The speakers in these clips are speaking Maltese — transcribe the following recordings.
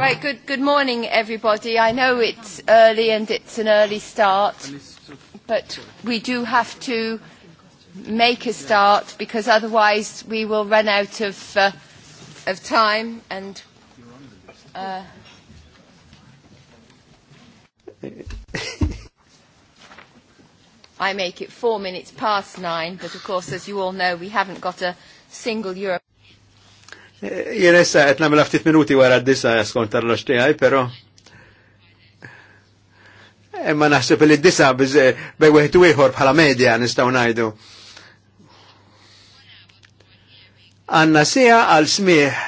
Right, good, good morning, everybody. I know it's early and it's an early start, but we do have to make a start because otherwise we will run out of, uh, of time and... Uh, I make it four minutes past nine, but of course, as you all know, we haven't got a single Europe. Jien issa qed nagħmel ftit minuti wara d-disa skont tal-lox tiegħi, però imma naħseb li d-disa bej ieħor bħala medja nistgħu ngħidu. Għanna sija għal smieħ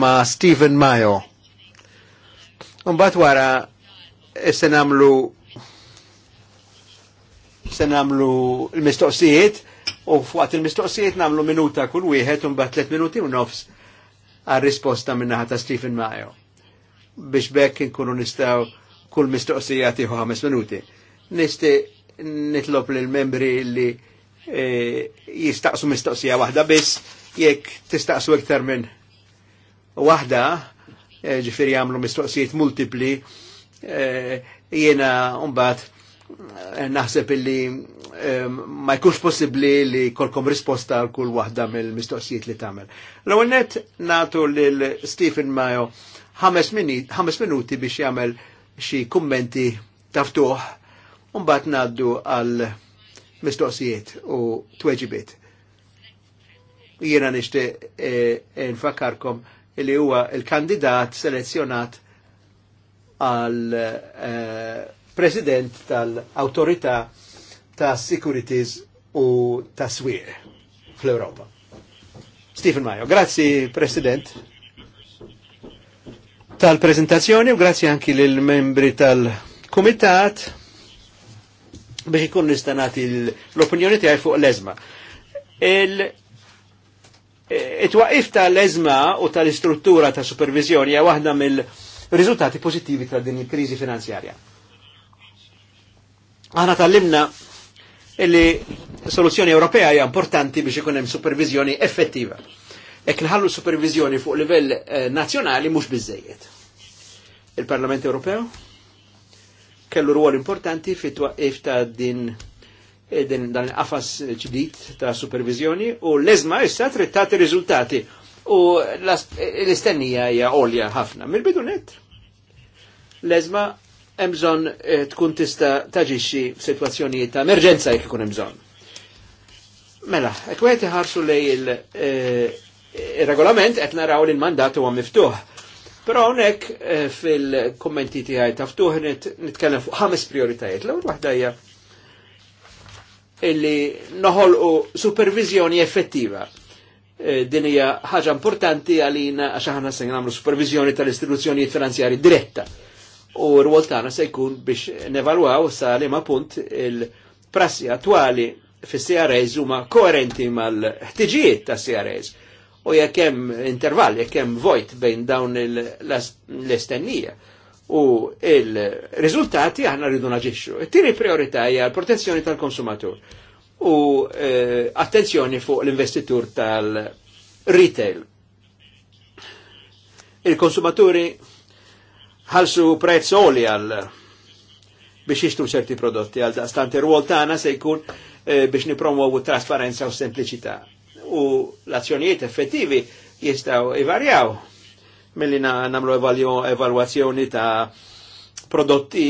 ma' Stephen Mayo. Unbat wara e se nagħmlu se nagħmlu l-mistoqsijiet u fuqat il-mistoqsijiet namlu minuta kull wieħed un bat tliet minuti u nofs għal risposta minnaħa ta' Stephen Mayo. Biex bekk nkunu nistaw kull mistoqsija tiħu ħames minuti. Nisti nitlob l membri li e, jistaqsu mistoqsija waħda biss jekk tistaqsu iktar minn waħda e, ġifiri għamlu mistoqsijiet multipli e, jiena umbat naħseb illi ma jkunx possibli li kolkom risposta għal kull waħda mill-mistoqsijiet li tagħmel. L-ewwel nett nagħtu lil Stephen Mayo ħames minuti biex jagħmel xi kummenti taftuħ u mbagħad ngħaddu għal mistoqsijiet u tweġibiet. Jiena nixtieq e, nfakkarkom li huwa il-kandidat selezzjonat għal e, president tal-autorità ta' securities u ta' swir fl-Europa. Stephen Mayo, grazzi President tal-prezentazzjoni u grazzi anki l-membri tal-Komitat biex ikun nistanati l-opinjoni tijaj fuq l-ezma. Il-twaqif tal-ezma u tal-istruttura ta' supervizjoni hija waħda mill-riżultati pożittivi ta' din il-kriżi finanzjarja. Aħna tallimna illi soluzzjoni Ewropea hija importanti biex ikun hemm supervizjoni effettiva. Ek nħallu supervizjoni fuq livell eh, nazzjonali mhux biżejjed. Il-Parlament Ewropew kellu rwol importanti fit-twaqif ta' din eh, din dan qafas ġdid ta' supervizjoni u l-ezma issa trittat il-rizultati u l-istennija hija għolja ħafna. Mil-bidunet L-ezma hemm bżonn eh, tkun tista' taġixxi f'sitwazzjonijiet ta' emerġenza jekk ikun hemm bżonn. Mela, hekk wieħed iħarsu lej il-regolament eh, qed naraw li l-mandat huwa miftuħ. Però hawnhekk eh, fil-kummenti tiegħi ta' ftuħ nitkellem fuq ħames prioritajiet. L-ewwel waħda hija illi noħolqu supervizjoni effettiva din hija ħaġa importanti għalina għax aħna se nagħmlu supervizjoni tal-istituzzjonijiet finanzjari diretta u r-rwol tagħna se jkun biex nevalwaw sa li ma punt il-prassi attwali fis CRAs huma koerenti mal-ħtiġijiet ta' CRS. u jekk hemm intervall, jekk hemm vojt bejn dawn l-estennija u il-riżultati aħna rridu naġixxu. Tiri priorità hija l-protezzjoni tal-konsumatur u eh, attenzjoni fuq l-investitur tal-retail. Il-konsumaturi ħalsu prezz oli għal biex jixtru ċerti prodotti għal daqstant ir-rwol tagħna se jkun eh, biex biex nipromuwu trasparenza u sempliċità. U l-azzjonijiet effettivi jistgħu ivarjaw milli namlu evalwazzjoni ta' prodotti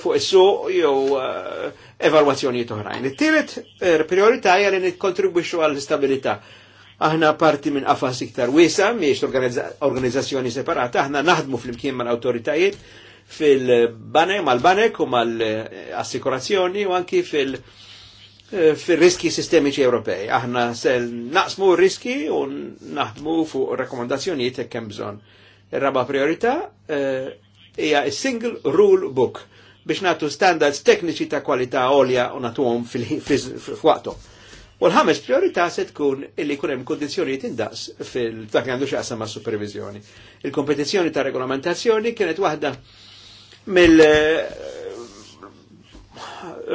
fuq su jew eh, evalwazzjonijiet oħrajn. It-tielet eh, priorità hija li nikkontribwixxu għall-istabilità aħna parti minn qafas iktar wiesa, miex organizzazzjoni separata, aħna naħdmu fl-imkien mal-autoritajiet fil-banek, mal-banek u mal-assikurazzjoni u anki fil- fil-riski sistemiċi Ewropej. Aħna sel naqsmu riski u naħdmu fuq rekomendazzjonijiet e kem bżon. raba priorita hija e, single rule book biex natu standards tekniċi ta' kwalità olja u natuhom fil-waqthom. U l-ħames priorità se tkun illi jkun hemm kondizzjonijiet indaqs fil-dak għandu xaqsam ma' supervizjoni. Il-kompetizzjoni ta' regolamentazzjoni kienet waħda mill eh,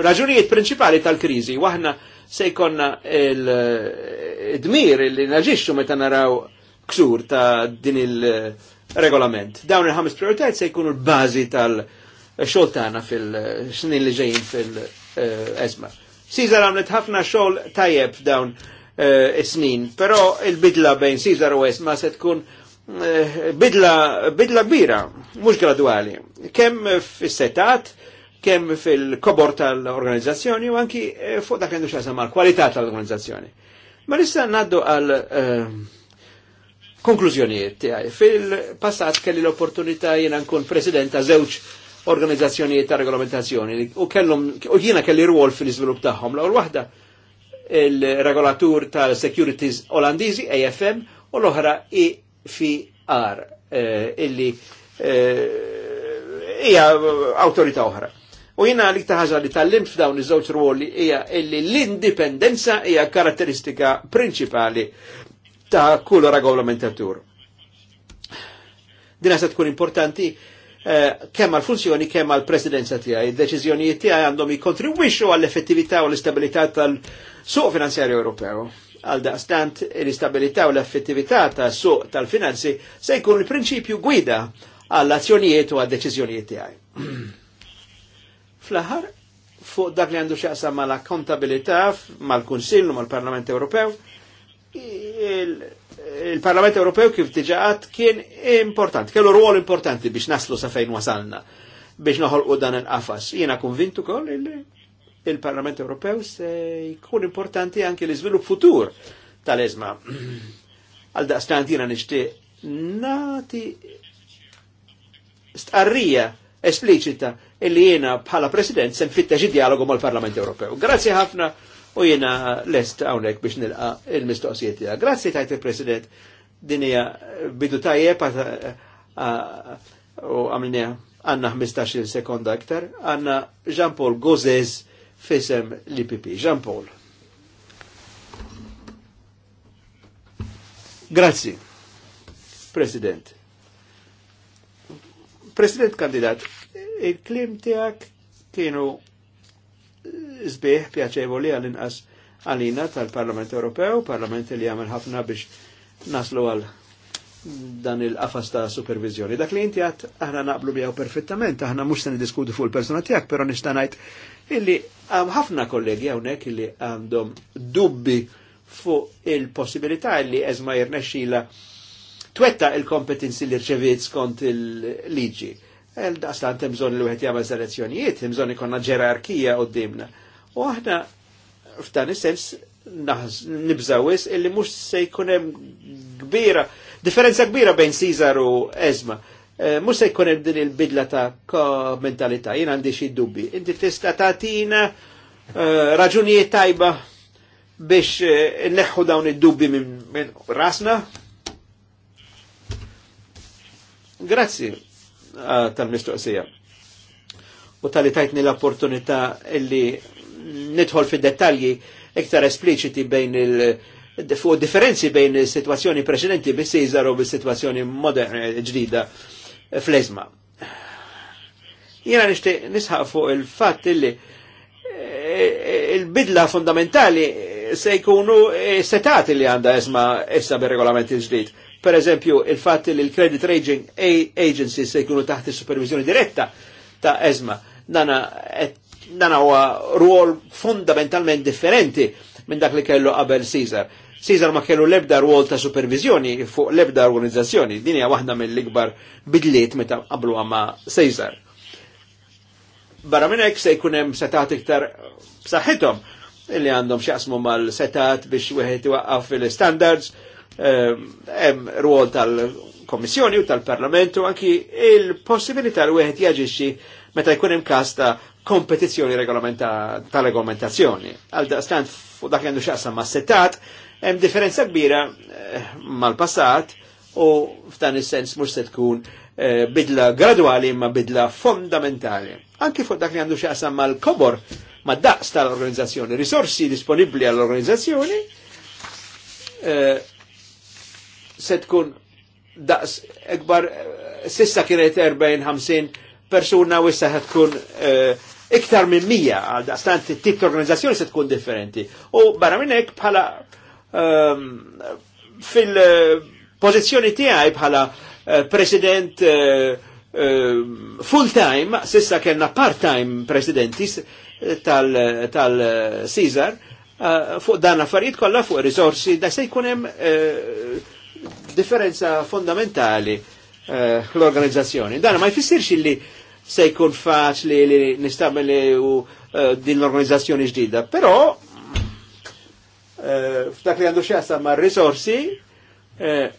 raġunijiet prinċipali tal-kriżi. Waħna se jkonna il-dmir eh, li naġixxu meta naraw ksur ta' din il-regolament. Dawn il-ħames prioritajiet se jkunu l-bażi tal-xogħol tagħna fil-snin eh, li ġejjin fil-esma. Uh, Cesar għamlet ħafna xogħol tajjeb dawn eh, is-snin, però il-bidla bejn Cesar u Esma se tkun eh, bidla, bidla kbira, mhux graduali. Kemm fis-setat, kemm fil-kobor tal-organizzazzjoni u anki eh, fuq dak għandu xasam għal-kwalità tal-organizzazzjoni. Ma nista naddu għal konklużjonijiet tiegħi. Fil-passat kelli l-opportunità jiena nkun president ta' żewġ organizzazzjonijiet ta' regolamentazzjoni u kellhom u jiena kelli rwol fil-iżvilupp tagħhom. L-ewwel waħda il-regolatur tal-securities Olandiżi AFM u l-oħra IFR e eh, illi eh, hija awtorità oħra. U jiena għalik ta' ħaġa li tal lim f'dawn iż-żewġ ruoli hija illi l-indipendenza hija karatteristika prinċipali ta' kull regolamentatur. Dina se tkun importanti Eh, kemm għal funzjoni kemm għal presidenza tiegħi. Id-deċiżjonijiet tiegħi għandhom jikkontribwixxu għall-effettività u l-istabilità tal-suq finanzjarju Ewropew. Għal daqstant l-istabilità u l-effettività tas-suq tal-finanzi se jkun il-prinċipju gwida għall-azzjonijiet u għad-deċiżjonijiet tiegħi. Fl-aħħar fuq dak li għandu xaqsa mal-akkontabilità mal-Kunsill u mal-Parlament Ewropew, il-Parlament Ewropew kif diġaqat kien importanti, kellu ruol importanti biex naslu sa fejn wasalna, biex u dan il-qafas. Jiena konvintu kol il-Parlament Ewropew se jkun importanti anke li iżvilupp futur tal ezma Għal daqstant jiena nishti nati stqarrija esplicita illi jena bħala President se nfittex dialogu mal-Parlament Ewropew. Grazie ħafna u jena lest għawnek biex nilqa il-mistoqsijiet tija. Grazzi tajt il-President, dinija bidu tajjeb u għamlinja għanna 15 sekonda aktar, għanna Jean-Paul Gozez fisem l-IPP. Jean-Paul. Grazzi, President. President kandidat, il-klim tijak kienu zbieħ pjaċevoli għal-inqas għalina tal-Parlament Ewropew, Parlament li għamil ħafna biex naslu għal dan il-qafas ta' supervizjoni. Dak li inti għat aħna naqblu bjaw perfettament, aħna mux se diskutu fuq il-persona tijak, pero nistanajt illi għam ħafna kollegi għawnek illi għandhom dubbi fuq il-possibilità illi ezma jirnexxila twetta il-kompetenzi li rċeviet skont il-liġi. il liġi El daqstant imżon li wieħed jagħmel selezzjonijiet, imżon ikonna ġerarkija d-dimna. U aħna f'dan is-sens nibżawis illi mhux se jkun hemm kbira, differenza kbira bejn Cesar u Ezma. Eh, Mux se jkun hemm din il-bidla ta' mentalità, jina għandi xi dubbi. Inti tista' tina eh, raġunijiet tajba biex eh, neħħu dawn id-dubbi minn rasna? Grazzi tal-mistoqsija. U tali tajtni l-opportunità illi nidħol fid dettalji iktar espliċiti bejn il- fuq differenzi bejn situazzjoni preċedenti bis Cesar u bis-situazzjoni moderna ġdida fl-ezma. Jena nishti nisħaq fuq il-fatt illi e, e, il-bidla fundamentali se jkunu e, setat li għanda esma issa bir-regolamenti ġdid Per eżempju, il-fatt li l-credit rating agency se jkunu taħt il-supervizjoni diretta ta' ezma, dana huwa ruol fundamentalment differenti minn dak li kellu qabel Caesar. Caesar ma kellu lebda ruol ta' supervizjoni fuq lebda organizzazzjoni, din hija waħda mill-ikbar bidliet meta qablu ma' Caesar. Barra minn hekk se jkun hemm setat iktar b'saħħithom illi għandhom x'jaqsmu mal-setat biex wieħed iwaqqaf fil-standards, Ehm, hemm ruol tal-Kommissjoni u tal-Parlamentu anki il-possibilità li wieħed jaġixxi meta jkun hemm każ ta' kompetizzjoni tal regolamentazzjoni. Għal daqstant fuq dak għandu xaqsam ma' settat, hemm differenza kbira eh, mal-passat u f'dan is-sens mhux se tkun eh, bidla gradwali imma bidla fondamentali. Anki fuq dak li għandu xaqsam mal-kobor ma' daqs tal-organizzazzjoni, risorsi disponibli għall-organizzazzjoni, eh, se tkun daqs ekbar sissa kienet 40-50 persuna u issa tkun eh, iktar minn mija għal daqstant tip ta' organizzazzjoni se tkun differenti. U barra minn hekk bħala ehm, fil eh, pozizjoni tiegħi bħala eh, president full-time, sissa kena part-time presidenti tal-Caesar, fuq dan affarijiet kollha fuq risorsi da se jkun hemm differenza fondamentali eh, l-organizzazzjoni. Dan ma jfissirx li se jkun faċli li nistabili u eh, din l-organizzazzjoni ġdida, però eh, f'dak li għandu xjassa ma' risorsi eh,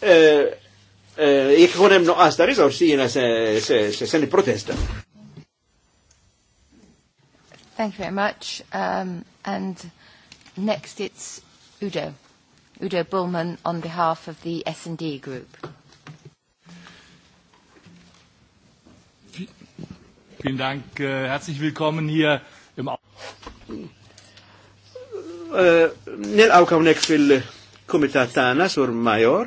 eh, jek ikun hemm nuqqas ta' risorsi jiena se, se, se, se protesta. Thank you very much. Um, and next it's Udo. Udo Bullman on behalf of the S&D Group. Vielen Dank. Äh, herzlich willkommen hier im äh, fil-komitat tana, sur Major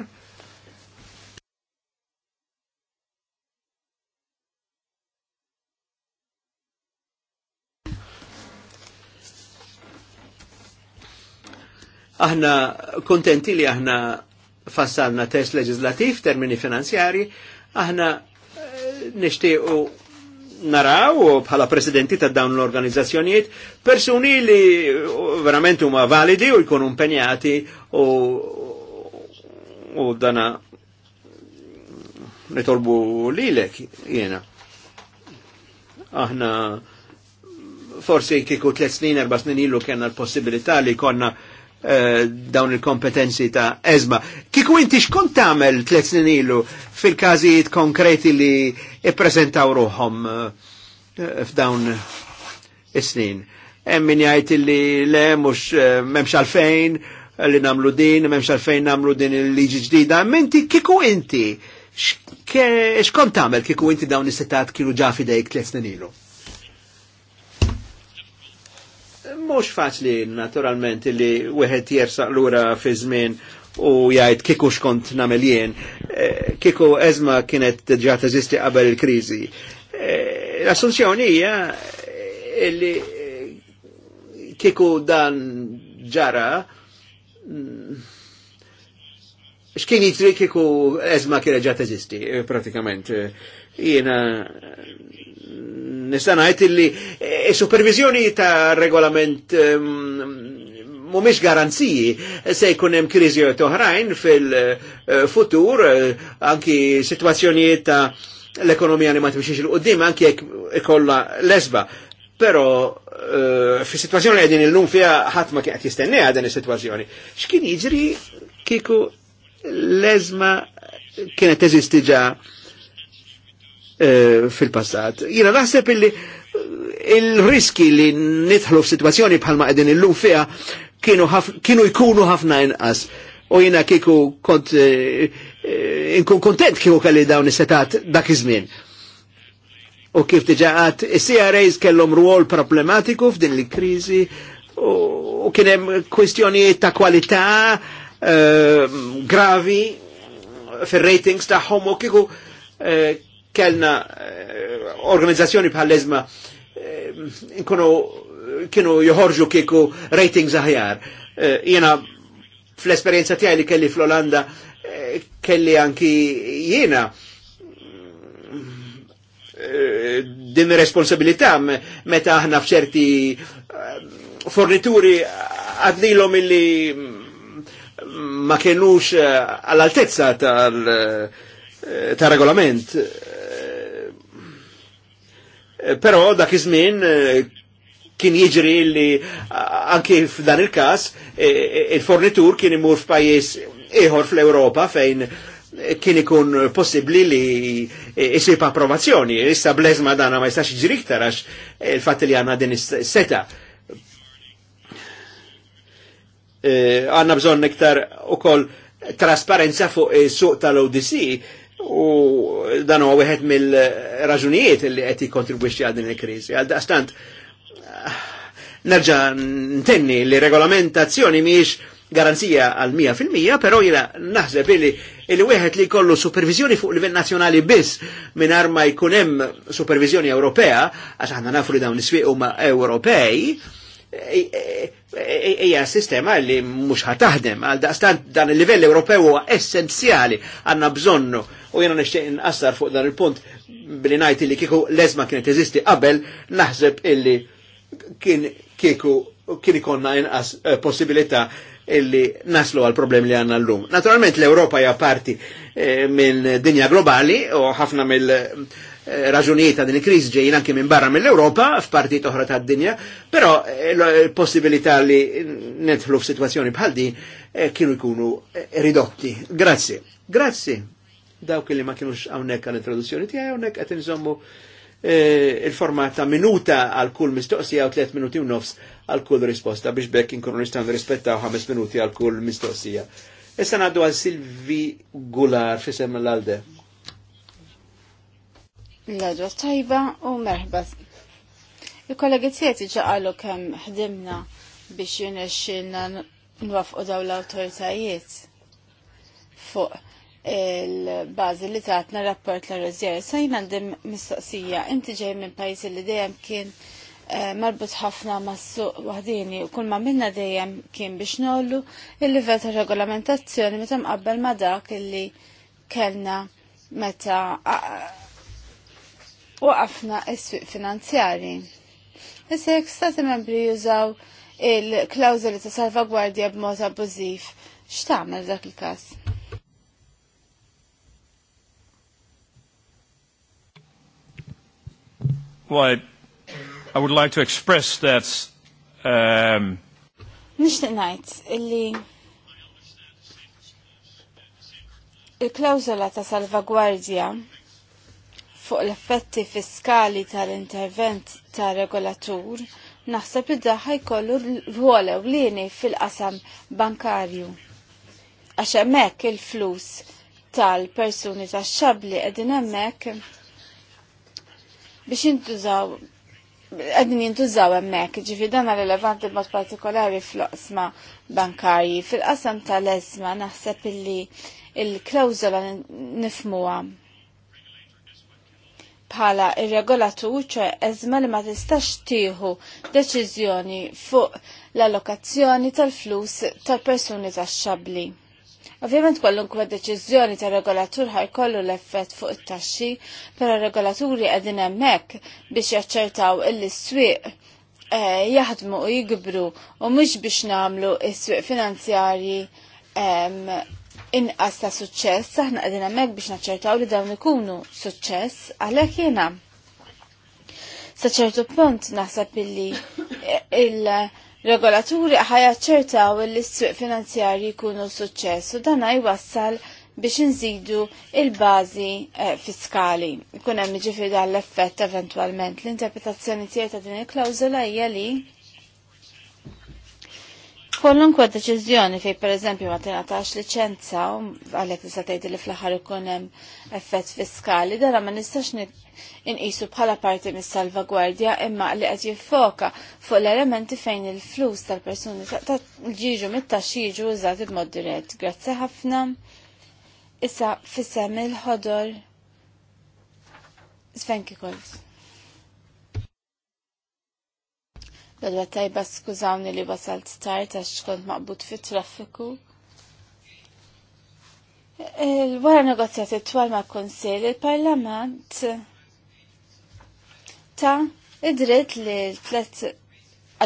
Aħna kontenti li aħna fassalna test leġislativ, termini finanzjari, aħna eh, nishtiqu naraw bħala presidenti ta' dawn l-organizzazzjonijiet persuni li eh, verament huma validi u jkunu impenjati u, u dana nitolbu lilek jena. Aħna forsi kiku tlet snin, erba snin ilu kena l-possibilità li konna Eh, dawn il-kompetenzi ta' ezma. Kiku inti xkont tamel tlet snin ilu fil-kazijiet konkreti li i-prezentaw ruħom eh, f'dawn is-snin. Hemm min li le mhux eh, memx għalfejn li namlu din, memx għalfejn namlu din il-liġi ġdida. Minti kiku inti xkont tamel kiku inti dawn is-setat kienu ġafi dejk tlet snin ilu. Mhux faċli naturalment li wieħed jersaq lura fi żmien u jgħid kieku xkont nagħmel jien, eh, kieku eżma kienet ġa teżisti qabel il-kriżi. Eh, l-assunzjoni hija eh, li kieku dan ġara mm, xkien jitri kieku ezma kienet ġa teżisti, pratikament. Jiena nistanajt illi eh, supervizjoni ta' regolament mumiex ehm, garanziji se jkun hemm toħrajn fil-futur eh, eh, anki situazzjoni ta' l-ekonomija li ma timxiex il qoddim anki jekk ikolla lesba. Però fi situazzjoni li il illum fiha ħadd ma kien jistenneha din is-sitwazzjoni. X'kien jiġri kieku lesma kienet teżisti ġa' Eh, fil-passat. Jina naħseb illi eh, il-riski li nitħlu f-situazzjoni bħalma għedin il-lum fija kienu jkunu ħafna inqas. U jina kiku kont eh, inkun kontent kiku kalli dawn is-setat dak iż-żmien. U kif tiġaqat, is-CRAs kellhom rwol problematiku f'din li krizi u kien hemm kwistjonijiet ta' kwalità gravi fir-ratings tagħhom u kiku kellna eh, organizzazzjoni bħal lezma eh, nkunu kienu joħorġu kieku ratings aħjar. Eh, jena fl-esperienza tiegħi li kelli fl-Olanda kelli anki jiena din responsabilità meta aħna f'ċerti fornituri għadnilhom illi mm, ma kienux għall-altezza tal-regolament. Tal Eh, Pero dak iż-żmien eh, kien jiġri li anki f'dan il-każ eh, il-fornitur kien imur f'pajjiż ieħor fl-Ewropa fejn kien ikun possibbli li jisib approvazzjoni. Issa blezma dana ma jistax jiġri iktar għax il-fatt li għanna din is seta. Għanna bżonn iktar ukoll trasparenza fuq is suq tal-ODC U dan huwa wieħed mill-raġunijiet li qed jikkontribwixxi għal din il-kriżi. Għal daqstant nerġa' ntenni li regolamentazzjoni mhijiex garanzija għal 100%, pero jiena naħseb illi li wieħed li kollu supervizjoni fuq livell nazzjonali biss mingħajr ma jkun hemm supervizjoni Ewropea, għax aħna nafu li dawn is-swieq huma Ewropej, hija sistema li mhux ħataħdem għal daqstant dan il-livell Ewropew huwa essenzjali għandna bżonnu U jena nishtiq nqassar fuq dan il-punt billi ngħid li kieku leżma kienet eżisti qabel naħseb illi kien kieku kien ikonna inqas possibilità illi naslu għal problemi li għanna l-lum. Naturalment l-Europa hija parti minn dinja globali u ħafna mill raġunijiet ta' din il-kriżi ġejjin anke minn barra mill-Europa f'partit oħra ta' dinja, però l-possibilità li nedħlu f'sitwazzjoni bħal din kienu jkunu ridotti. Grazzi. Grazzi dawk li ma kienux hawnhekk għall-introduzzjoni tiegħi hawnhekk qed inżommu eh, il-formata minuta għal kull mistoqsija u 3 minuti u nofs għal kull risposta biex bekk inkunu nistgħu nirrispettaw 5 minuti għal kull mistoqsija. Issa għaddu għal Silvi Gular f'isem l għalde l għadu tajba u merħba. Il-kollegi tieti ġaqalu kem ħdimna biex jinaxxilna nwafqu daw l-autoritajiet fuq il-bazi li tatna rapport l rozjer Sa jina għandim mistoqsija, inti ġej minn pajis li dejjem kien eh, marbut ħafna ma' suq wahdini u kull ma' minna dejjem kien biex nollu il-livell ta' regolamentazzjoni meta mqabbel ma' dak li kellna meta waqafna s suq finanzjari. Issa jekk stati membri jużaw il-klawżoli ta' salvagwardja b'mod abbużiv, x'tagħmel dak il-każ? Well, I, I would like to express that um, Nishtiq ngħid illi il-klawżola ta' salvagwardja fuq l-effetti fiskali tal-intervent ta' regolatur naħseb li daħħa jkollu rwol ewlieni fil-qasam bankarju. Għax il-flus tal-persuni tax-xabli qegħdin hemmhekk biex jintużaw għadin jintużaw emmek, ġifi dan relevanti mod partikolari fl-osma bankarji. Fil-qasam tal-esma naħseb illi il-klawzola nifmuwa bħala ir-regolatur ċe eżma li ma tistax tieħu deċiżjoni fuq l-allokazzjoni tal-flus tal-persuni tax-xabli. Ovvjament kwalunkwe deċiżjoni ta' regolatur ħajkollu l-effett fuq it-taxxi, però regolaturi qegħdin hemmhekk biex jaċċertaw il swiq eh, jaħdmu u jikbru u mhux biex nagħmlu s-swieq finanzjari inqas ta' suċċess, aħna qegħdin hemmhekk biex naċċertaw li dawn ikunu suċċess għalhekk jiena. Sa ċertu punt naħseb illi il- regolaturi ħajja li s-suq finanzjarji jkunu suċċess u dan jwassal biex nżidu il-bażi eh, fiskali. Kunem hemm ġifi dan l-effett eventwalment. L-interpretazzjoni tiegħi ta' din il-klawżola hija li Kwallunkwa deċiżjoni fej pereżempju ma tingħatax liċenza għalhekk tista' tgħid li fl-aħħar ikun hemm effett fiskali, dara ma nistax inqisu bħala parti mis-salvagwardja imma li qed jiffoka fuq l-elementi fejn il-flus tal-persuni ġiġu mit-taxxi jiġu użati b'mod dirett. Grazzi ħafna. Issa fissem il-ħodor Svenki Kolt. Lodwa tajba skużawni li wasalt tard għax kont maqbud fit traffiku. Wara negozjati twal ma' konsil, il-parlament ta' id-dritt li l-tlet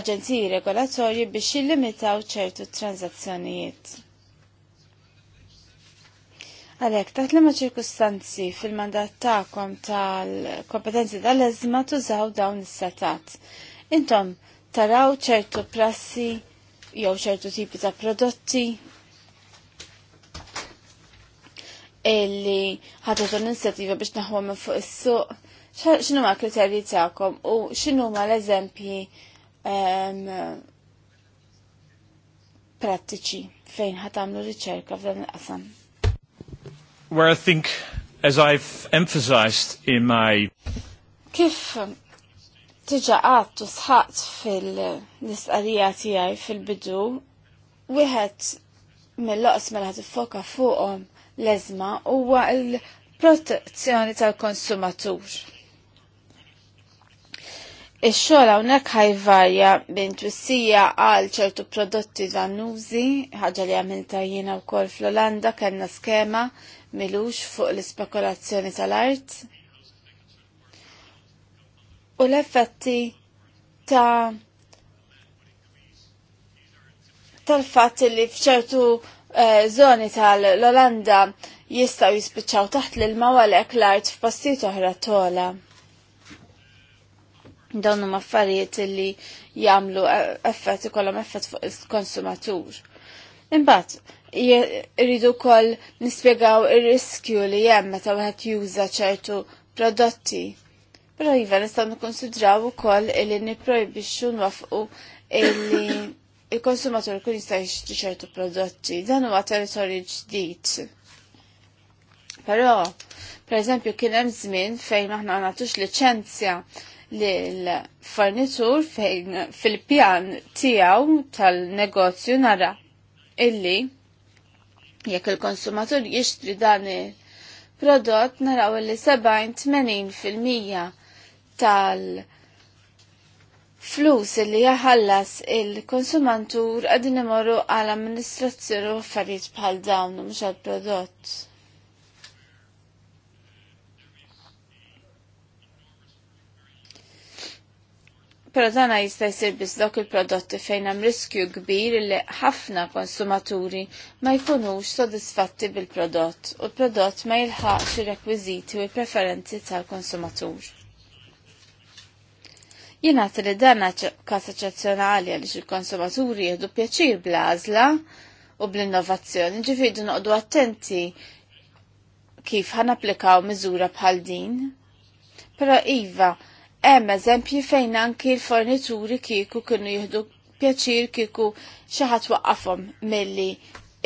aġenziji regolatorji biex jillimitaw ċertu tranzazzjonijiet. Għalek, taħt l ċirkustanzi fil-mandat ta'kom tal-kompetenzi tal-ezma tużaw dawn is-setat. Intom, taraw ċertu prassi jew ċertu tipi ta' prodotti illi ħadu l-inizjattiva biex naħwa minn fuq is-suq x'inhuma ma kriterji tagħkom u x'inhuma ma l-eżempji prattiċi fejn tagħmlu riċerka f'dan il-qasam. Where I think, as I've emphasized in my... Kif tiġa u sħat fil-nisqarija tijaj fil-bidu, wieħed mill-loqs mela tiffoka fuqhom leżma huwa l-protezzjoni tal-konsumatur. Ix-xogħol hawnhekk ħajvarja minn twissija għal ċertu prodotti dannużi, ħaġa li għamilta jiena wkoll fl-Olanda kellna skema milux fuq l-ispekulazzjoni tal-art u l-effetti ta' tal-fatt li fċertu eh, zoni tal-Olanda jistaw jispiċċaw taħt l-ilma l-art f'postijiet oħra tola. Dawn huma affarijiet li jagħmlu eh, effett ikollhom effett fuq il-konsumatur. Imbagħad jridu wkoll nispjegaw ir-riskju li hemm meta wieħed juża ċertu prodotti. Però jiva nistaw nikonsidraw ukoll illi niprojbixxu nwafqu illi il-konsumatur kun jista' jixtri ċertu prodotti. Dan huwa territorju ġdid. Però, pereżempju kien hemm żmien fejn aħna nagħtux liċenzja lill fornitur fejn fil-pjan tiegħu tal-negozju nara illi jekk il-konsumatur jixtri dan il-prodott naraw illi 70-80 fil-mija tal- flus li jaħallas il-konsumantur għadin imorru għal amministrazzjoni u affarijiet bħal dawn u mhux għal prodott. Pero dana jista' jsir biss dok il-prodotti fejn hemm riskju kbir li ħafna konsumaturi ma jkunux sodisfatti bil-prodott u l-prodott ma jilħaqx ir-rekwiżiti u l-preferenzi tal-konsumatur. Jina li danna kas eccezjonali għaliex il-konsumaturi jihdu pjaċir bl-għażla u bl-innovazzjoni, ġifidu noqdu attenti kif ħan applikaw miżura bħal din. Pero Iva, hemm eżempji fejn anki l-fornituri kieku kienu jihdu pjaċir kieku xaħat waqqafhom milli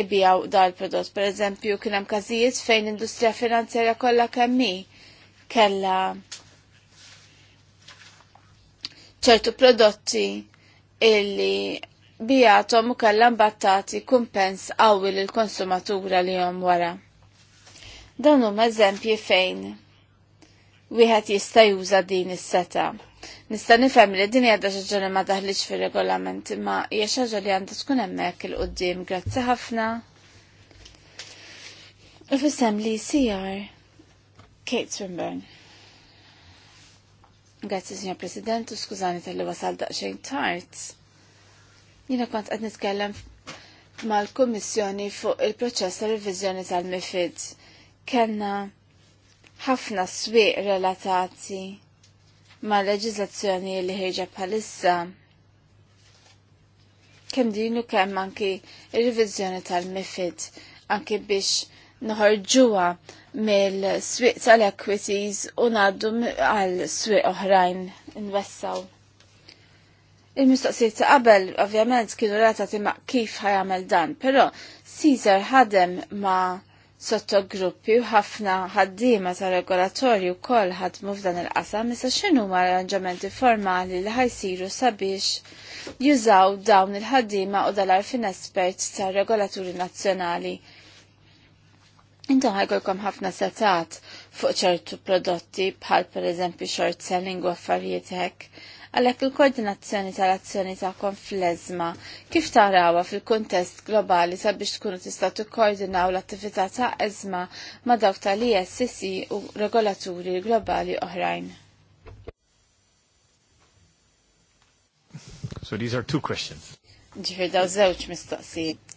ibijaw dal prodott. Per eżempju, kien hemm każijiet fejn industrija finanzjarja kollha kemmi kella ċertu prodotti illi bijatom u kallan battati kumpens għawil il konsumatura li jom wara. Dan huma eżempji fejn wieħed jista' juża din is-seta. Nista' nifhem li din hija xaġa ma daħlitx fir-regolament imma hija ħaġa li għandha tkun hemmhekk il qudiem Grazzi ħafna. U fissem li CR Kate Swinburne. Grazzi, signor President, u skużani tal-li wasal daqxejn tard. Jina kont qed nitkellem mal-Kummissjoni fuq il-proċess tal revizjoni tal-MIFID. Kenna ħafna swieq relatati ma' leġiżlazzjoni li ħieġa bħalissa. Kemm dinu kemm anki il riviżjoni tal-MIFID anki biex noħorġuha mill-swieq tal-equities u ngħaddu għal swieq oħrajn investaw. Il-mistoqsijiet ta' qabel ovvjament kienu relatati ma' kif ħajamel dan, però Caesar ħadem ma' sottogruppi u ħafna ħaddiema ta' regolatorju wkoll ħadmu f'dan il-qasam issa x'inhu ma' arranġamenti formali li ħajsiru sabiex jużaw dawn il-ħaddiema u dalar fin espert ta' regolaturi nazzjonali Inta ħajkolkom ħafna setat fuq ċertu prodotti bħal per eżempju short selling u affarijiet hekk. Għalhekk il-koordinazzjoni tal-azzjoni tagħkom fl-eżma kif tarawha fil-kuntest globali sabiex tkunu tista' tikkoordinaw l-attività ta' eżma ma' dawk tal-ISCC u regolaturi globali oħrajn. So these are two questions. Ġifir daw żewġ mistoqsijiet.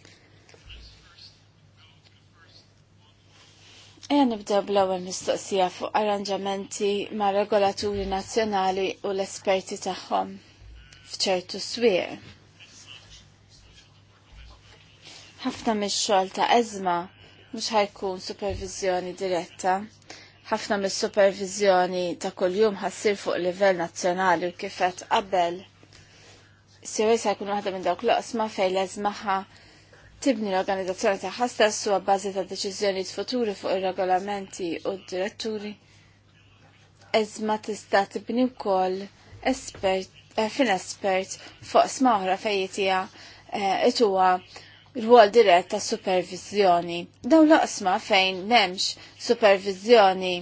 Eja nibdew bl-ewwel mistoqsija fuq arranġamenti ma' regolaturi nazzjonali u l-esperti tagħhom f'ċertu swier. Ħafna mix-xogħol ta' eżma mhux ħajkun supervizjoni diretta. Ħafna mis-supervizjoni ta' kuljum ħassir fuq livell nazzjonali u kif qed qabel. Sirwis ħajkun waħda minn dawk l-oqsma fejn l-eżmaħa tibni l-organizzazzjoni tagħha stess huwa bbażi ta' deċiżjonijiet futuri fuq ir-regolamenti u d-diretturi. Iżma tista' tibni wkoll espert eh, fin espert fuq smaħra fejjitija eh, ituwa rwol dirett ta' supervizjoni. Dawn laqsma fejn m'hemmx supervizjoni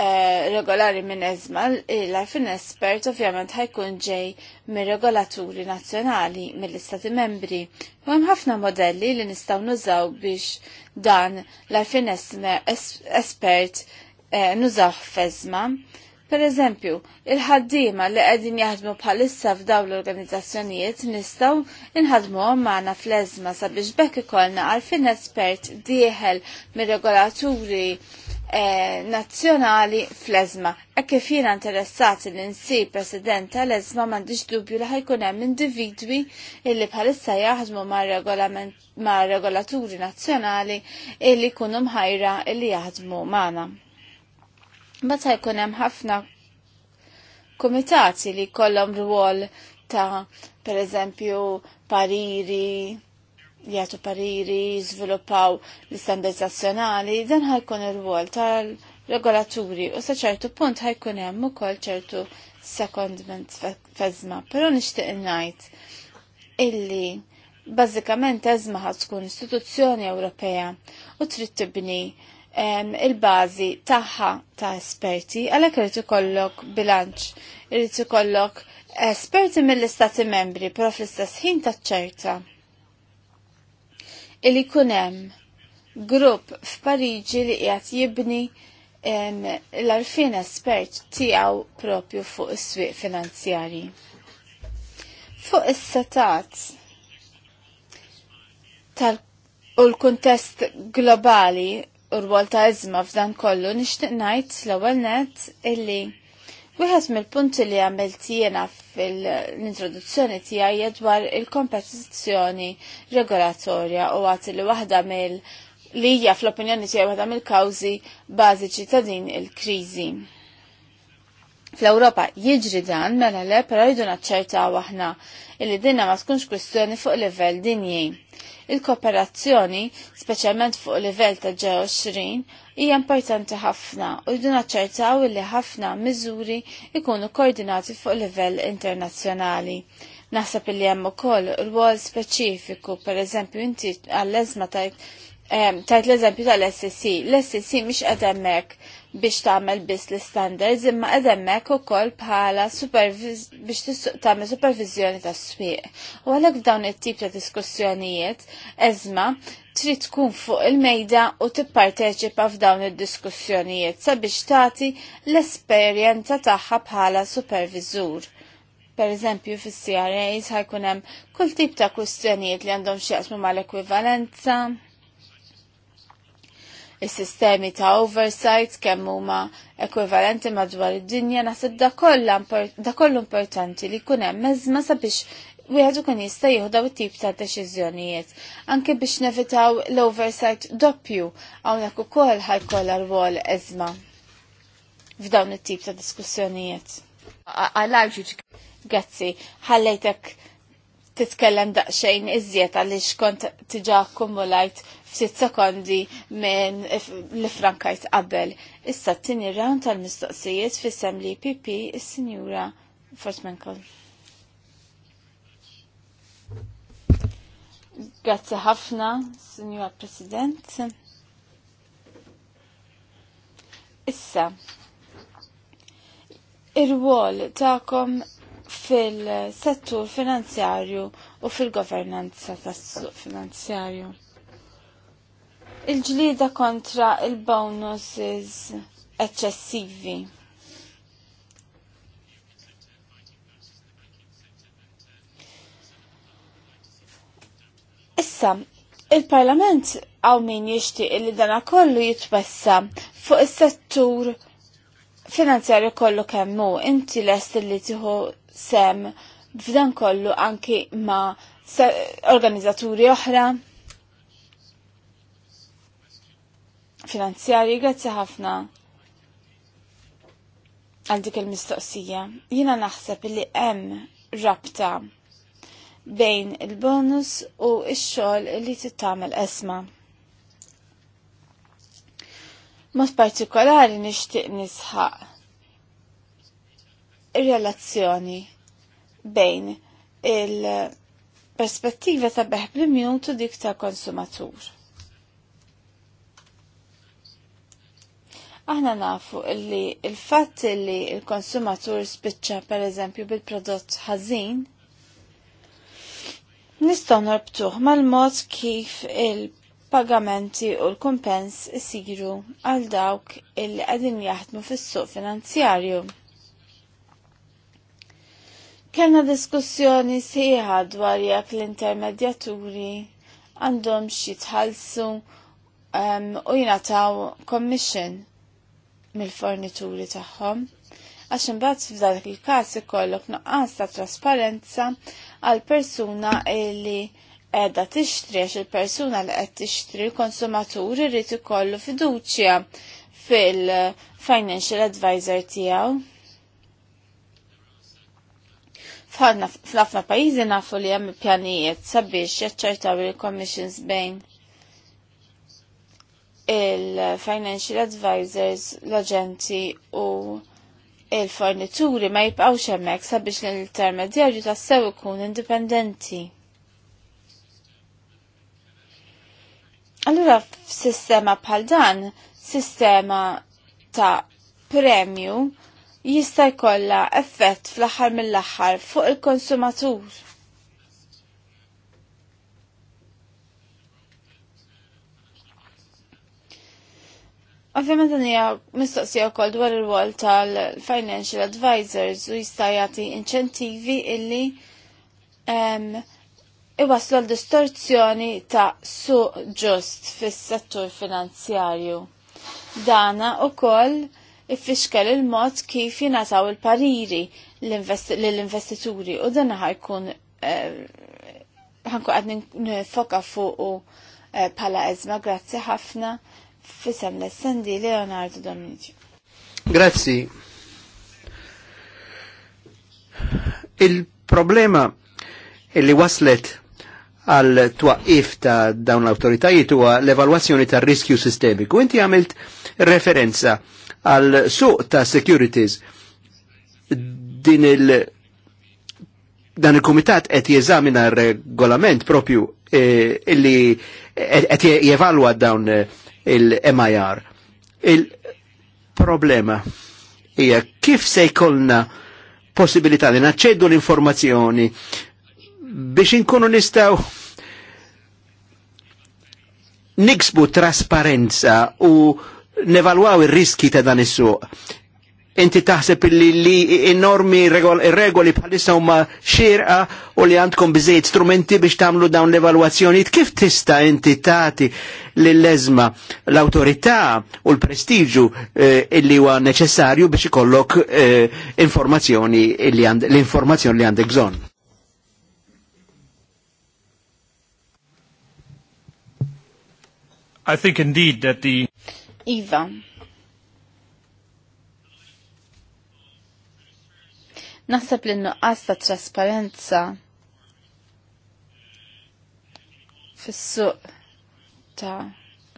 Eh, regolari minn eżmal, il-għarfin espert ovvjament ħajkun ġej mir regolaturi nazzjonali mill-istati membri. U hemm ħafna modelli li nistaw nużaw biex dan l espert eh, nużaw f'eżma. Per eżempju, il-ħaddiema li qegħdin jaħdmu bħalissa f'daw l-organizzazzjonijiet nistgħu inħadmu magħna fl ezma sabiex bekk ikollna għarfin espert dieħel mir-regolaturi Eh, nazzjonali fl-ezma. E kif jiena interessati li nsib president tal-ezma m'għandix dubju li ħajkun hemm individwi illi bħalissa jaħdmu ma' regolaturi nazzjonali illi jkunu mħajra illi jaħdmu magħna. Mbagħad ħajkun hemm ħafna kumitati li kollhom rwol ta' pereżempju pariri, jgħatu pariri, jizviluppaw l-istandards nazzjonali, dan ħajkun ir-rwol tal-regolaturi u sa ċertu punt ħajkun hemm ukoll ċertu secondment fezma, però nixtieq ngħid illi bażikament eżma ħad tkun istituzzjoni Ewropea u trid tibni il-bażi tagħha ta' esperti għalhekk irid ikollok bilanċ, irid ikollok esperti mill-istati membri, però fl-istess ħin taċċerta. ċerta illi kunem grupp f'Pariġi li qiegħed jibni l-arfin espert tiegħu propju fuq is-swieq finanzjari. Fuq is-setat tal u l-kuntest globali u rwol ta' izma f'dan kollu nixtieq ngħid l-ewwel net illi Wieħed mill-punti li għamilt jiena fil-introduzzjoni tiegħi dwar il-kompetizzjoni regolatorja u għati li waħda mill li hija fl-opinjoni tiegħi waħda mill-kawżi bażiċi ta' din il-kriżi. Fl-Ewropa jiġri dan mela le però jdu naċċertaw aħna illi dinna ma tkunx kwistjoni fuq livell dinji. Il-kooperazzjoni, speċjalment fuq livell ta' ġew 20, hija importanti ħafna u jdu naċċertaw li ħafna miżuri ikunu koordinati fuq livell internazzjonali. Naħseb li hemm ukoll rwol speċifiku, pereżempju inti għall-eżma tajt tajt l-eżempju tal-SSC. L-SSC mhix qed hemmhekk biex tagħmel biss l-standards imma qed ukoll bħala biex tagħmel supervizjoni tas-swieq. U għalhekk f'dawn it-tip ta' diskussjonijiet eżma trid tkun fuq il-mejda u tipparteċipa f'dawn id-diskussjonijiet sabiex tagħti l-esperjenza tagħha bħala supervizur. Per eżempju fis-CRAs ħajkun hemm kull tip ta' kwistjonijiet li għandhom x'jaqsmu mal-ekwivalenza, is-sistemi ta' oversight kemm huma ekwivalenti madwar id-dinja naħseb da kollu importanti li jkun hemm meżma sabiex wieħed ukoll jista' jieħu daw it-tip ta' deċiżjonijiet. Anke biex nevitaw l-oversight doppju hawnhekk ukoll ħajkollha rwol eżma f'dawn it-tip ta' diskussjonijiet. Grazzi, ħallejtek titkellem daqsxejn iżjed għaliex kont tiġa akkumulajt f'sitt sekondi minn li frankajt qabel. Issa t-tini round tal-mistoqsijiet fis-sem li PP is-Sinjura Fortmankol. Grazzi ħafna, Signora President. Issa, ir-wol ta'kom fil-settur finanzjarju u fil-governanza tas-suq finanzjarju. Il-ġlida kontra il-bonuses eccessivi. Issa, il-Parlament għaw min jishti li dana kollu jitwessa fuq is-settur finanzjarju kollu kemmu, inti l-est li tiħu sem f'dan kollu anki ma organizzaturi oħra Finanzjarji, grazzi ħafna għal dik il-mistoqsija. Jina naħseb li hemm rabta bejn il-bonus u x-xogħol li tittamel esma. Mod partikolari nixtieq nisħaq ir-relazzjoni bejn il-perspettiva ta' beħ premium u dik ta' konsumatur. Aħna nafu li il-fatt li il-konsumatur spiċċa per eżempju bil-prodott ħażin nistgħu norbtuh mal-mod kif il-pagamenti u l-kumpens isiru għal dawk il qegħdin jaħdmu fis-suq finanzjarju. Kellna diskussjoni sħiħa dwar jekk l-intermedjaturi għandhom xi tħallsu ehm, u jingħataw commission mill-fornituri tagħhom għax imbagħad f'dak il-każ ikollok noqqas ta' trasparenza għal persuna li qiegħda tixtri għax il-persuna li qed tixtri l-konsumatur irid ikollu fiduċja fil-financial advisor tiegħu. F'ħafna pajjiżi nafu li hemm pjanijiet sabiex jaċċertaw il-commissions bejn il-financial advisors, l-agenti u il-fornituri ma jibqaw hemmhekk sabiex l-intermedjarju tassew ikun indipendenti. Allura f'sistema bħal dan, sistema ta' premju jista' jkollha effett fl-aħħar mill-aħħar fuq il-konsumatur. Ovvijament hija mistoqsija wkoll dwar il-wol tal-financial advisors u jista' jagħti inċentivi illi um, iwaslu għal distorzjoni ta' suq ġust fis-settur finanzjarju. Dana u koll il-mod kif jinataw il-pariri l-investituri u dan ħajkun eh, ħanku n nifoka fuq u eh, pala ezma, grazzi ħafna. Fisem l-essendi Leonardo Dominici. Grazzi. Il-problema illi waslet għal twaqif ta' dawn l-autoritajiet huwa l-evalwazzjoni ta' riskju sistemiku. Inti għamilt referenza għal suq ta' securities din il dan il-komitat qed jeżamina regolament propju eh, illi qed jevalwa dawn eh, il-MIR. Il-problema hija kif se jkollna possibilità li naċċeddu l-informazzjoni biex inkunu nistaw niksbu trasparenza u nevalwaw ir-riski ta' dan is-suq inti taħseb li li enormi regoli bħalissa huma xirqa u li għandkom biżejt strumenti biex tagħmlu dawn l-evalwazzjonijiet, kif tista' inti tagħti lill-eżma l-awtorità u l-prestiġu eh, illi huwa neċessarju biex ikollok eh, informazzjoni l-informazzjoni li għandek bżonn. I think indeed that the Iva, Naħseb li nuqqas ta' trasparenza fis-suq ta'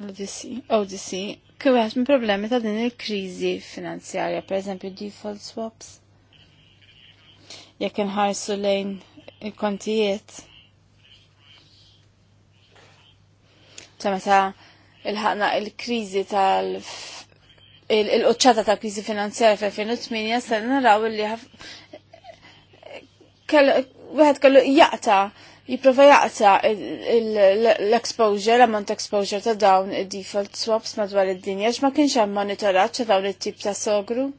l-ODC kif minn problemi ta' din il krizi finanzjarja, per eżempju default swaps. Jekk inħarsu lejn il-kontijiet. Ta' meta il-ħakna il krizi tal- il-qoċċata ta' krizi finanzjarja fl-2008 sa' naraw li wieħed kellu jaqta' jiprofa jaqta' l-exposure, l amont exposure ta' dawn il-default swaps madwar id-dinja, x'ma kienx hemm monitorat ta' dawn it-tip ta' sogru.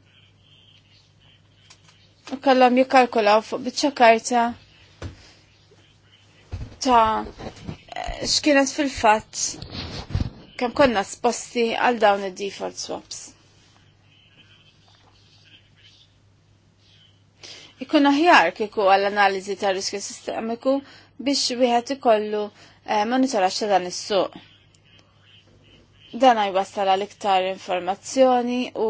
U kellhom jikkalkulaw fuq biċċa karta ta' x'kienet fil-fatt kemm konna sposti għal dawn id-default swaps. Ikun aħjar kiku għall-analiżi ta' riskju sistemiku biex wieħed ikollu eh, monitora ta' dan is-suq. Dan għajwassal għal iktar informazzjoni u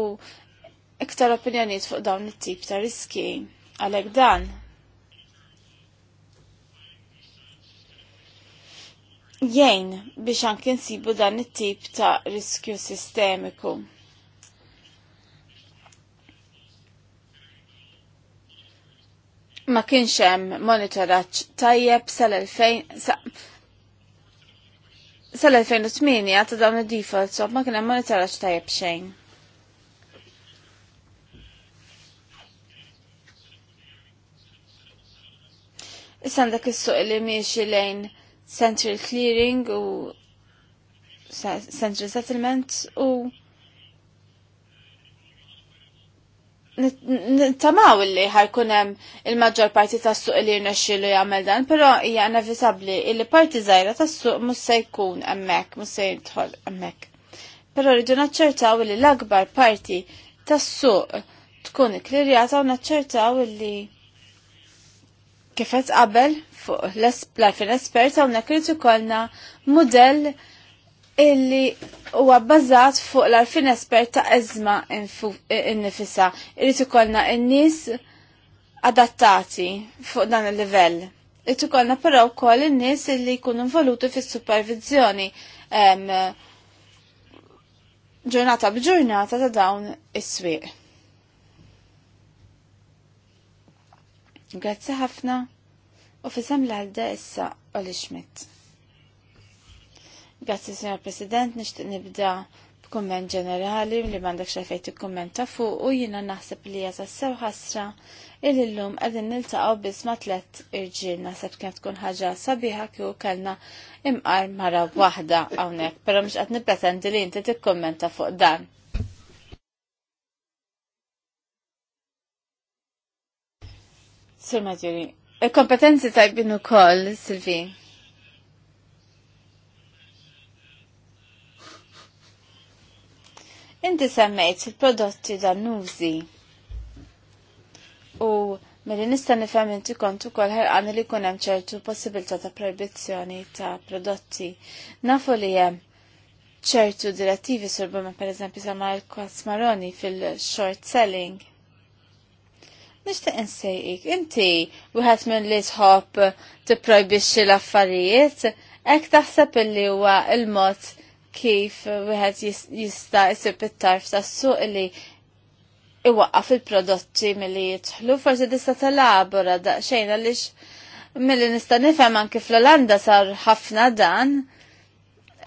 iktar opinjonijiet fuq dawn it-tip ta' riski. Għalhekk dan jgħin biex anke nsibu dan it-tip ta' riskju sistemiku. ma kienx hemm monitoraġġ tajjeb sal-2000 sal-2008 ta' dawn id-defaults ma kien hemm monitoraġġ tajjeb xejn. Issa għandek is-suq li miexi lejn Central Clearing u Central Settlement u Nittamaw li ħajkunem il-maġġor parti tas suq li jirnexxilu jagħmel dan, però hija inevitabbli li parti żgħira tas suq mhux se jkun hemmhekk, mhux se jidħol hemmhekk. Però rridu naċċertaw li l-akbar parti tas suq tkun ikklirjata u naċċertaw li kif qed qabel fuq l-arfin esperta hawnhekk irid ikollna mudell illi huwa bbażat fuq l-arfin espert ta' eżma innifisa irid ikollna n-nies adattati fuq dan il-livell. Irid ikollna però wkoll in-nies illi jkunu involuti fis-supervizjoni ġurnata b'ġurnata ta' dawn is-swieq. Grazzi ħafna u fisem l-għalda issa Oli Schmidt. Grazzi, Signor President, nishtiq nibda b'kumment ġenerali li m'għandek xafejt ta' fuq u jiena naħseb li hija sew ħasra il illum qegħdin niltaqgħu biss ma' tliet irġiel naħseb kien tkun ħaġa sabiħa kieku kellna imqar mara waħda hawnhekk, però mhux qed nippretendi li inti tikkummenta fuq dan. Sur Maġuri, il-kompetenzi tajbin ukoll, Silvi. Inti semmejt il-prodotti dannużi. U mill-li nista' nifhem inti kont ukoll ħerqan li jkun hemm ċertu possibilità ta' proibizzjoni ta' prodotti. Nafu li hemm ċertu direttivi surbuma pereżempju sama l-kwasmaroni fil-short selling. Nixtieq insejqik, inti wieħed minn li tħobb tipprojbixxi l-affarijiet, hekk taħseb illi huwa il-mod kif wieħed jista' jsib it-tarf tas-suq li iwaqqaf il-prodotti milli jidħlu, forsi tista' telabora daqsxejn għaliex milli nista' nifhem anke fl-Olanda sar ħafna dan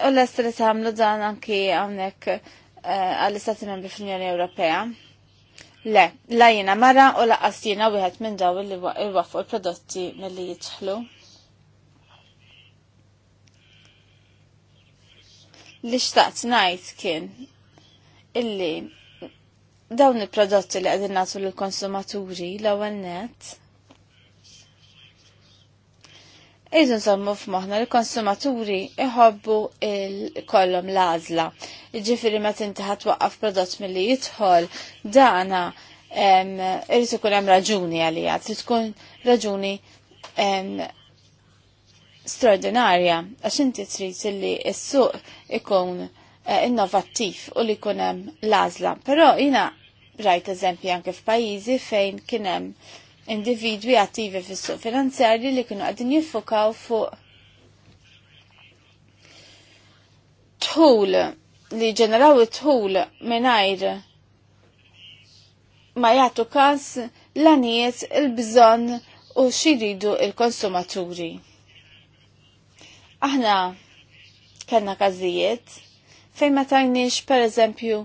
u lest li tagħmlu dan anki hawnhekk eh, għall-Istati Membri fl-Unjoni Ewropea. Le, la jiena mara u laqqas jiena wieħed minn daw li waqfu l-prodotti milli jidħlu. li xtaqt najt kien illi dawn il-prodotti li għedin natu l-konsumaturi l-ewwel net. Iżu nżommu f'moħna l-konsumaturi iħobbu il-kollom l-għazla. Ġifiri ma tinti ħatwaqqaf prodott mill-li jitħol dana irrid ikun hemm raġuni għalija, trid tkun raġuni straordinarja għax inti trid li s-suq ikun eh, innovattiv u li jkun hemm l-għażla. Però jiena rajt eżempji anke f'pajjiżi fejn kien hemm individwi attivi fis-suq finanzjarji li kienu qegħdin jiffokaw fuq tħul li ġeneraw it-tħul mingħajr ma jagħtu każ l-għaniet il-bżonn u xiridu il-konsumaturi. Aħna kellna każijiet fejn ma tajniex pereżempju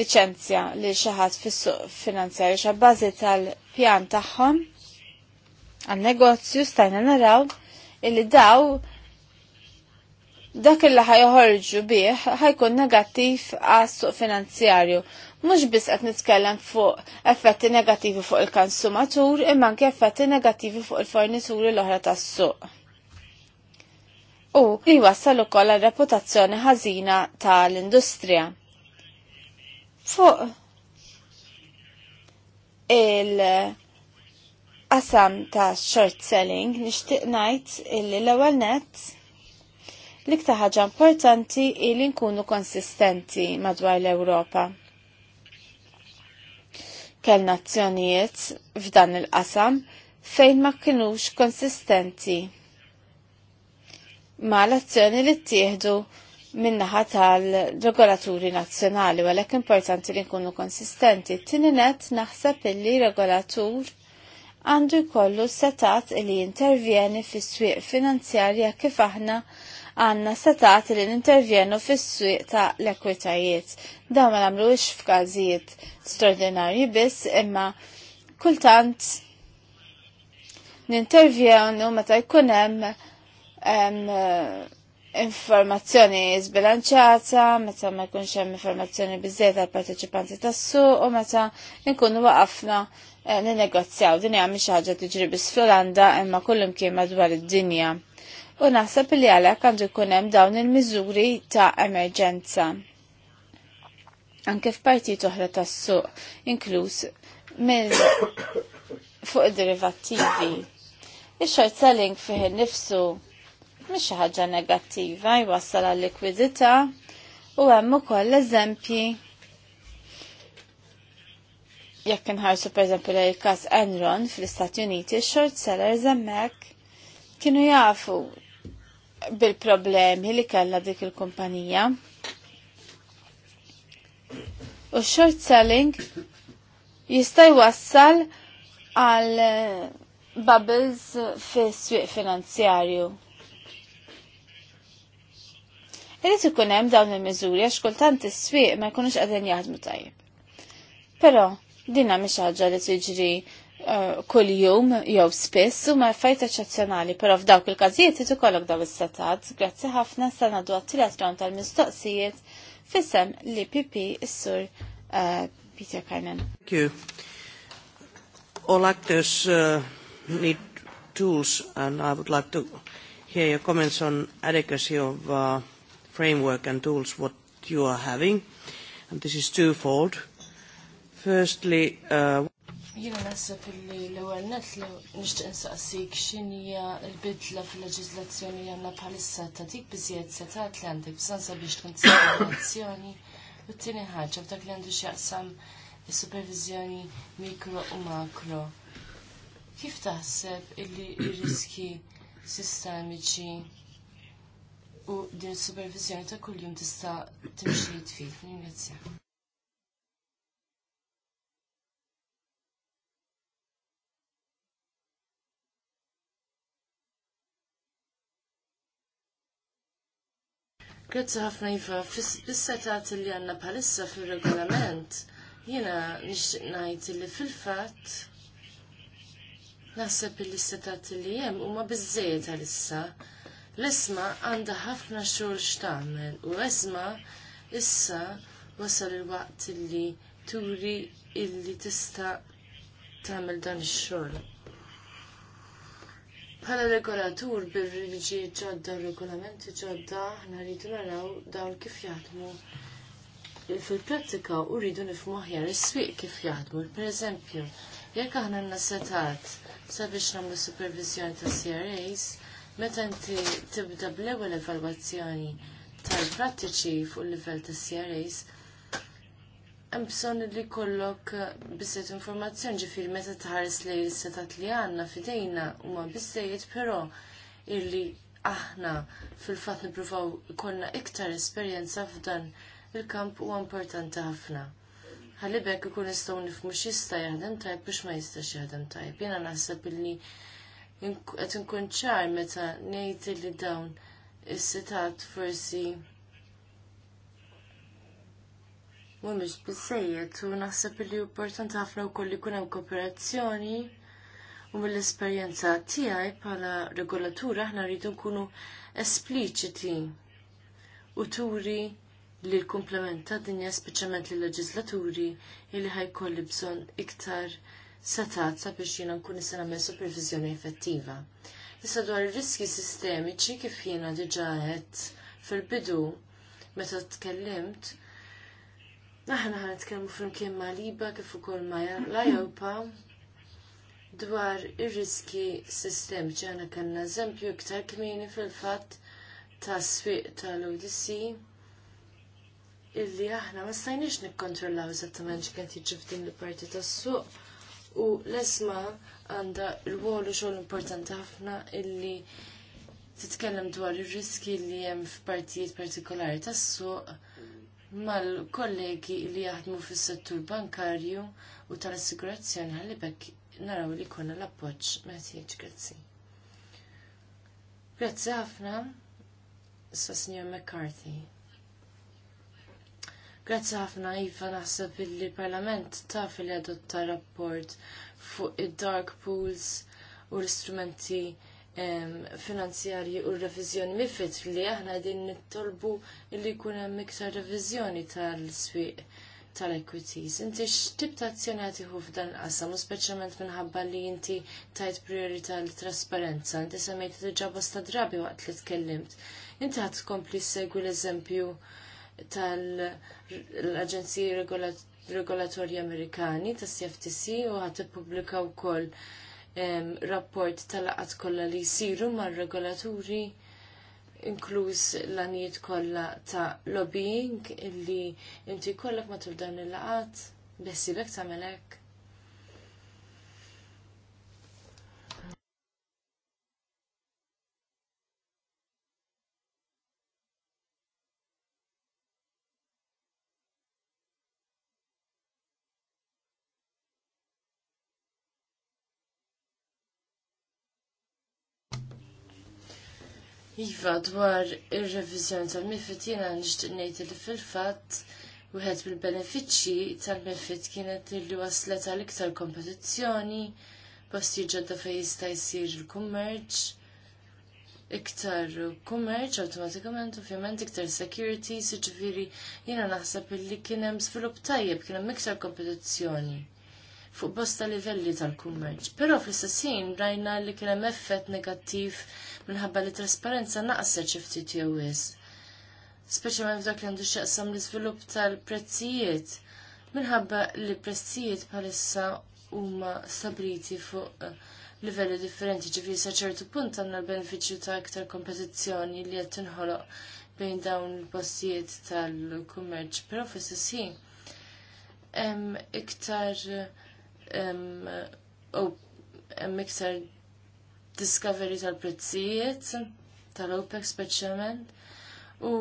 liċenzja li xi ħadd fis-suq finanzjarju tal-pjan tagħhom għan-negozju stajna naraw illi daw dak illi ħajħorġu bih ħajkun negattiv għas-suq finanzjarju. Mhux biss qed nitkellem fuq effetti negattivi fuq il-konsumatur imma anke effetti negattivi fuq il-fornituri l-oħra tas-suq u li wassal ukoll għal reputazzjoni ħażina tal-industrija. Fuq il- qasam ta' short selling nixtieq ngħid illi l-ewwel net l-iktar ħaġa importanti li nkunu konsistenti madwar l-Ewropa. Kell nazzjonijiet f'dan il-qasam fejn ma kinux konsistenti ma l-azzjoni li ttieħdu minnaħa tal-regolaturi nazzjonali, għalek importanti li nkunu konsistenti. Tini naħseb illi regolatur għandu jkollu setat li jintervjeni fis swieq finanzjarja kif aħna għanna setat li nintervjenu fis swieq ta' l-ekwitajiet. Da ma ix f'każijiet straordinarji biss imma kultant nintervjenu meta jkun hemm Eh, informazzjoni sbilanċata, meta ma jkunx hemm informazzjoni biżejjed għal parteċipanti tas-suq u meta nkunu waqafna eh, ninnegozjaw Din hija mhix ħaġa tiġri biss fl-Olanda imma kullum kien madwar id-dinja. U naħseb li għalhekk għandu jkun hemm dawn il-miżuri ta' emerġenza. Anke f'partit oħra tas-suq, inkluż minn fuq id-derivattivi. Ix-short selling fih nifsu mhix xi ħaġa negattiva jwassal għal likwidità u hemm ukoll eżempji jekk inħarsu pereżempju lejn każ Enron fl-Istati Uniti, short sellers hemmhekk kienu jafu bil-problemi li kellha dik il-kumpanija. U short selling jista' jwassal għal bubbles fis swieq finanzjarju. Irrid ikun hemm dawn il-miżuri għax kultant is-swieq ma jkunux qegħdin jaħdmu tajjeb. Però dinna mhix ħaġa li tiġri uh, kuljum jew spiss u ma fajt eċċezzjonali, però f'dawk il-każijiet irid ikollok daw is-setat. Grazzi ħafna sa ngħaddu għat-tielet round tal-mistoqsijiet f'isem li pipi s sur uh, Peter Kynan. Thank you. All actors uh, need tools and I would like to hear your comments on adequacy of uh, framework and tools what you are having. And this is twofold. Firstly, uh, Jena nasab li l-ewel net li nishtiq nsaqsik xinija l-bidla fil-leġiżlazzjoni għandna bħalissa ta' dik biżjed setat li għandek bżonn sabiex tkun azzjoni u t-tieni ħagġa f'dak li għandu x'jaqsam is-supervizjoni mikro u makro. Kif taħseb illi riski sistemiċi u din supervizjoni ta' kuljum tista' timxi tfid. Ringrazzja. Grazzi ħafna Iva, bis-setat li għanna bħalissa fil-regolament, jina nixtieq ngħid li fil-fatt Naħseb li setat li jem u ma bizzejt għalissa. L-isma għandha ħafna xogħol x'tagħmel u esma issa wasal il-waqt li turi illi tista' tagħmel dan ix-xogħol. Bħala regolatur bir-riġi ġodda u regolamenti ġodda aħna rridu naraw dawn kif jaħdmu fil-prattika u rridu nifmu aħjar is-swieq kif jaħdmu. Pereżempju, jekk aħna setat sabiex nagħmlu supervizjoni ta' CRAs, Meta inti tibda bl-ewwel evalwazzjoni tal-prattiċi fuq livell ta' CRAs, hemm bżonn li jkollok biżejjed informazzjoni ġifieri meta tħares lejn is-setat li għandna f'idejna huma biżejjed però illi aħna fil-fatt nippruvaw ikollna iktar esperjenza f'dan il-kamp huwa importanti ħafna ħalibek ikun nistgħu nifhmu x'jista' jaħdem tajb biex ma jistax jaħdem tajb. Jiena naħseb illi qed inkun ċar meta ngħid li dawn is-sitat forsi mhumiex biżejjed u naħseb li importanti ħafna u kolli jkun hemm kooperazzjoni u mill-esperjenza tiegħi bħala regolatura aħna rridu nkunu espliċiti u turi li l-komplement ta' dinja speċjalment lill leġislaturi li ħajkolli bżonn iktar satazza sabiex jiena nkun nista' nagħmel supervizjoni effettiva. Issa dwar ir-riski sistemiċi kif jiena diġà għedt fil-bidu meta tkellimt, aħna ħan nitkellmu flimkien ma' Liba kif ukoll ma' l dwar ir-riski sistemiċi aħna kellna eżempju iktar kmieni fil-fatt ta' swieq tal-ODC illi aħna ma stajniex nikkontrollaw eżattament x'kien jiġi f'din il-parti tas-suq u l-esma għanda l għolu xogħol importanti ħafna illi titkellem dwar ir-riski li hemm f'partijiet partikolari tas-suq mal-kollegi li jaħdmu fis-settur bankarju u tal-assigurazzjoni għalli bekk naraw li jkollna l-appoġġ meħtieġ grazzi. Grazzi ħafna sa' Signor McCarthy. Grazzi ħafna Iva naħseb li parlament taf li adotta rapport fuq id-dark pools u l-istrumenti finanzjarji u r-reviżjoni mifit li aħna din nittolbu li jkun hemm iktar reviżjoni tal-swieq tal-equities. Inti x'tib ta' azzjoni tieħu f'dan qasam, u speċjalment minħabba li inti tajt priorità l trasparenza, inti semmejt diġà bosta drabi waqt li tkellimt. Inti ħadd tkompli segwi l-eżempju tal-Aġenziji Regolatorji Amerikani tas-CFTC u ħadd ippubblika wkoll rapport tal-laqat kollha li jsiru mar-regolaturi inkluż l għanijiet kollha ta' lobbying illi inti kollok matul dan il-laqat bessilek tagħmel hekk. Iva, dwar ir-reviżjoni tal mifit jiena nixtieq ngħid li fil-fatt wieħed bil benefiċċji tal mifit kienet li waslet għal iktar kompetizzjoni, posti ġodda fej jista' jsir il-kummerċ, iktar kummerċ awtomatikament ovvjament iktar security, jiġifieri jiena naħseb illi kien hemm tajjeb, kien hemm iktar kompetizzjoni fuq bosta livelli tal-kummerċ. Però fl istessin rajna li kien hemm effett negattiv minħabba li trasparenza naqset xi ftit jew Speċjalment f'dak li għandu x'jaqsam l-iżvilupp tal-prezzijiet minħabba li prezzijiet bħalissa huma stabiliti fuq eh, livelli differenti ġifiri sa ċertu punt għandna l-beneficju ta' aktar kompetizzjoni li qed tinħoloq bejn dawn il-postijiet tal-kummerċ. Però fl-istessin hemm iktar eh, u mikser discovery tal-prezzijiet tal-OPEC speċjalment u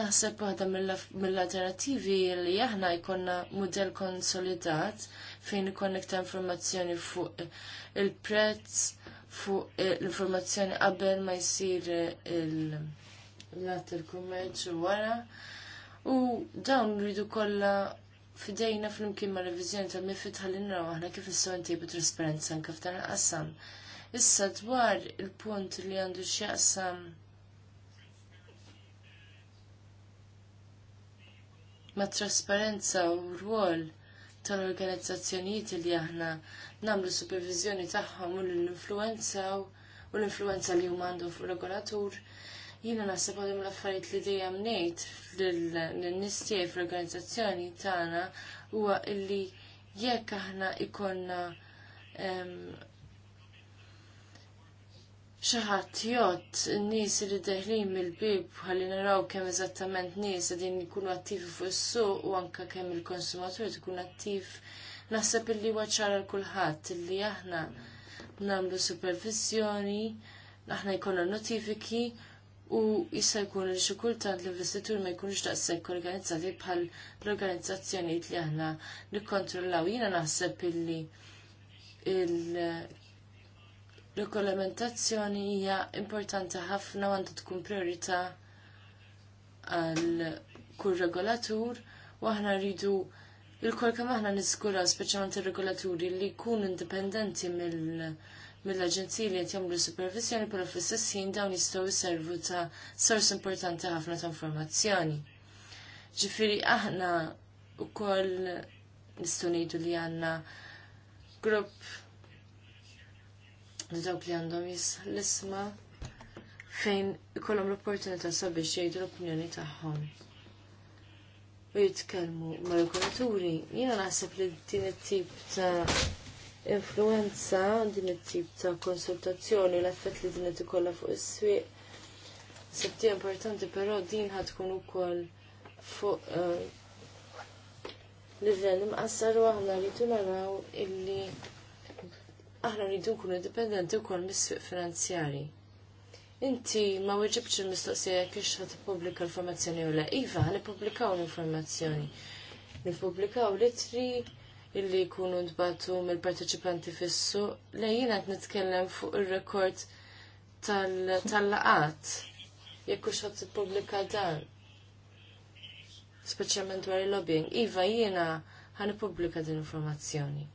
naħseb waħda mill-alternativi li aħna jkollna mudell konsolidat fejn ikun iktar informazzjoni fuq il-prezz, fuq l-informazzjoni qabel ma jsir il-lat il-kummerċ wara. U dawn rridu kollha fidejna fl-imkien ma' revizjoni tal mifid ħallinna aħna kif nistgħu ntejbu trasparenza anke f'dan il Issa dwar il-punt li għandu x'jaqsam ma' trasparenza u rwol tal-organizzazzjonijiet li aħna nagħmlu supervizjoni tagħhom u l-influenza u l-influenza li huma għandhom fuq regolatur. regolatur Jiena nasib għadim l-affarijiet li dejjem ngħid lin-nies tiegħi fl-organizzazzjoni tagħna huwa illi jekk aħna ikonna xaħat jott n-nis li deħlin mill-bib għalli naraw kemm eżattament nis għadin jkunu attivi fuq is-suq u anke kemm il-konsumatur ikun attiv naħseb illi waċċara għal kulħadd illi aħna nagħmlu supervizjoni, aħna jkollna notifiki u jissa jkun li xi kultant l-investitur ma jkunx daqshekk organizzati bħal l-organizzazzjonijiet li aħna nikkontrollaw. Jiena naħseb illi il-regolamentazzjoni hija importanti ħafna għandu tkun priorità għal kull regolatur u aħna rridu il-kol kemm aħna niskura speċjalment ir-regolaturi li jkunu indipendenti mill- mill-aġenziji li l supervizjoni pero fl dawn jistgħu jservu ta' sors importanti ħafna ta' informazzjoni. Ġifieri aħna u nistgħu ngħidu li għandna grupp li dawk li għandhom l-isma fejn ikollhom l-opportunità sabiex jgħidu l-opinjoni tagħhom u jitkellmu mal-regolaturi, jina naħseb li din it-tip ta' influenza din it-tip ta' konsultazzjoni l-effett li din ikolla fuq is-swieq. Sebti importanti però din ħad tkun ukoll fuq eh, livell imqassar u aħna rridu naraw illi aħna rridu nkunu dipendenti wkoll mis-swieq finanzjari. Inti ma weġibx il-mistoqsija kiex ħat pubblika l-informazzjoni u la. Iva, ħan pubblikaw l-informazzjoni. Nippubblikaw litri illi jkunu ntbatu mill-parteċipanti fissu, jina qed nitkellem fuq ir-rekord tal-laqat jekk hux t tippubblika dan. Speċjalment dwar il-lobbying. Iva jiena ħan publika din informazzjoni.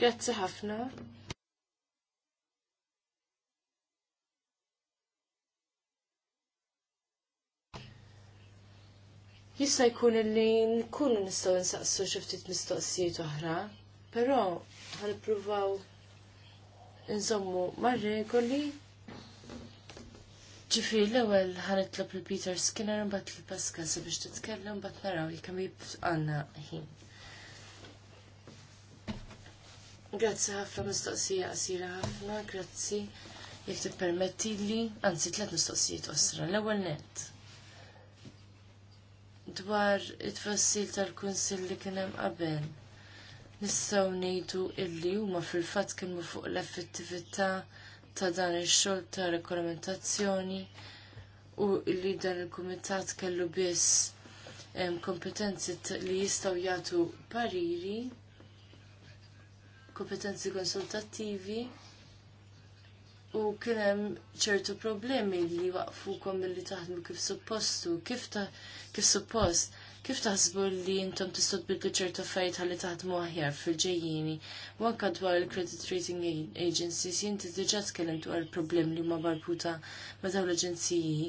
Grazzi ħafna. Jista' jkun illi nkunu nistgħu nsaqsu xi ftit mistoqsijiet oħra, però pruvaw nżommu mar-regoli Ġifiri, l-ewel ħanitlob il-Peter Skinner mbagħad il-Pascal sabiex titkellem mbatt naraw jekk hemm għanna ħin. Grazzi ħafna mistoqsija qasira ħafna, grazzi jekk tippermetti li, anzi tliet mistoqsijiet osra. L-ewwel nett dwar it-tfassil tal-Kunsill li kien hemm qabel. Nistgħu ngħidu illi huma fil-fatt kienu fuq l-effettività ta' dan ix-xogħol ta' regolamentazzjoni u illi dan il-kumitat kellu biss kompetenzi li jistgħu jagħtu pariri, kompetenzi konsultattivi u kien hemm ċertu problemi li waqfukom milli taħdmu kif suppostu, kif ta' kif suppost. Kif taħsbu li jintom tistot tbidlu ċertu affarijiet għalli taħdmu aħjar fil-ġejjini? U anke dwar il-credit rating agencies jinti diġà tkellim dwar il-problem li huma barbuta ma' dawn l-aġenziji.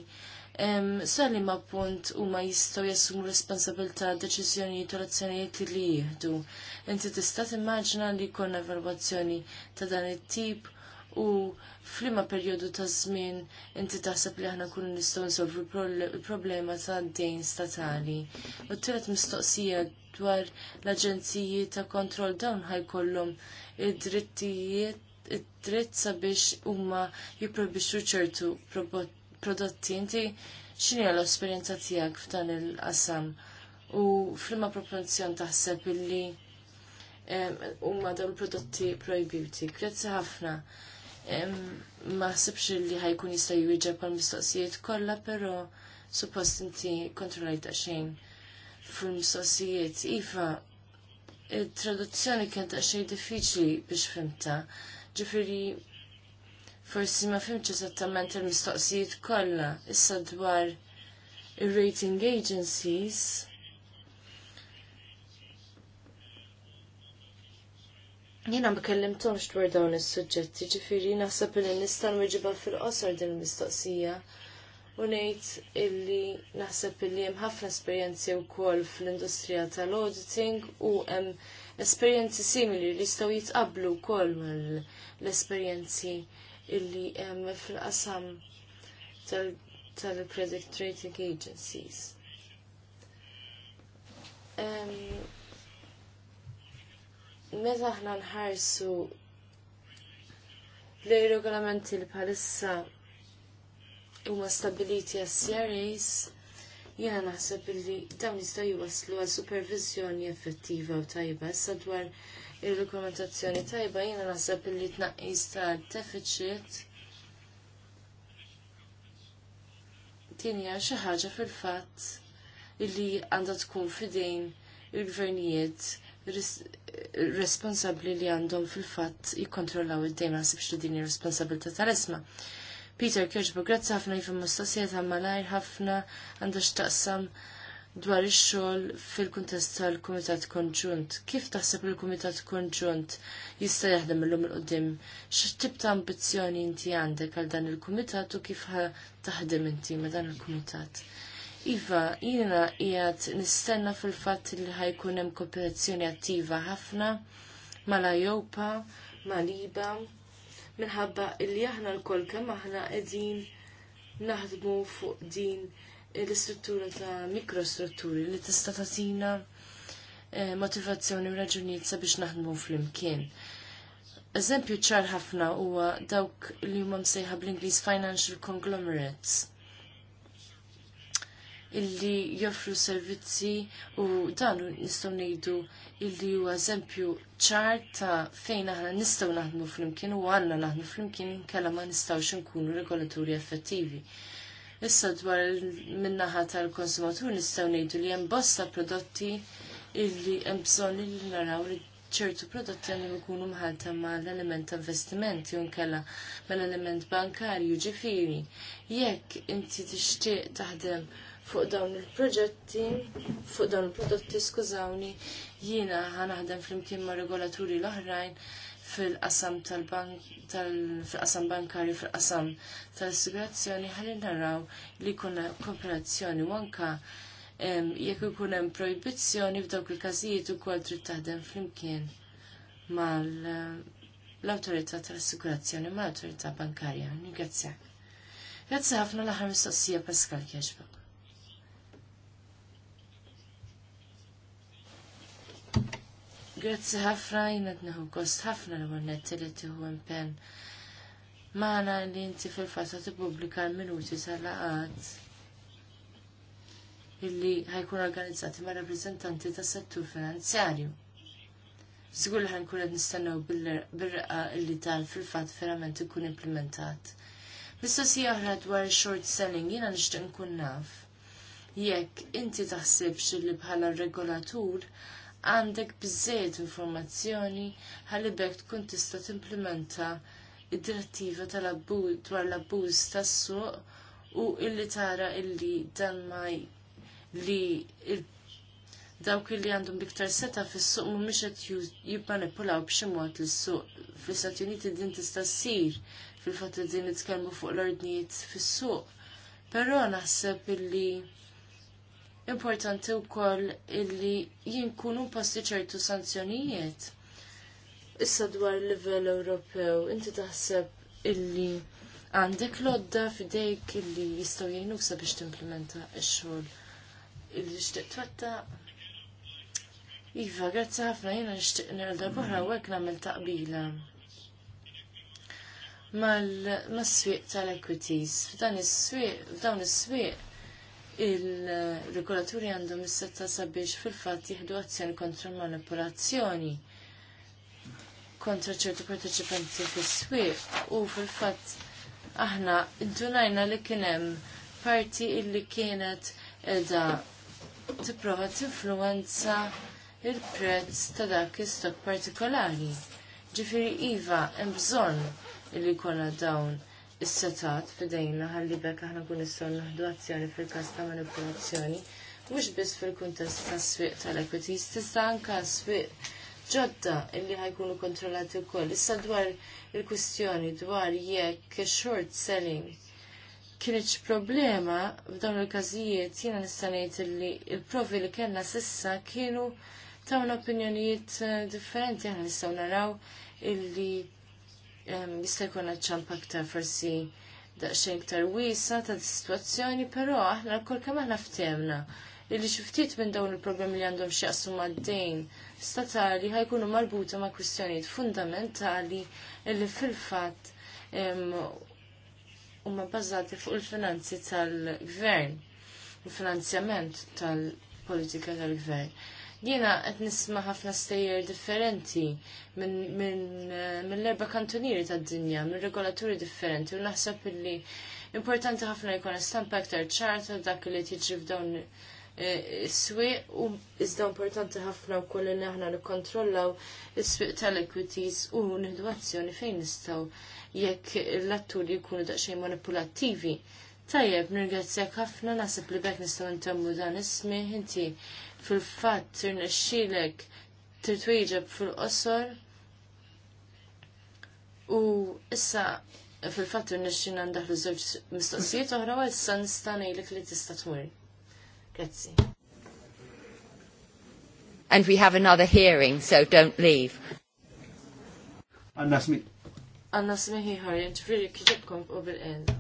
Sali ma' punt huma jistgħu jassumu responsabilità deċiżjonijiet u l-azzjonijiet li jieħdu. Inti tista' timmaġina li jkollna evalwazzjoni ta' dan it-tip u flimma perjodu ta' żmien inti taħseb li aħna nkunu nistgħu nsolvu l-problema ta' dejn statali. U t tret mistoqsija dwar l-aġenziji ta' kontroll dawn ħajkollhom id-drittijiet id-dritt sabiex huma jipprobixxu ċertu prodotti. Inti x'inhi l-esperjenza tiegħek f'dan il-qasam? U flima proporzjon taħseb illi eh, huma dawn prodotti prohibiti. Grazzi ħafna ma sibx li ħajkun jista' jwieġeb pal mistoqsijiet kollha, però suppost inti kontrollajta xejn fil-mistoqsijiet. Iva, il-traduzzjoni kienet xejn diffiċli biex fimta. Ġifieri forsi ma fimx eżattament il-mistoqsijiet kollha issa dwar ir-rating agencies Jena ma kellimtomx dwar dawn is-suġġetti, ġifieri naħseb li nista' nwiġibha fil-qosor din il-mistoqsija. U ngħid illi naħseb illi hemm ħafna esperjenzi wkoll fl-industrija tal-auditing u hemm esperjenzi simili li jistgħu jitqablu wkoll mal-esperjenzi illi hemm fil-qasam tal-Credit Rating Agencies meta aħna nħarsu li regolamenti li bħalissa huma stabiliti għas cras jiena naħseb li dawn jista' jwaslu għal supervizjoni effettiva u tajba issa dwar ir-rekomendazzjoni tajba jiena naħseb li tnaqqis ta' deficit tinja xi ħaġa fil-fatt illi għandha tkun fidejn il-gvernijiet responsabli li għandhom fil-fatt jikkontrollaw id-dejma nasibx li din ir-responsabilità tal-isma. Peter Kirchberg, grazzi ħafna jifim iva mistoqsija għammalajr malajr ħafna għandha x'taqsam dwar ix-xogħol fil-kuntest tal-Kumitat Konġunt. Kif taħseb il-Kumitat Konġunt jista' jaħdem illum il-qudiem? X'tib ta' ambizzjoni inti għandek għal dan il-Kumitat u kif taħdem inti ma' dan il-Kumitat? Iva, jiena qiegħed nistenna fil-fatt li ħajkun hemm kooperazzjoni attiva ħafna mala Jopa, mal-Iba, minħabba li aħna lkoll kemm aħna qegħdin naħdmu fuq din l-istruttura ta' mikrostrutturi li tista' tagħtina eh, motivazzjoni u raġunijiet sabiex naħdmu fl-imkien. Eżempju ċar ħafna huwa dawk li huma msejħa bl ingliż Financial Conglomerates illi joffru servizzi u dan nistgħu ngħidu illi u eżempju ċar ta' fejn aħna nistgħu naħdmu flimkien u għandna naħdmu flimkien kalla ma nistgħux nkunu regolaturi effettivi. Issa dwar min-naħa tal-konsumatur nistgħu ngħidu li hemm bosta prodotti illi hemm bżonn naraw li ċertu prodotti għandhom jkunu mħalta ma l-element ta' investimenti kalla nkella mal element bankarju ġifieri. Jekk inti tixtieq taħdem fuq dawn il-proġetti, fuq dawn il-prodotti, skużawni, jiena ħanaħdem fl-imkien ma' regolaturi l-oħrajn fil-qasam tal-bank, fil-qasam bankari, fil-qasam tal-assigurazzjoni, ħalli naraw li kuna kooperazzjoni wanka jekk ikun hemm proibizzjoni f'dawk il-każijiet ukoll trid taħdem flimkien mal l tal-assigurazzjoni mal-autorità bankarja. Ningrazzjak. Grazie ħafna l-aħħar mistoqsija Pascal Kieġbab. Grazzi ħafna jina neħu kost ħafna li għonnetti li t pen. Maħna li inti fil-fatta t-publika l-minuti tal-laqat illi ħajkun organizzati ma' rappresentanti ta' settur finanzjarju. Sigur li ħankun qed nistennew bil-rqa illi tal fil-fatt verament ikun implementat. Mistoqsija oħra dwar short selling jiena nixtieq nkun naf. Jekk inti taħsibx li bħala regolatur għandek bżejt informazzjoni ħalli bek tkun tista' timplementa id-direttiva tal dwar l-abbuż tas-suq u illi tara illi dan ma li dawk illi għandhom biktar seta fis-suq mhumiex qed jibmanipulaw b'xi mod lis-suq. Fl-Istati Uniti din tista' ssir fil-fatt li din nitkellmu fuq l-ordnijiet fis-suq. Però naħseb illi importanti wkoll illi jinkunu passi ċertu sanzjonijiet. Issa dwar livell Ewropew, inti taħseb illi għandek lodda fidejk illi jistgħu jgħinuk sabiex t-implementa il xogħol illi xtieq twettaq. Iva, grazzi ħafna jiena xtiq nirda buħra u għek namil taqbila. Mal-swieq tal-equities, f'dan is-swieq, f'dawn is-swieq, il-regolaturi għandhom is-setta sabiex fil-fatt jieħdu azzjoni kontra manipolazzjoni kontra ċertu parteċipanti fis-swieq u fil-fatt aħna dunajna li kien hemm parti illi kienet edha tipprova influenza il-prezz ta' dak istok partikolari. Ġifiri iva hemm bżonn illi kona dawn s-setat fidejna ħalli bekk aħna kun nistgħu naħdu azzjoni fil-każ ta' manipolazzjoni mhux biss fil-kuntest ta' swieq tal-equities, tista' anke swieq ġodda illi ħajkunu kontrollati wkoll. Issa dwar il-kwistjoni dwar jekk short selling kienieċ problema f'dawn il-każijiet jiena nista' ngħid illi il-provi li kellna sissa kienu tawn opinjonijiet eh, differenti aħna nistgħu naraw illi jista' jkun ċamp aktar forsi daqsxejn iktar wiesa ta' situazzjoni, però aħna l-kol kemm aħna ftehmna li xiftit minn dawn il-problemi li għandhom xieqsu mad-dejn statali ħajkunu marbuta ma' kwistjonijiet fundamentali li fil-fat huma bażati fuq il-finanzi tal-gvern, il-finanzjament tal-politika tal-gvern. Jiena qed nisma' ħafna stejjer differenti mill-erba eh, kantunieri tad-dinja, minn regolaturi differenti u naħseb illi importanti ħafna jkun stampa aktar ċarta dak li tiġi f'dawn eh, is-swieq u iżda importanti ħafna wkoll li aħna nikkontrollaw is-swieq tal-equities u nidwazzjoni fejn nistgħu jekk l-atturi jkunu daqsxejn manipulattivi Tajjeb, nirgazzjak ħafna nasib li bekk nistgħu ntemmu dan ismi, inti fil-fatt tirnexxilek tirtwieġeb fil-qosor u issa fil-fatt tirnexxina ndaħlu żewġ mistoqsijiet oħra u issa nista' ngħidlek li tista' tmur. Grazzi. And we have another hearing, so don't leave. Għanna smiħi ħarjen, ġifiri kħiġibkom u bil-end.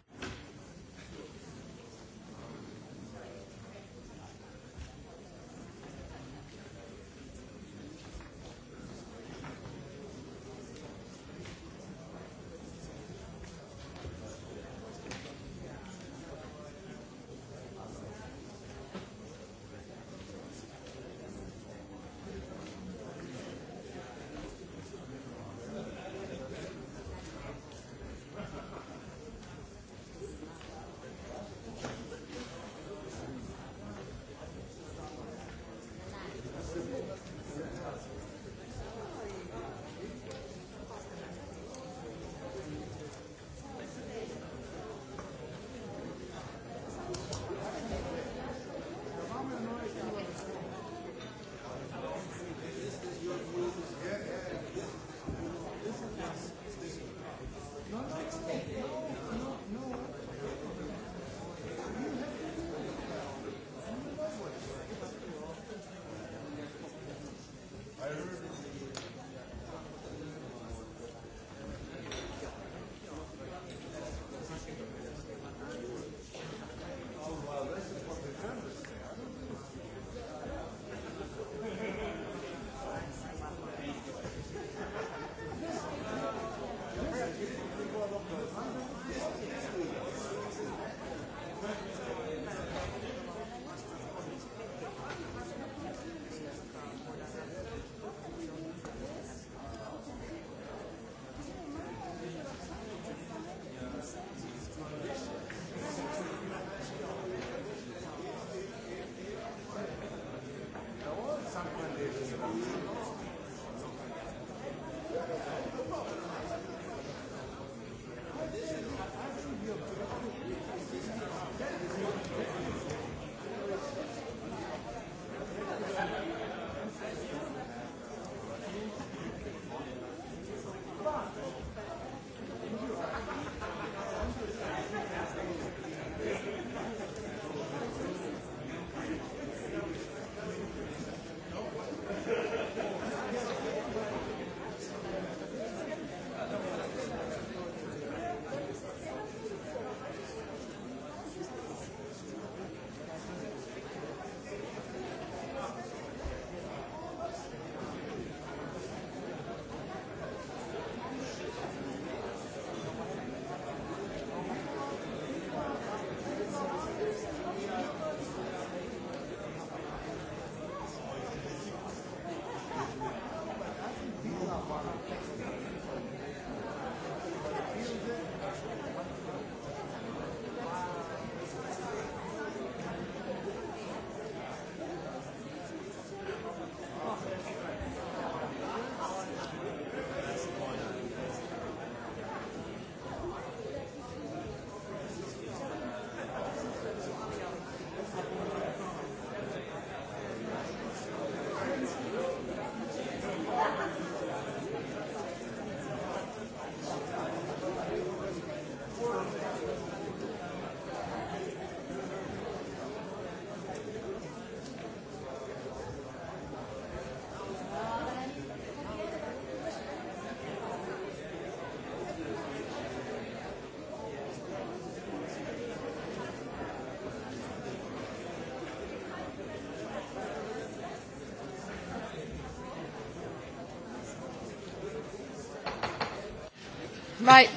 Right,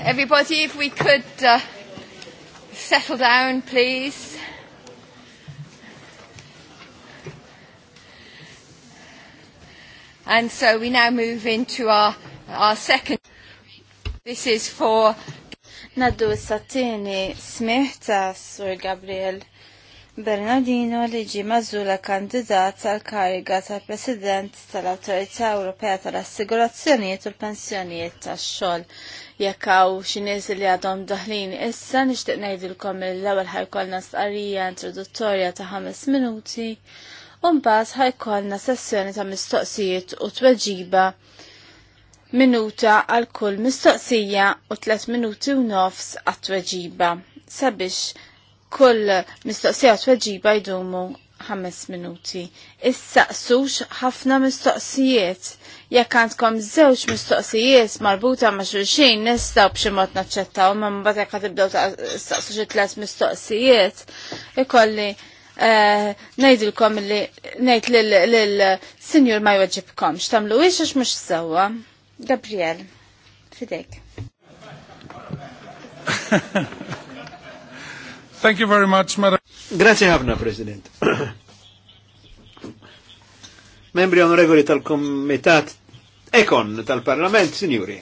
everybody, if we could uh, settle down, please. And so we now move into our, our second. This is for. Nadu Satini Smirtas or Gabriel Bernardino li ġi mażula kandidat tal kariga tal-President tal-Awtorità Ewropea tal-Assigurazzjonijiet u l-Pensjonijiet tax-xogħol. Jekk hawn xi nies li għadhom daħlin issa nixtieq ngħidilkom mill ewwel ħajkollna stqarrija introduttorja ta' ħames minuti u mbagħad ħajkollna sessjoni ta' mistoqsijiet u tweġiba minuta għal kull mistoqsija u tliet minuti u nofs għat-tweġiba sabiex kull mistoqsija weġiba jdumu ħames minuti. Issaqsux ħafna mistoqsijiet. Jekk għandkom żewġ mistoqsijiet marbuta ma' xulxin nistgħu b'xi mod naċċettaw, ma mbagħad jekk tibdew taqsaqsu xi tliet mistoqsijiet, ikolli eh, ngħidilkom li ngħid lil sinjur ma jweġibkomx. Xtamlu wiex għax mhux sewwa. Gabriel, fidejk. Thank you very much, Madam. Grazie ħafna, President. Membri onorevoli tal-Komitat Ekon tal-Parlament, Signori.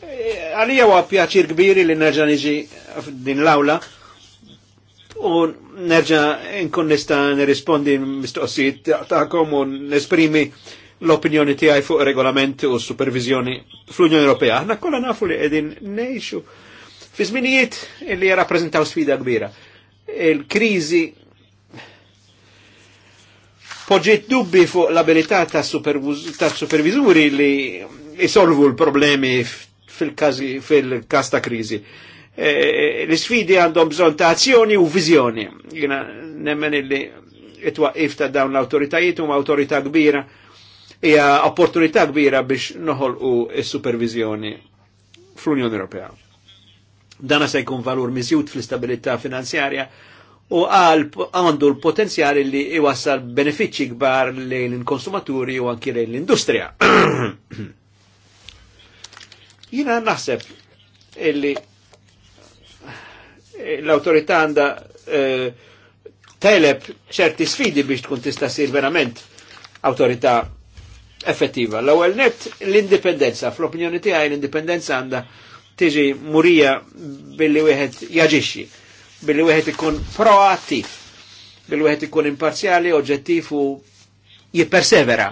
Għalija huwa pjaċir kbiri li nerġa' niġi din l-awla u nerġa' nkun nista' nirrispondi mistoqsijiet tagħkom u nesprimi l-opinjoni tiegħi fuq regolamenti u supervizjoni fl-Unjoni Ewropea. Aħna kollha nafu li qegħdin ngħixu Fi żminijiet li jarrappreżentaw sfida kbira. Il-kriżi poġġiet dubbi fuq l-abilità ta' supervizuri li jisolvu l-problemi fil-kas ta' kriżi. E, L-sfidi għandhom bżon ta' azzjoni u viżjoni. Jina nemmen illi it-waqif ta' dawn l-autoritajiet u autorità kbira hija opportunità kbira biex noħolqu s-supervizjoni fl-Unjoni Ewropea. Dana se jkun valur miżjud fl-istabilità finanzjarja u għal għandu l-potenzjali li iwassal benefiċċji kbar lejn l konsumaturi u anki lejn l-industrija. Jina naħseb illi eh, l-autorità għanda tajleb eh, teleb ċerti sfidi biex tkun tista' sir verament autorità effettiva. L-ewwel net l-indipendenza, fl-opinjoni tiegħi l-indipendenza għandha tiġi murija billi wieħed jaġixxi, billi wieħed ikun proattiv, billi wieħed ikun imparzjali, oġġettiv u jippersevera.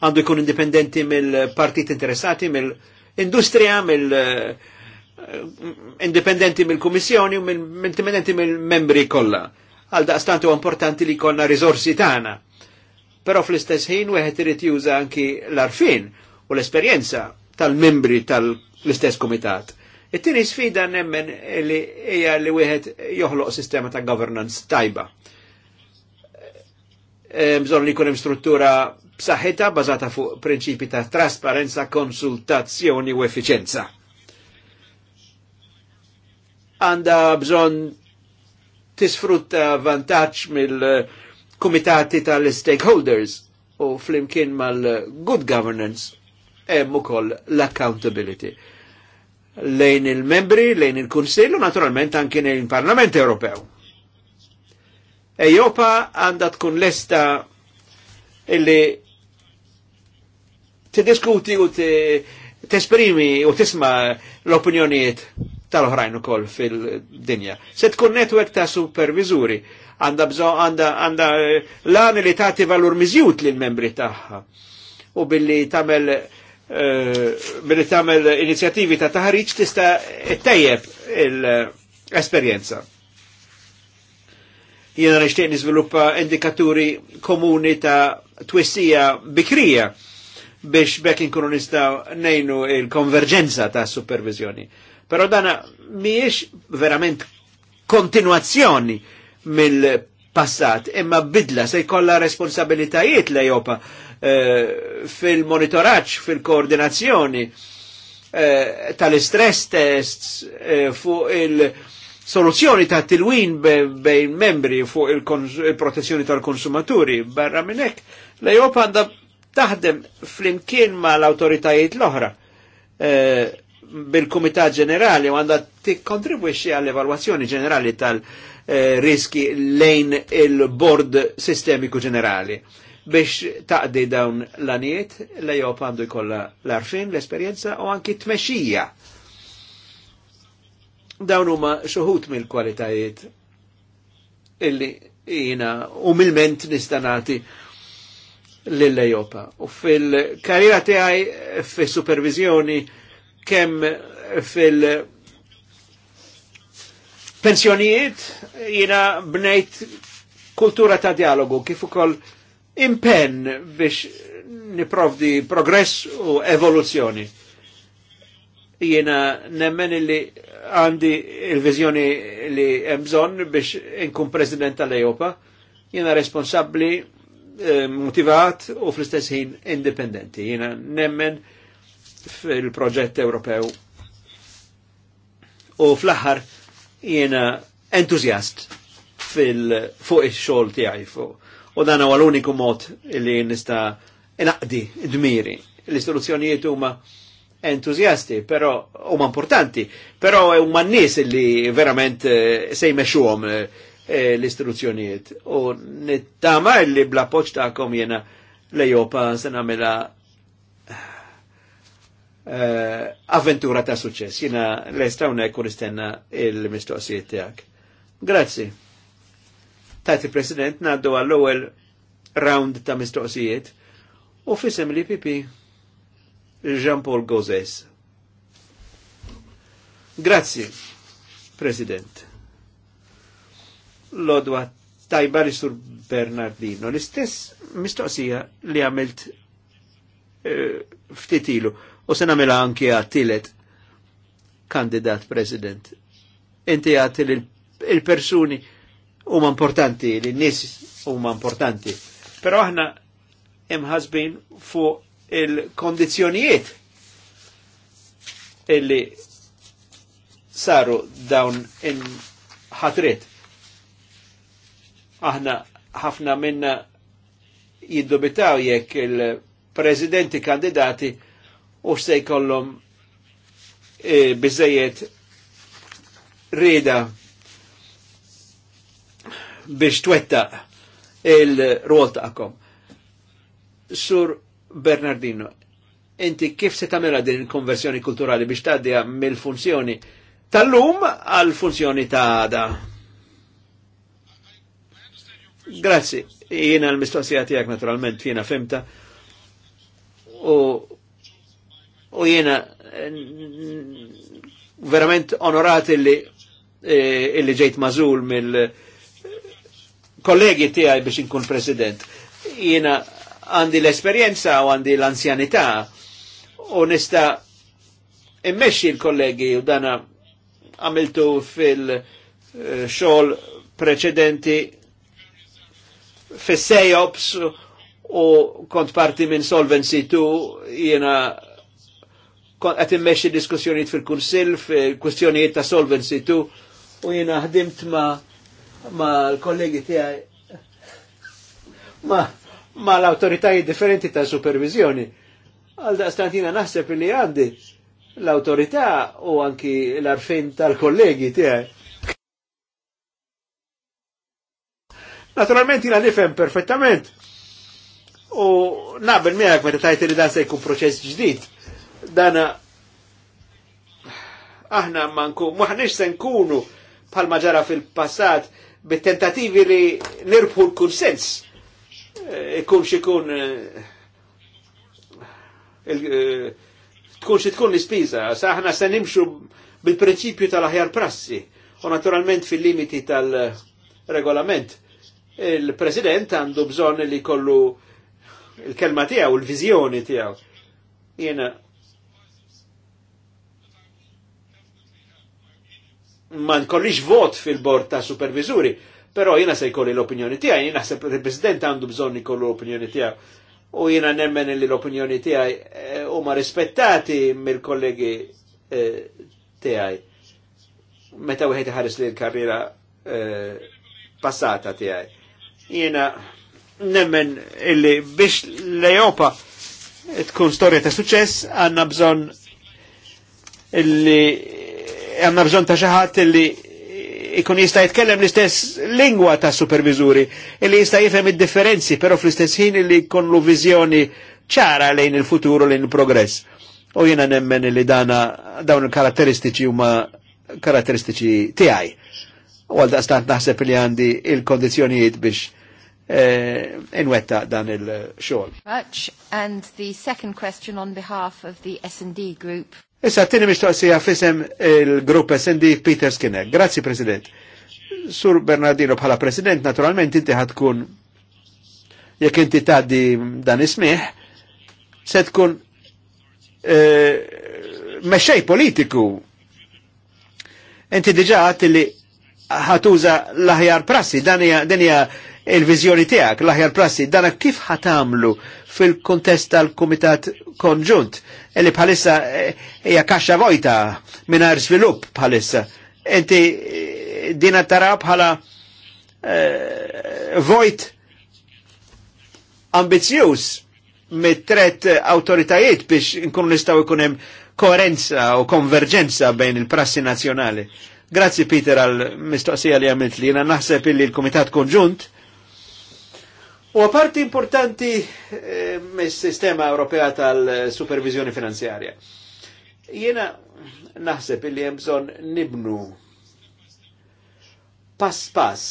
Għandu jkun indipendenti mill-partit interessati, mill-industrija, mill- eh, indipendenti mill-Kummissjoni u indipendenti mill-membri kollha. Għal daqstant importanti li jkollna rizorsi tagħna. Però fl-istess ħin wieħed irid juża anki l-arfin u l-esperjenza tal-membri tal-istess komitat. It-tieni sfida nemmen li hija li wieħed joħloq sistema ta' governance tajba. Bżon e, Bżonn li kunem hemm struttura b'saħħitha bażata fuq prinċipi ta' trasparenza, konsultazzjoni u efficienza. Għanda bżonn tisfrutta vantaġġ mill-kumitati tal-stakeholders u flimkien mal-good governance hemm ukoll l-accountability lejn il-membri, lejn il-Kunsill u naturalment anki lejn il-Parlament Ewropew. Ejopa għandha tkun lesta illi tiddiskuti u tesprimi u tisma l-opinjonijiet tal-oħrajn ukoll fil-dinja. Se tkun netwerk ta' supervizuri għandha bżon għandha għanda eh, lan li tagħti valur miżjut lill membri tagħha u billi tagħmel billi eh, tagħmel inizjativi ta' taħriċ tista' tejjeb l-esperjenza. Jiena nixtieq niżviluppa indikaturi komuni ta' twissija bikrija biex bekk inkunu nistgħu nejnu il-konverġenza ta' supervizjoni. Però dana mhijiex verament kontinuazzjoni mill-passat, imma bidla se jkollha responsabilitajiet l-Ejopa Eh, fil-monitoraċ, fil-koordinazzjoni eh, tal stress tests eh, fuq il-soluzzjoni ta' tilwin bejn membri fuq il-protezzjoni tal-konsumaturi. Barra minnek, l-Ejopa għanda taħdem fl-imkien ma' l-autoritajiet l-oħra bil-Kumitat Ġenerali u għanda tikkontribwixxi għall evaluazzjoni ġenerali tal-riski lejn il-Bord Sistemiku Ġenerali biex taqdi dawn l-aniet, l jow għandu jkolla l-arfin, l-esperienza u anki t-mexija. Dawn huma xuħut mill-kwalitajiet illi jina mill-ment nistanati l-Ejopa. U fil-karriera tiegħi fil-supervizjoni kemm fil pensjonijiet jina bnejt kultura ta' dialogu kif ukoll impenn biex niprovdi progress u evoluzzjoni. Jiena nemmen li għandi il-vizjoni li jemżon biex inkun president tal-Ejopa, jiena responsabli, eh, motivat u fl-istess ħin indipendenti. Jiena nemmen fil-proġett Ewropew. U fl-aħħar jiena entuzjast fil fuq il-xol tiegħi fuq u dan huwa l-uniku mod li nista' inaqdi dmiri. L-istruzzjonijiet huma entuzjasti, però huma importanti, però huma n-nies li verament eh, se jmexxuhom eh, eh, l-istruzzjonijiet. U nittama li bla poċta ta'kom jena l-Ejopa se nagħmilha avventura ta' suċċess. Jena l-estawna jkun istenna il-mistoqsijiet tijak. Grazzi tajt il-President naddu għall-ewwel round ta' mistoqsijiet u fisem li pipi Jean-Paul Gozes. Grazzi, President. Lodwa tajba li sur Bernardino. L-istess mistoqsija li għamilt uh, eh, ftitilu u se mela anki għattilet kandidat President. Inti għattil il-persuni il, persuni huma importanti, li n huma importanti. Pero aħna imħazbin fuq il-kondizjonijiet illi saru dawn in-ħatrit. Aħna ħafna minna jiddubitaw jekk il-prezidenti kandidati u se jkollhom e, eh, rida biex twetta il-rol ta'kom. Sur Bernardino, inti kif se tamela din il-konversjoni kulturali biex taddija mill-funzjoni tal-lum għal-funzjoni ta' da? Grazzi, jiena l-mistoqsija tijak naturalment jiena femta u, u jiena verament onorat illi, eh, illi ġejt mażul mill- kollegi tiegħi biex inkun president. Jiena għandi l-esperjenza u għandi l-anzjanità u nista immexxi l-kollegi u dana għamiltu fil-xogħol preċedenti fis-sejops u kont parti minn Solvency 2 jiena qed immexxi diskussjoniet fil kursil fil kustjoniet ta' Solvency 2 u jiena ħdimt ma' ma l-kollegi tijaj, ma, ma l-autoritajiet differenti ta' supervizjoni. Għal stantina naħseb li għandi l-autorità u anki l-arfin tal-kollegi tijaj. Naturalment jina nifhem perfettament. U naqbel miegħek meta tajt li dan se jkun proċess ġdid. Dana aħna manku, nkun, se nkunu bħal maġara ġara fil-passat bit-tentativi li nirbħu l-kunsens. Eh, ikun xikun eh, eh, tkun xi tkun l-ispiża, sa aħna se nimxu bil-prinċipju tal-aħjar prassi u naturalment fil-limiti tal-regolament. Il-President għandu bżonn li kollu il-kelma tiegħu, il vizjoni tiegħu. Jena ma nkollix vot fil-bord ta' supervizuri, però jina se jkolli l-opinjoni tijaj, jina se il-President għandu bżon jkollu l-opinjoni tijaj, U jina nemmen li l-opinjoni tijaj eh, u ma rispettati mill-kollegi eh, tijaj. Meta wieħed ħaris li l-karriera eh, passata tijaj. Jina nemmen illi biex l europa tkun storja ta' suċess għanna bżon illi għanna bżon ta' xaħat li ikun jista' jitkellem l-istess lingwa ta' supervizuri, li jista' jifem il differenzi pero fl-istess ħin li jkollu viżjoni ċara lejn il-futuru lejn il-progress. U jena nemmen li dana dawn il-karatteristiċi huma karatteristiċi tiegħi. U għal daqstant naħseb li għandi il-kondizjonijiet biex eh, inwetta dan il-xogħol. and the second question on behalf of the S&D group. Issa t-tini mistoqsija fisem il-grupp SND Peter Skinner. Grazzi, President. Sur Bernardino bħala President, naturalment inti ħatkun jekk inti taddi dan ismiħ, se tkun e, politiku. Inti diġa għat li ħatuża l-aħjar prassi, dan hija il-vizjoni tiegħek, l-aħjar prassi, dan kif ħatamlu? fil-kontest tal-Kumitat Konġunt, li bħalissa eh, hija kaxxa vojta mingħajr svilupp bħalissa. Inti eh, dina tara bħala eh, vojt ambizjuż mit-tret autoritajiet biex nkunu nistgħu ikun hemm koerenza u konverġenza bejn il-prassi nazzjonali. Grazzi Peter għal mistoqsija li għamilt li jena naħseb il komitat Konġunt U parti importanti eh, mis-sistema Ewropea tal-supervizjoni finanzjarja. Jena naħseb li hemm bżonn nibnu pass pass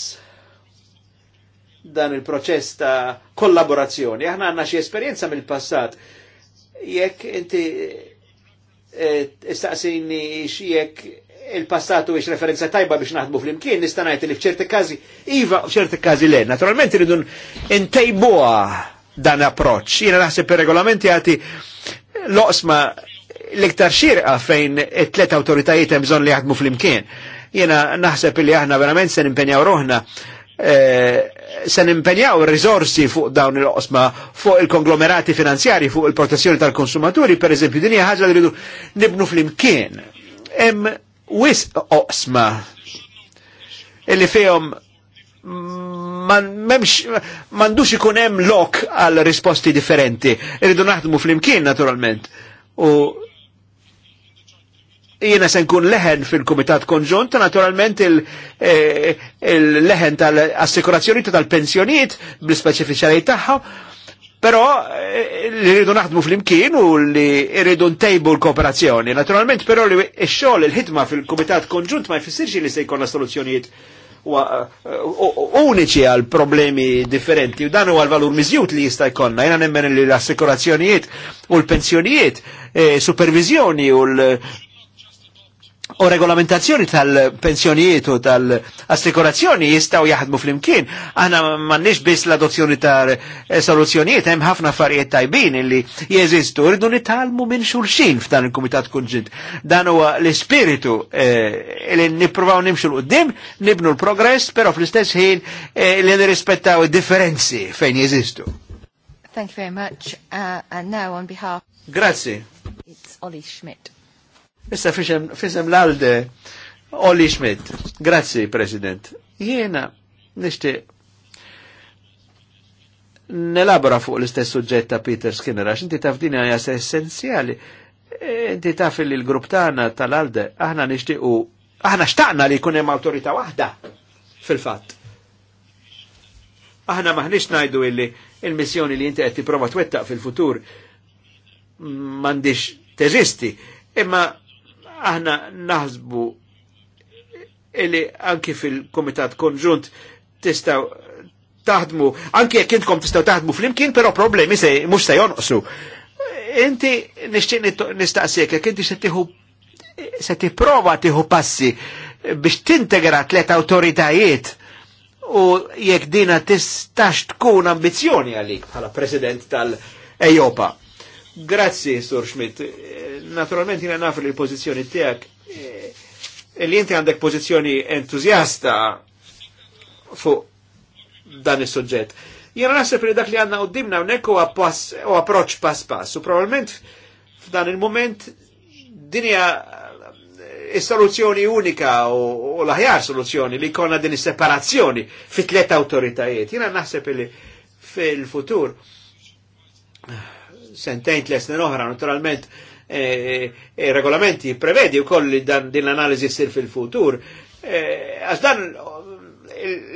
dan il-proċess ta' kollaborazzjoni. Aħna għanna xi esperjenza mill-passat. Jekk inti eh, istaqsini jekk il-passatu biex referenza tajba biex naħdmu fl-imkien, nistanajt li fċerti kazi, iva fċerti kazi le. Naturalment rridu intejbuha dan approċ. Jina naħseb per regolamenti għati loqsma l-iktar xirqa fejn it-tlet autoritajiet hemm bżonn li jaħdmu fl-imkien. Jena naħseb li aħna verament se nimpenjaw roħna eh, se nimpenjaw risorsi fuq dawn il-qosma, fuq il-konglomerati finanzjari, fuq il-protezzjoni tal-konsumaturi, per eżempju, din hija ħaġa li rridu nibnu fl-imkien. Hemm wis oqsma illi fihom man memx mandux ikun hemm lok għal risposti differenti. Irridu naħdmu fl-imkien naturalment. U jiena se nkun leħen fil-Kumitat Konġunt, naturalment il-leħen il e, tal assikurazzjoni tal-pensjonijiet bl-speċifiċjali tagħha Però eh, eh, li rridu naħdmu fl-imkien u li rridu ntejbu l-kooperazzjoni. Naturalment, però li xogħol il-ħidma fil-Kumitat Konġunt ma jfissirx li se jkollna soluzzjonijiet eh, uniċi għal problemi differenti u dan huwa l-valur mizjut li jista' jkollna. Jena nemmen li l-assikurazzjonijiet u l-pensjonijiet, supervizjoni u l u regolamentazzjoni tal-pensjonijiet u tal-assikurazzjoni jistaw jaħdmu fl-imkien. Aħna m'għandniex biss l-adozzjoni ta' soluzzjonijiet, hemm ħafna affarijiet tajbin illi jeżistu, rridu nitalmu minn xulxin f'dan il-Kumitat Kunġint. Dan huwa l-ispiritu eh, li nippruvaw nimxu l-qudiem, nibnu l-progress, però fl-istess ħin eh, li nirrispettaw differenzi fejn jeżistu. Thank you very much. Uh, and now on behalf... Grazie. It's Ollie Schmidt. Issa fisem l-alde Olli Schmidt. Grazzi, President. Jena nishti nelabora fuq l-istess suġġett ta' Peter Skinner, għax inti taf din hija essenzjali. E, inti taf li l-grupp tagħna tal-alde aħna nixtiequ aħna xtaqna li jkun hemm awtorità waħda fil-fatt. Aħna maħniex ngħidu illi il-missjoni li inti qed tipprova twettaq fil-futur m'għandix teżisti, imma aħna naħsbu illi anki fil-Komitat Konġunt tistaw taħdmu, anki jekk intkom tistaw taħdmu fl-imkien, pero problemi se mux se jonqsu. Inti nixtieq nistaqsik, jekk inti se tiħu se tipprova tiħu passi biex tintegra tlet autoritajiet u jekk dina tistax tkun ambizjoni għalik bħala president tal-Ejopa. Grazzi, Sur Schmidt. Eh, naturalment jina naf li l-pozizjoni tijak. Eh, li jinti għandek pozizjoni entuzjasta fuq dan is suġġett Jena nasib li dak li għanna u dimna unnek u approċ pass pass. U probabilment f'dan il-moment dinja eh, il soluzzjoni unika u l-aħjar soluzzjoni li konna din il separazzjoni fit tlet autoritajiet. Jena naħseb li fil-futur sentejn tles oħra, naturalment e, e, regolamenti prevedi u koll din l-analizi sir fil-futur. E, għax dan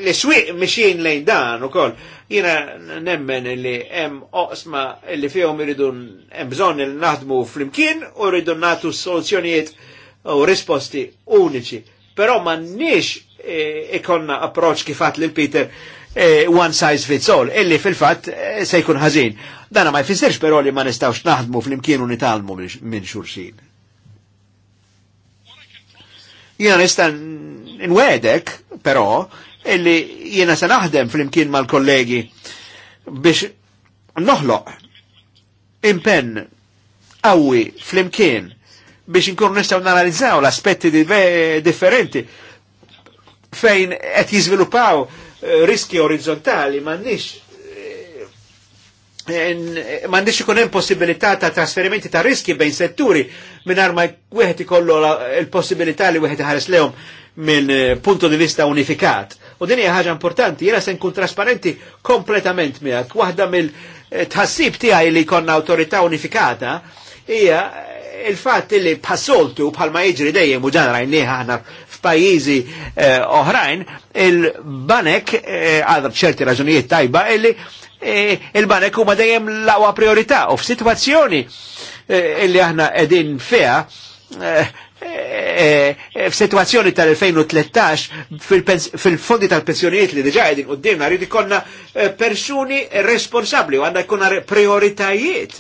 l-swiq mxin lejn dan u koll. Jina nemmen li hemm oqsma li fihom iridu hemm bżonn li naħdmu flimkien u rridu nagħtu soluzzjonijiet u risposti uniċi. Però ma nix ikonna approċ kifat lil Peter one size fits all, illi fil-fat se jkun ħażin. Dana ma jfissirx però li ma nistawx naħdmu fl-imkien u nitalmu minn xurxin. Jena nista' nwedek, però, illi jena se naħdem fl-imkien mal-kollegi biex noħloq impenn qawwi fl-imkien biex inkunu nistgħu nanalizzaw l-aspetti differenti fejn qed jiżviluppaw eh, riski orizzontali m'għandniex mandiċ ikun hemm possibilità ta' trasferimenti ta' riski bejn setturi mingħajr ma wieħed ikollu l-possibilità li wieħed iħares lehom minn eh, punto di vista unifikat. U din hija ħaġa importanti, jiena se nkun trasparenti kompletament miegħek. Waħda mill-tħassib eh, tiegħi li konna awtorità unifikata hija eh, il-fatt li bħassoltu bħalma jiġri dejjem u dan rajnieħ aħna f'pajjiżi oħrajn, il-banek għadha b'ċerti raġunijiet tajba illi E, il-banek huma dejjem l-aqwa priorità u f'sitwazzjoni e, illi aħna qegħdin fiha e, f-situazzjoni tal-2013 fil-fondi tal-pensjonijiet li diġa qegħdin u d-dimna rridi konna persuni responsabli u għanna jkunna prioritajiet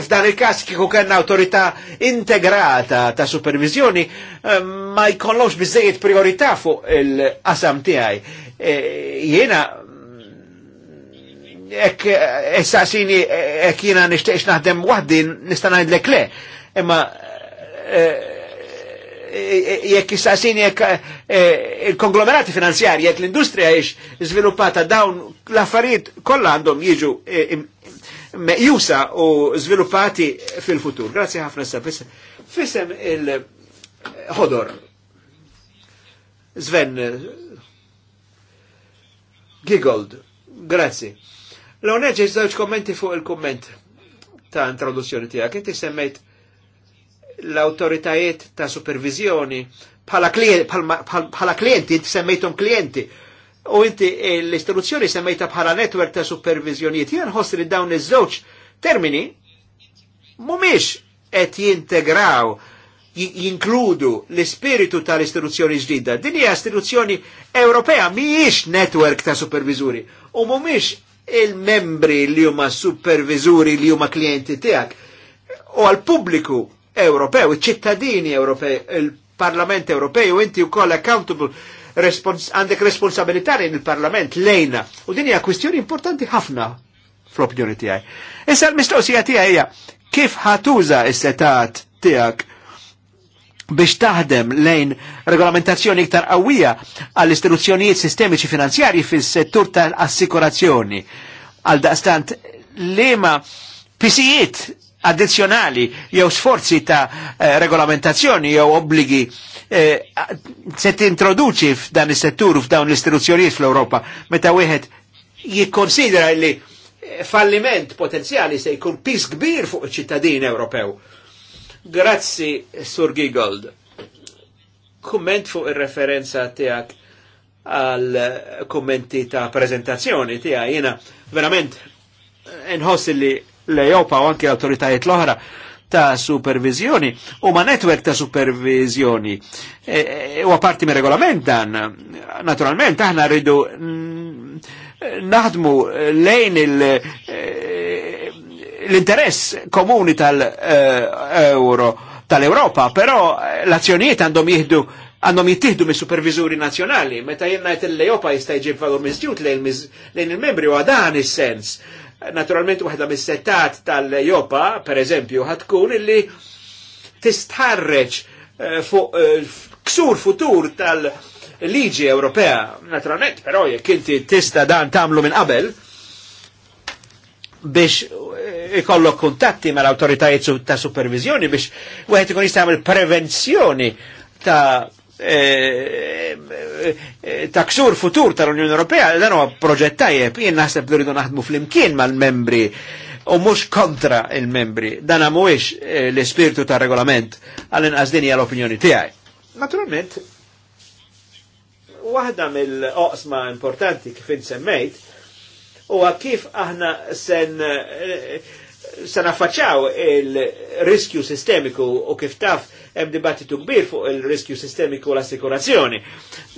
f'dan il-kas kiku kena autorita integrata ta' supervizjoni eh, ma jkollox bizzejiet priorita fuq il-qasam tiegħi. E, jiena mm, ek essasini eh, eh, ek jiena nixtieq naħdem waħdi nista' ngħidlek le. Imma jekk issasini jekk il-konglomerati finanzjari jekk l-industrija jiex żviluppata dawn l-affarijiet kollha għandhom jiġu meqjusa u sviluppati fil-futur. Grazie ħafna sa' fissem il-ħodor. Sven Gigold, grazie. L-għonet ġeġ kommenti fuq il-komment ta' introduzzjoni tijak. Inti semmejt l-autoritajiet ta' supervizjoni bħala klienti, inti semmejtum klienti U inti eh, l istituzzjoni semmejta bħala netwerk ta' supervizjonijiet. Jien ħoss li dawn iż-żewġ termini mumiex qed jintegraw jinkludu l-ispiritu tal-istituzzjoni ġdida. Din hija istituzzjoni Ewropea mhijiex netwerk ta' supervizuri u mhumiex il-membri li huma supervizuri li huma klijenti tiegħek. U għal pubbliku Ewropew, iċ-ċittadini Ewropej, il-Parlament Ewropej u inti wkoll accountable respons għandek responsabilità lejn il-Parlament lejna. U din hija kwistjoni importanti ħafna fl-opinjoni tiegħi. Issa l-mistoqsija tiegħi hija kif ħatuża s-setat tiegħek biex taħdem lejn regolamentazzjoni iktar qawwija għall istituzzjonijiet sistemiċi finanzjarji fis-settur tal-assikurazzjoni. Għal daqstant liema pisijiet addizjonali jew sforzi ta' eh, regolamentazzjoni jew obbligi eh, se tintroduċi f'dan is-settur f'dawn l-istituzzjonijiet fl-Ewropa meta wieħed jikkonsidra li eh, falliment potenzjali se jkun pis kbir fuq iċ-ċittadin Ewropew. Grazzi, Sur Gigold. Kumment fuq ir-referenza tiegħek għal eh, kommenti ta' prezentazzjoni tiegħi jiena verament eh, nħoss li l-Ejopa u anke autoritajiet l-oħra ta' supervizjoni u ma' netwerk ta' supervizjoni. E, e, u għaparti mi regolament dan, naturalment, aħna rridu naħdmu lejn e, l-interess komuni tal-euro, tal-Europa, però l-azzjonijiet għandhom jihdu għandhom jittihdu mis supervizuri nazjonali, meta jenna jt l europa jistajġib valur lejn il-membri u għadan il sens Naturalment, waħda mis-settat tal-Jopa, per eżempju, ħatkun illi tistħarreċ eh, fuq eh, ksur futur tal-liġi Ewropea. Naturalment, però jekk inti tista dan tamlu minn qabel, biex eh, ikollok kuntatti mal autoritajiet ta' supervizjoni biex wieħed ikun jista' jagħmel prevenzjoni ta' Eh, eh, taksur futur tal-Unjoni Ewropea, dan huwa proġett tajjeb, jien naħseb li rridu naħdmu flimkien mal-membri u mhux kontra il-membri. Dan mhuwiex eh, l-ispirtu tar-regolament għall-inqas din hija l-opinjoni tiegħi. Naturalment, waħda mill-oqsma importanti kif insemmejt huwa kif aħna sen se naffaċċaw il-riskju sistemiku u kif taf hemm dibattitu kbir fuq il-riskju sistemiku l-assikurazzjoni.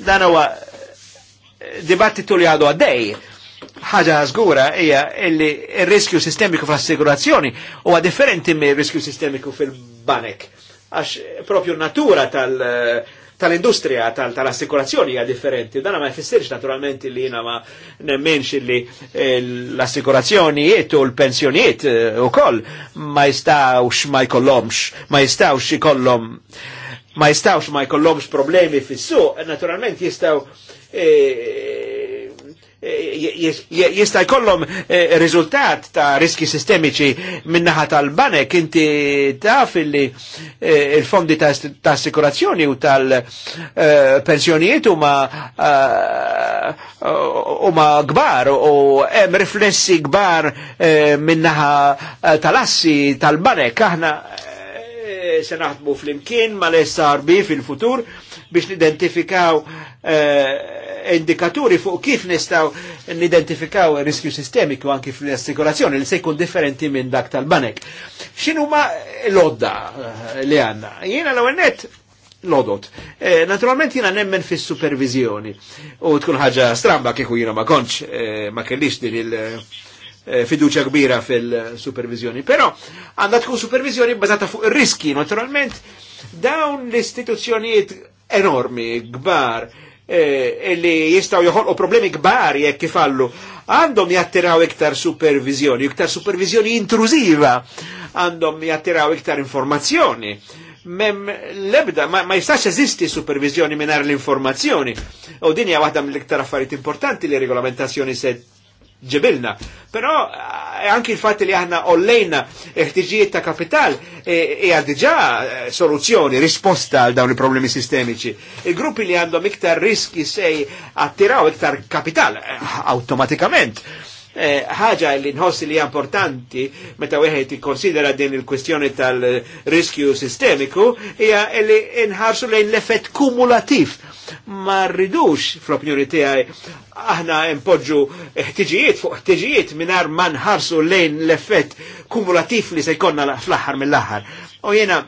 Dan huwa eh, dibattitu li għadu għaddej. Ħaġa żgura hija li r-riskju sistemiku fl-assikurazzjoni huwa differenti mir riskju sistemiku fil-banek għax propju natura tal- uh, tal-industrija tal-assikurazzjoni hija differenti. Dan ma jfissirx naturalment li jiena ma nemmenx li eh, l-assikurazzjonijiet u l-pensjonijiet eh, ukoll ma jistgħux ma jkollhomx, ma jistgħux ikollhom ma jistgħux ma jkollhomx problemi fis-suq, naturalment jistgħu eh, jista' jkollhom eh, riżultat ta' riski sistemiċi minnaħa tal-banek inti taf illi eh, il-fondi ta' assikurazzjoni u tal-pensjonijiet eh, huma huma kbar u hemm riflessi kbar minnaħa tal-assi tal-banek aħna se naħdmu fl-imkien mal-SRB fil-futur biex nidentifikaw indikaturi fuq kif nistaw nidentifikaw riskju sistemiku anki fl-assikurazzjoni li se jkun differenti minn dak tal-banek. Xinu ma l-odda eh, li għanna? Jiena l-għonet lodot. E, naturalment jina nemmen fis supervizjoni u tkun ħaġa stramba kieku jina ma konċ, e, eh, ma kellix din il- fiduċa kbira fil-supervizjoni. Però għandha tkun supervizjoni bazata fuq riski naturalment dawn l-istituzzjonijiet enormi, gbar, Eh, li jistaw joħolqu problemi kbar jekk kifallu, għandhom jattiraw iktar supervizjoni, iktar supervizjoni intruziva, għandhom jattiraw iktar informazzjoni. Mem lebda, ma, ma jistax eżisti supervizjoni minar l-informazzjoni. U dinja waħda mill-iktar affarijiet importanti li regolamentazzjoni se ġibilna. Però eh, anki il fat li aħna ollejna eħtiġijiet eh, ta' kapital hija eh, e, diġà soluzzjoni, risposta għal dawn il-problemi sistemiċi. Il-gruppi li għandhom iktar riski sej attiraw iktar kapital automatikament. Eh, ħaġa li nħossi li importanti meta wieħed ikkonsidera din il-kwistjoni tal-riskju sistemiku hija li nħarsu lejn l-effett kumulativ. Ma rridux fl-opinjoni tiegħi aħna impoġġu ħtiġijiet fuq ħtiġijiet mingħajr ma nħarsu lejn l-effett kumulativ li se jkollna fl-aħħar mill-aħħar. U jiena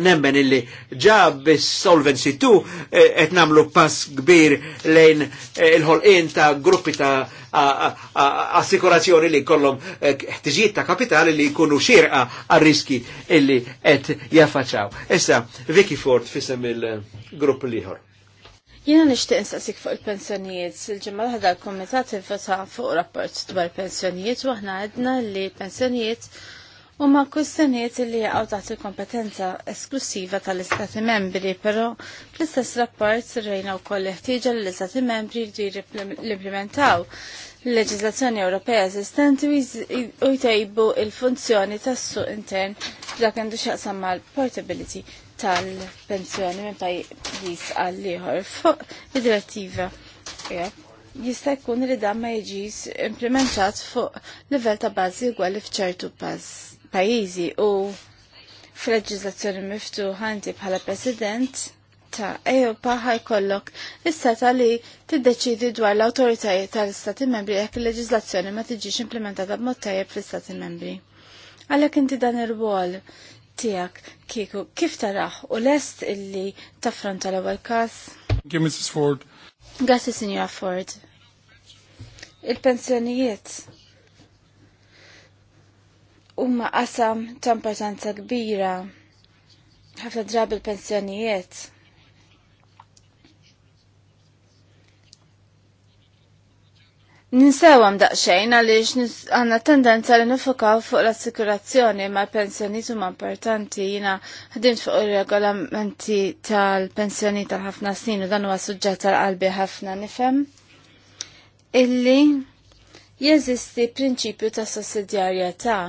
nemmen illi ġab bis-solvency 2 qed eh, namlu pass kbir lejn eh, il-ħolqien ta' gruppi ta' assikurazzjoni li kollom eh, ħtiġijiet ta' kapitali li jkunu xirqa għal riski illi qed jaffaċaw. Issa, Vicky Ford fissem il-grupp liħor. Jena nishtiq nsaqsik fuq il-pensjonijiet. Il-ġemal ħadha l-komitat ivvota fuq rapport dwar pensjonijiet u aħna għedna li pensjonijiet U ma kustaniet li jaqaw taħt il-kompetenza esklusiva tal-Istati membri, pero fl-istess rapport rejna u koll ħtieġa li l-Istati membri li l-implementaw l leġizazzjoni Ewropea esistenti u jtejbu il-funzjoni tas-suq intern dak għandu xaqsam mal-portability tal-pensjoni minn pajjiż għal ieħor fuq id-direttiva. Jista' jkun li dan ma jiġix implementat fuq livell ta' bażi ugwali f'ċertu pass pajizi u fil leġizlazzjoni miftuħa inti bħala President ta' Ejopa ħajkollok is-seta li t-deċidi dwar l-awtoritajiet tal-Istati Membri jekk il-leġiżlazzjoni ma tiġix implementata b'mod tajjeb fl-Istati Membri. Għalhekk inti dan ir-rwol tiegħek kiku kif taraħ u lest illi taffronta l-ewwel każ? Thank you, Mrs. Ford. Grazie, Signora Ford. Il-pensjonijiet huma qasam ta' importanza kbira ħafna drabi l-pensjonijiet. Ninsewam daqxejn għaliex għanna tendenza li nifokaw fuq l-assikurazzjoni ma l-pensjoniet huma importanti jina ħdimt fuq ir-regolamenti tal-pensjoni tal-ħafna snin u dan huwa suġġett tal-qalbi ħafna nifhem illi jeżisti prinċipju ta' sussidjarjetà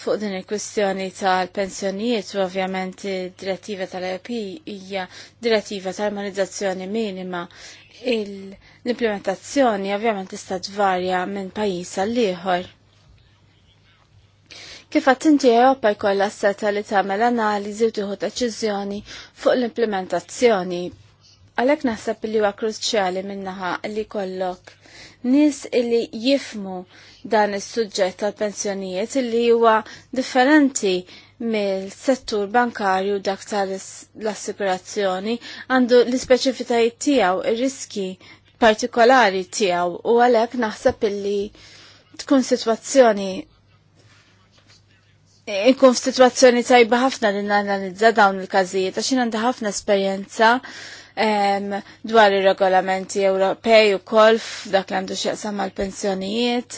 fuq din il-kwistjoni tal-pensjonijiet u ovvjament direttiva tal-EP hija direttiva tal-armonizzazzjoni minima l-implementazzjoni ovvjament tista' tvarja minn pajjiż għal ieħor. Kif qatt inti Ewropa jkollha seta li tagħmel analiżi u tieħu deċiżjoni fuq l-implementazzjoni. Għalhekk naħseb li huwa kruċjali minnaħa li kollok nis illi jifmu dan is-suġġett tal-pensjonijiet illi huwa differenti mill-settur bankarju dak tal-assikurazzjoni għandu l-ispeċifitajiet tiegħu ir-riski partikolari tiegħu u għalhekk naħseb illi tkun sitwazzjoni Inkun f'sitwazzjoni tajba ħafna li nanalizza dawn il-każijiet għaxin għandi ħafna esperjenza dwar ir-regolamenti Ewropej kolf f'dak li għandu x'jaqsam mal-pensjonijiet.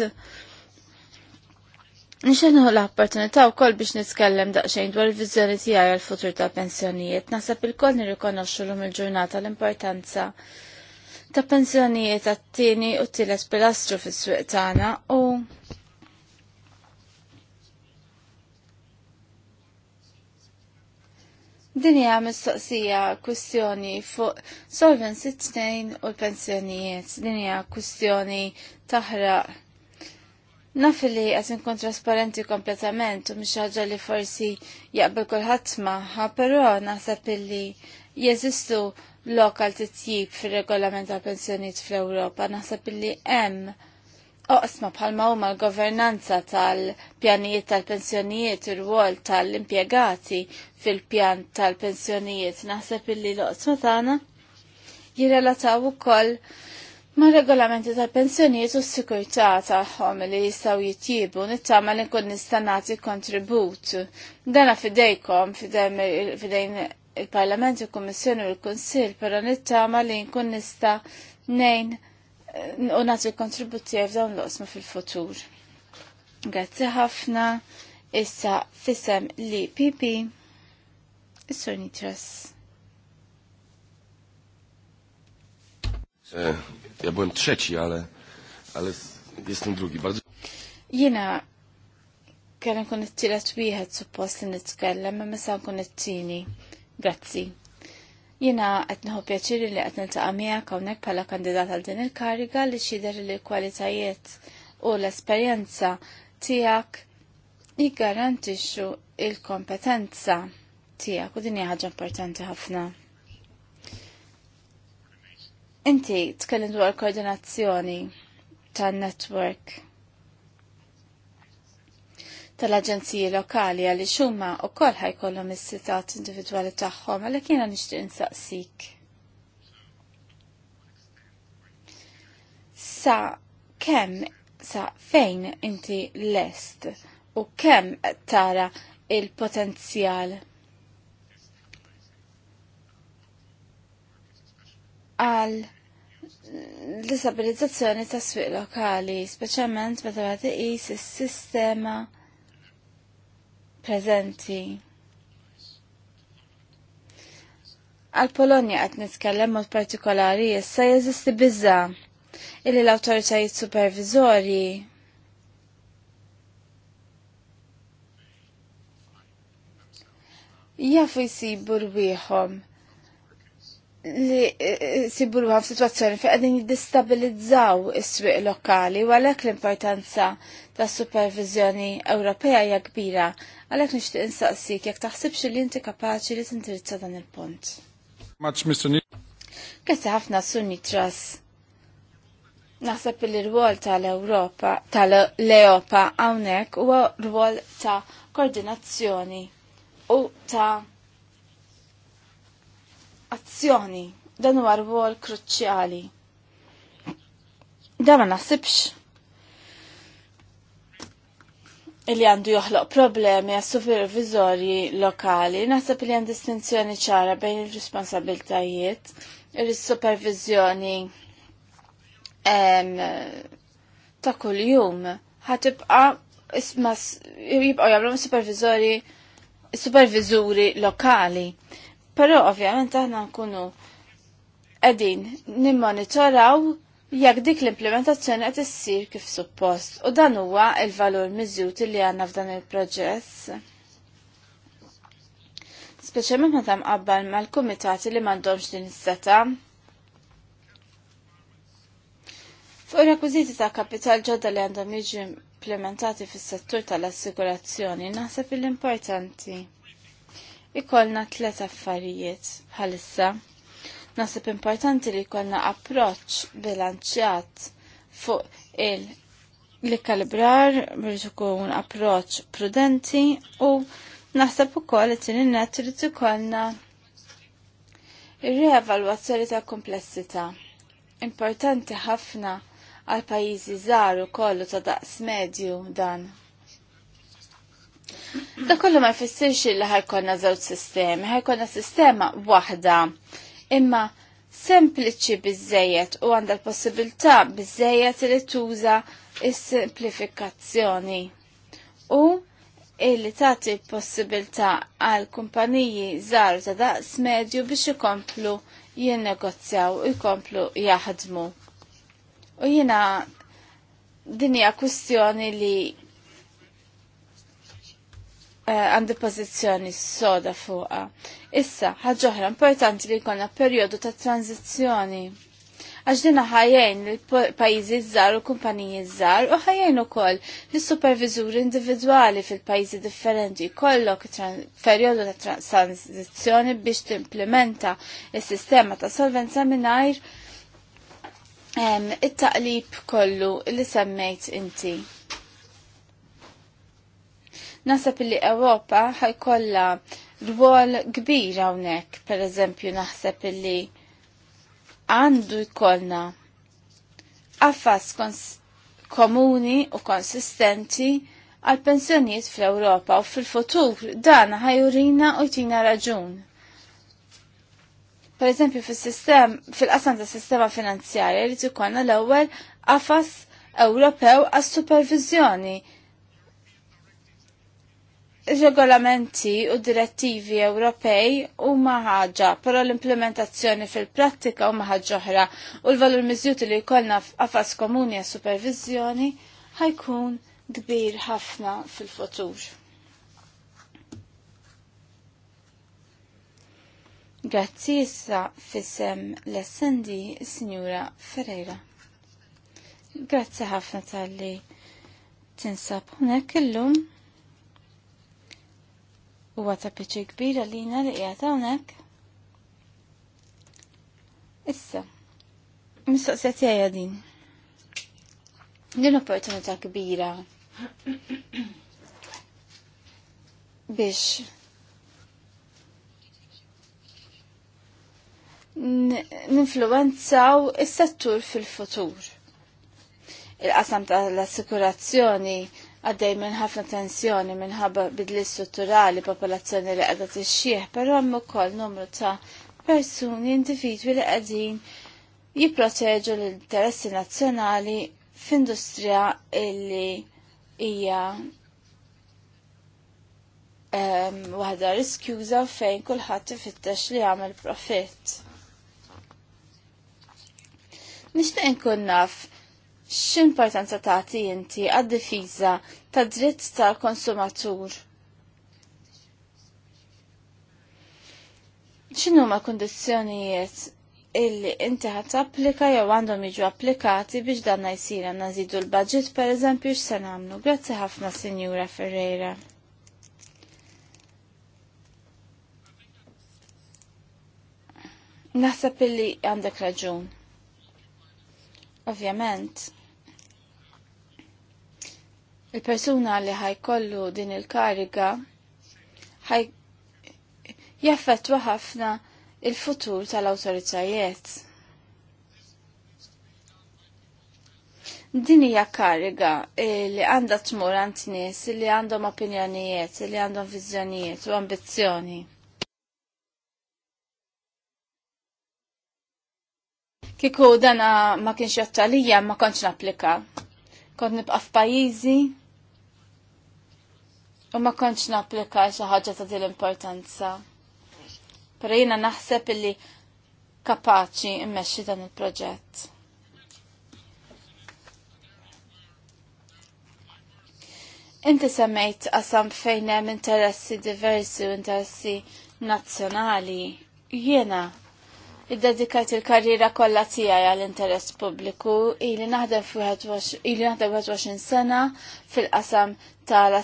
Nixenu l-opportunità u koll biex nitkellem daqxejn dwar il-vizjoni tiegħi għal futur ta' pensjonijiet. Nasab il-koll nirrikonoxxu l il-ġurnata l-importanza ta' pensjonijiet għat-tieni u t-tielet pilastru fis-swieq tagħna u Din hija mistoqsija kwistjoni fuq solvency tnejn u l-pensjonijiet. Din hija kwistjoni taħraq. Naf li qed inkun trasparenti kompletament u mhix ħaġa li forsi jaqbel kulħadd magħha, però naħseb illi jeżistu lokal titjib fir-regolament tal pensjonijiet fl-Ewropa. Naħseb illi hemm oqsma bħalma huma l-governanza tal-pjanijiet tal-pensjonijiet ir wol tal-impjegati fil-pjan tal-pensjonijiet naħseb illi l-oqsma tagħna jirrelataw ukoll ma' regolamenti tal-pensjonijiet u s-sikurtà tagħhom li jistgħu jitjibu nittama li nkun nista' nagħti kontribut. Dana fidejkom fidejn il-Parlament, il-Kummissjoni u l-Kunsill, però nittama li nkun nista' nejn u nagħtu kontributi f'dawn l-osma fil-futur. Grazzi ħafna issa fissem li PP issu Nitras. E, ja byłem trzeci, ale, ale jestem drugi. Bardzo... Jena kellem kun it-tielet wieħed suppost li nitkellem, imma sa nkun it-tieni. Jena qed nħu pjaċiri li qed niltaqa' miegħek hawnhekk bħala kandidat għal din il-kariga li xider li kwalitajiet u l-esperjenza tiegħek jiggarantixxu il-kompetenza tiegħek u din hija ħaġa importanti ħafna. Inti tkellim dwar koordinazzjoni tan-network tal-aġenziji lokali għalli xumma u koll ħajkollhom is-sitat individwali tagħhom għalli kiena nixtieq insaqsik. Sa kemm sa fejn inti lest u kemm tara il-potenzjal għal l-disabilizzazzjoni tas-swieq lokali, speċjalment meta tqis is-sistema preżenti. Għal Polonja qed nitkellem mod partikolari issa jeżisti bizza illi l-awtoritajiet supervizori jafu jisibur wieħom li eh, eh, sibu għaf situazzjoni fi għadin jiddistabilizzaw is-swieq lokali u għalhekk l-importanza ta' supervizjoni Ewropea hija kbira għalhekk nixtieq instaqsik jekk taħsibx li inti kapaċi li tindirizza dan il-punt. Kessa ħafna Sunni Tras. Naħseb li r wol tal-Ewropa, tal-Leopa hawnhekk huwa rwol ta' koordinazzjoni u ta' azzjoni dan huwa rwol kruċjali. Da ma nasibx li għandu joħloq problemi għas supervizorji lokali, nasib li għandu distinzjoni ċara bejn il-responsabiltajiet, il-supervizjoni ta' kull-jum, ħatibqa jibqaw jgħamlu supervizori, supervizuri lokali. Però ovvjament aħna nkunu qegħdin nimmonitoraw jekk dik l-implementazzjoni qed issir kif suppost u dan huwa l-valur miżjut li għandna f'dan il-proġess. Speċjalment meta mqabbal mal-kumitati li m'għandhomx din is-seta. Fuq ir-rekwiżiti ta' kapital ġodda li għandhom jiġu implementati fis-settur tal-assigurazzjoni naħseb l-importanti. Ikolna tlet affarijiet bħalissa. Nasib importanti li jkollna approċ bilanċjat fuq il li kalibrar biex ikun approċ prudenti u naħseb ukoll li tini net li ikollna ir-reevalwazzjoni ta' komplessità. Importanti ħafna għal pajjiżi żgħar ukoll ta' daqs medju dan. Da kollu ma jfissirx li konna żewġ sistemi, ħajkonna sistema waħda, imma sempliċi bizzejet u għandha l-possibilità bizzejet li tuża il simplifikazzjoni U illi l possibilta għal kumpaniji żgħar ta' daqs medju biex ikomplu jinnegozjaw u jkomplu jaħdmu. U jiena dinja kwistjoni li Eh, għandi pozizjoni soda fuqa. Issa, ħagġoħra importanti li jkollna perjodu ta' tranzizjoni. Għax dina ħajjen l-pajizi zzar u kumpaniji żgħar u ħajjen ukoll l-supervizuri individwali fil-pajizi differenti kollok perjodu ta' tranzizjoni biex timplementa il-sistema ta' solvenza mingħajr it-taqlib kollu li semmejt inti. Nasab li Ewropa ħajkolla rwol kbir hawnhekk, pereżempju naħseb li għandu jkollna affas komuni u konsistenti għal pensjonijiet fl-Ewropa u fil-futur dan ħajurina u jtina raġun. Per eżempju, fil-sistem, fil-qasam ta' sistema finanzjarja li tkollna l-ewwel qafas Ewropew għas supervizjoni regolamenti u direttivi Ewropej u maħħaġa, pero l-implementazzjoni fil-prattika u maħħaġa oħra u l-valur miżjut li jkollna f'affas komuni għas supervizjoni ħajkun kbir ħafna fil-futur. Grazzi issa fissem l-essendi signora Ferreira. Grazzi ħafna tal-li tinsab hunek illum. Huwa għata piċi kbira li jina li qiegħed hawnhekk. Issa, mistoqsija tiegħi din. Din opportunità kbira biex ninfluenzaw is-settur fil-futur. Il-qasam tal-assikurazzjoni għaddej minn ħafna tensjoni minħabba bidli strutturali popolazzjoni li qiegħda tixxieħ, però hemm ukoll numru ta' persuni individwi li qegħdin jipproteġu l-interessi nazzjonali f'industrija illi hija um, waħda riskjuża fejn kulħadd ifittex li jagħmel profitt. Nixtieq nkun naf x'importanza tagħti inti għad-difiża ta' dritt tal-konsumatur? X'inhu ma' kundizzjonijiet illi inti ħadd applika jew għandhom jiġu applikati biex danna jsir għandna l-budget pereżempju x'se nagħmlu. Grazzi ħafna Sinjura Ferreira. Naħseb illi għandek raġun. Ovvjament, il-persuna li ħajkollu din il-kariga ħaj jaffettwa ħafna il-futur tal-awtoritajiet. Din hija kariga li għandha tmur għand nies li għandhom opinjonijiet, li għandhom viżjonijiet u ambizzjoni. Kiku dana ma kienx jottalija ma konċ naplika. Kont nibqa' f'pajjiżi U ma kontx napplika xi ħaġa ta' din l-importanza. Però jiena naħseb illi kapaċi immexxi dan il-proġett. Inti semmejt qasam fejn hemm interessi diversi u interessi nazzjonali. Jiena dedikajt il-karriera kollha tiegħi għall-interess pubbliku ili naħdem fi ili naħdem 21 sena fil-qasam tal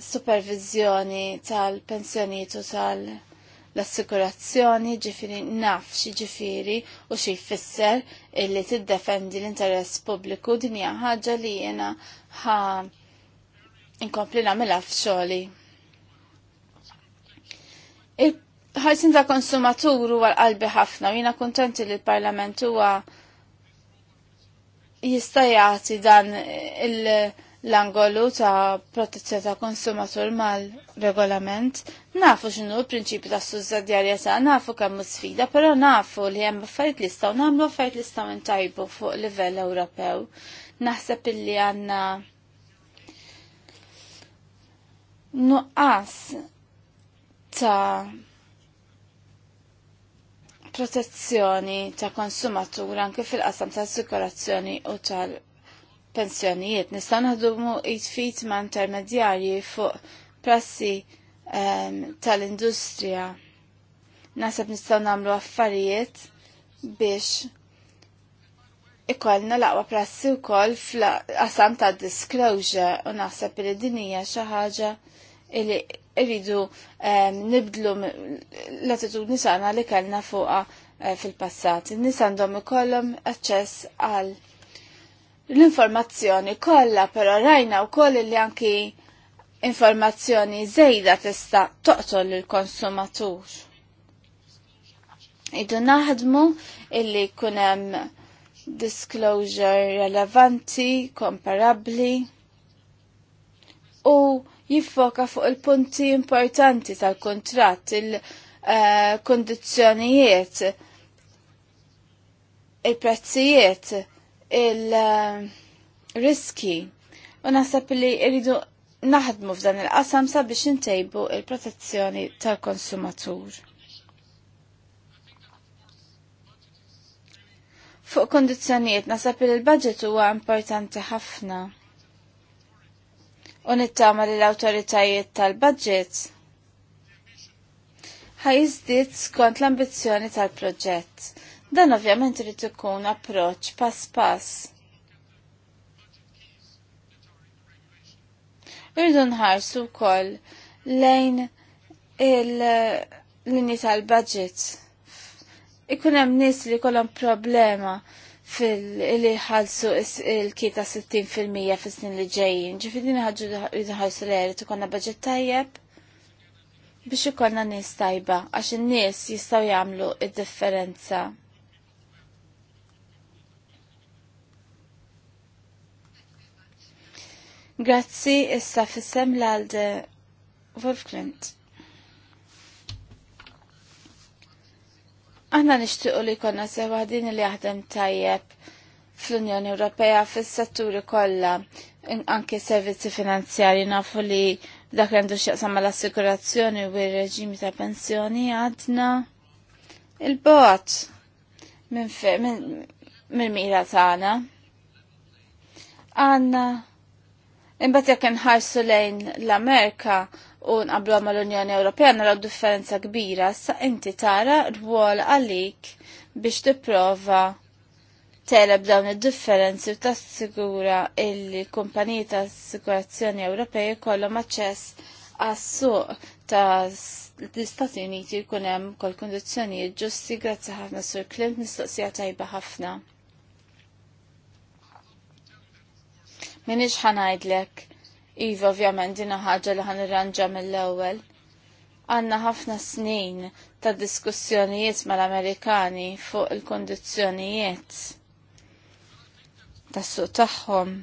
supervizjoni tal-pensjoniet u tal-assikurazzjoni ġifiri naf xi ġifiri u xi jfisser illi tiddefendi l-interess pubbliku din hija ħaġa li jiena ħa inkompli nagħmilha f'xogħli. Il-ħarsin ta' konsumatur huwa l-qalbi ħafna u jiena kuntenti li l-Parlament huwa jista' jagħti dan il- l-angolu ta' protezzjoni ta' konsumatur mal-regolament, nafu x'inhu l-prinċipju ta' ta' nafu kemm sfida, però nafu li hemm affarijiet li u nagħmlu affarijiet li minn tajbu fuq livell Ewropew. Naħseb illi għandna nuqqas ta' protezzjoni ta' konsumatur anke fil-qasam ta' assikurazzjoni u tal- pensjonijiet nistgħu naħdumu jitfit ma' intermedjarji fuq prassi ehm, tal-industrija. Nasab nistgħu nagħmlu affarijiet biex ikollna laqwa prassi wkoll fl-qasam ta' disclosure u naħseb li din hija xi ħaġa li rridu ehm, nibdlu l-attitudni nisana li kellna fuqha eh, fil-passat. In-nies għandhom ikollhom aċċess għal l-informazzjoni kollha, però rajna wkoll li anki informazzjoni żejda tista' toqtol il-konsumatur. Idu naħdmu illi kunem disclosure relevanti, komparabli u jiffoka fuq il-punti importanti tal-kontrat, il-kondizjonijiet, eh, il-prezzijiet, il-riski u naħseb li irridu naħdmu f'dan il-qasam sabiex intejbu il-protezzjoni tal-konsumatur. Fuq kondizjonijiet nasab l budget huwa importanti ħafna. U nittama li l-autoritajiet tal-budget ħajżdiet skont l-ambizzjoni tal-proġett Dan ovvjament irid ikun approċċ pass pass. Irridu nħarsu wkoll lejn il-linji tal-budget. Ikun hemm nies li jkollhom problema fil-li ħalsu il-kita 60% fil-snin li ġejjin. Ġifidin ħagġu nħarsu l-għeri tukonna budget tajjeb biex ikonna nis tajba, għax n-nis jistaw jamlu id-differenza. Grazzi issa fissem l-għalde Wolf Klint. Aħna nixtiequ li konna sewa din li jaħdem tajjeb fl-Unjoni Ewropea fis-setturi kollha anke servizzi finanzjari nafu li dak għandu xieqsam l assikurazzjoni u r-reġimi ta' pensjoni għadna il-bot minn min, min mira tagħna. Għanna Imbagħad jekk nħarsu lejn l-Amerika u nqablu mal unjoni Ewropea naraw differenza kbira, sa inti tara rwol għalik biex tipprova teleb dawn id-differenzi u tassigura illi kumpaniji ta' assigurazzjoni Ewropej kollhom aċċess għas-suq ta' l-Istati Uniti jkun hemm kol kundizzjonijiet ġusti grazzi ħafna sur Clint, mistoqsija tajba ħafna. Minix ħanajdlek, Iva ovvjament dina ħaġa li ħanirranġa mill-ewwel. Għanna ħafna snin ta' diskussjonijiet mal-Amerikani fuq il-kondizzjonijiet tas-suq tagħhom.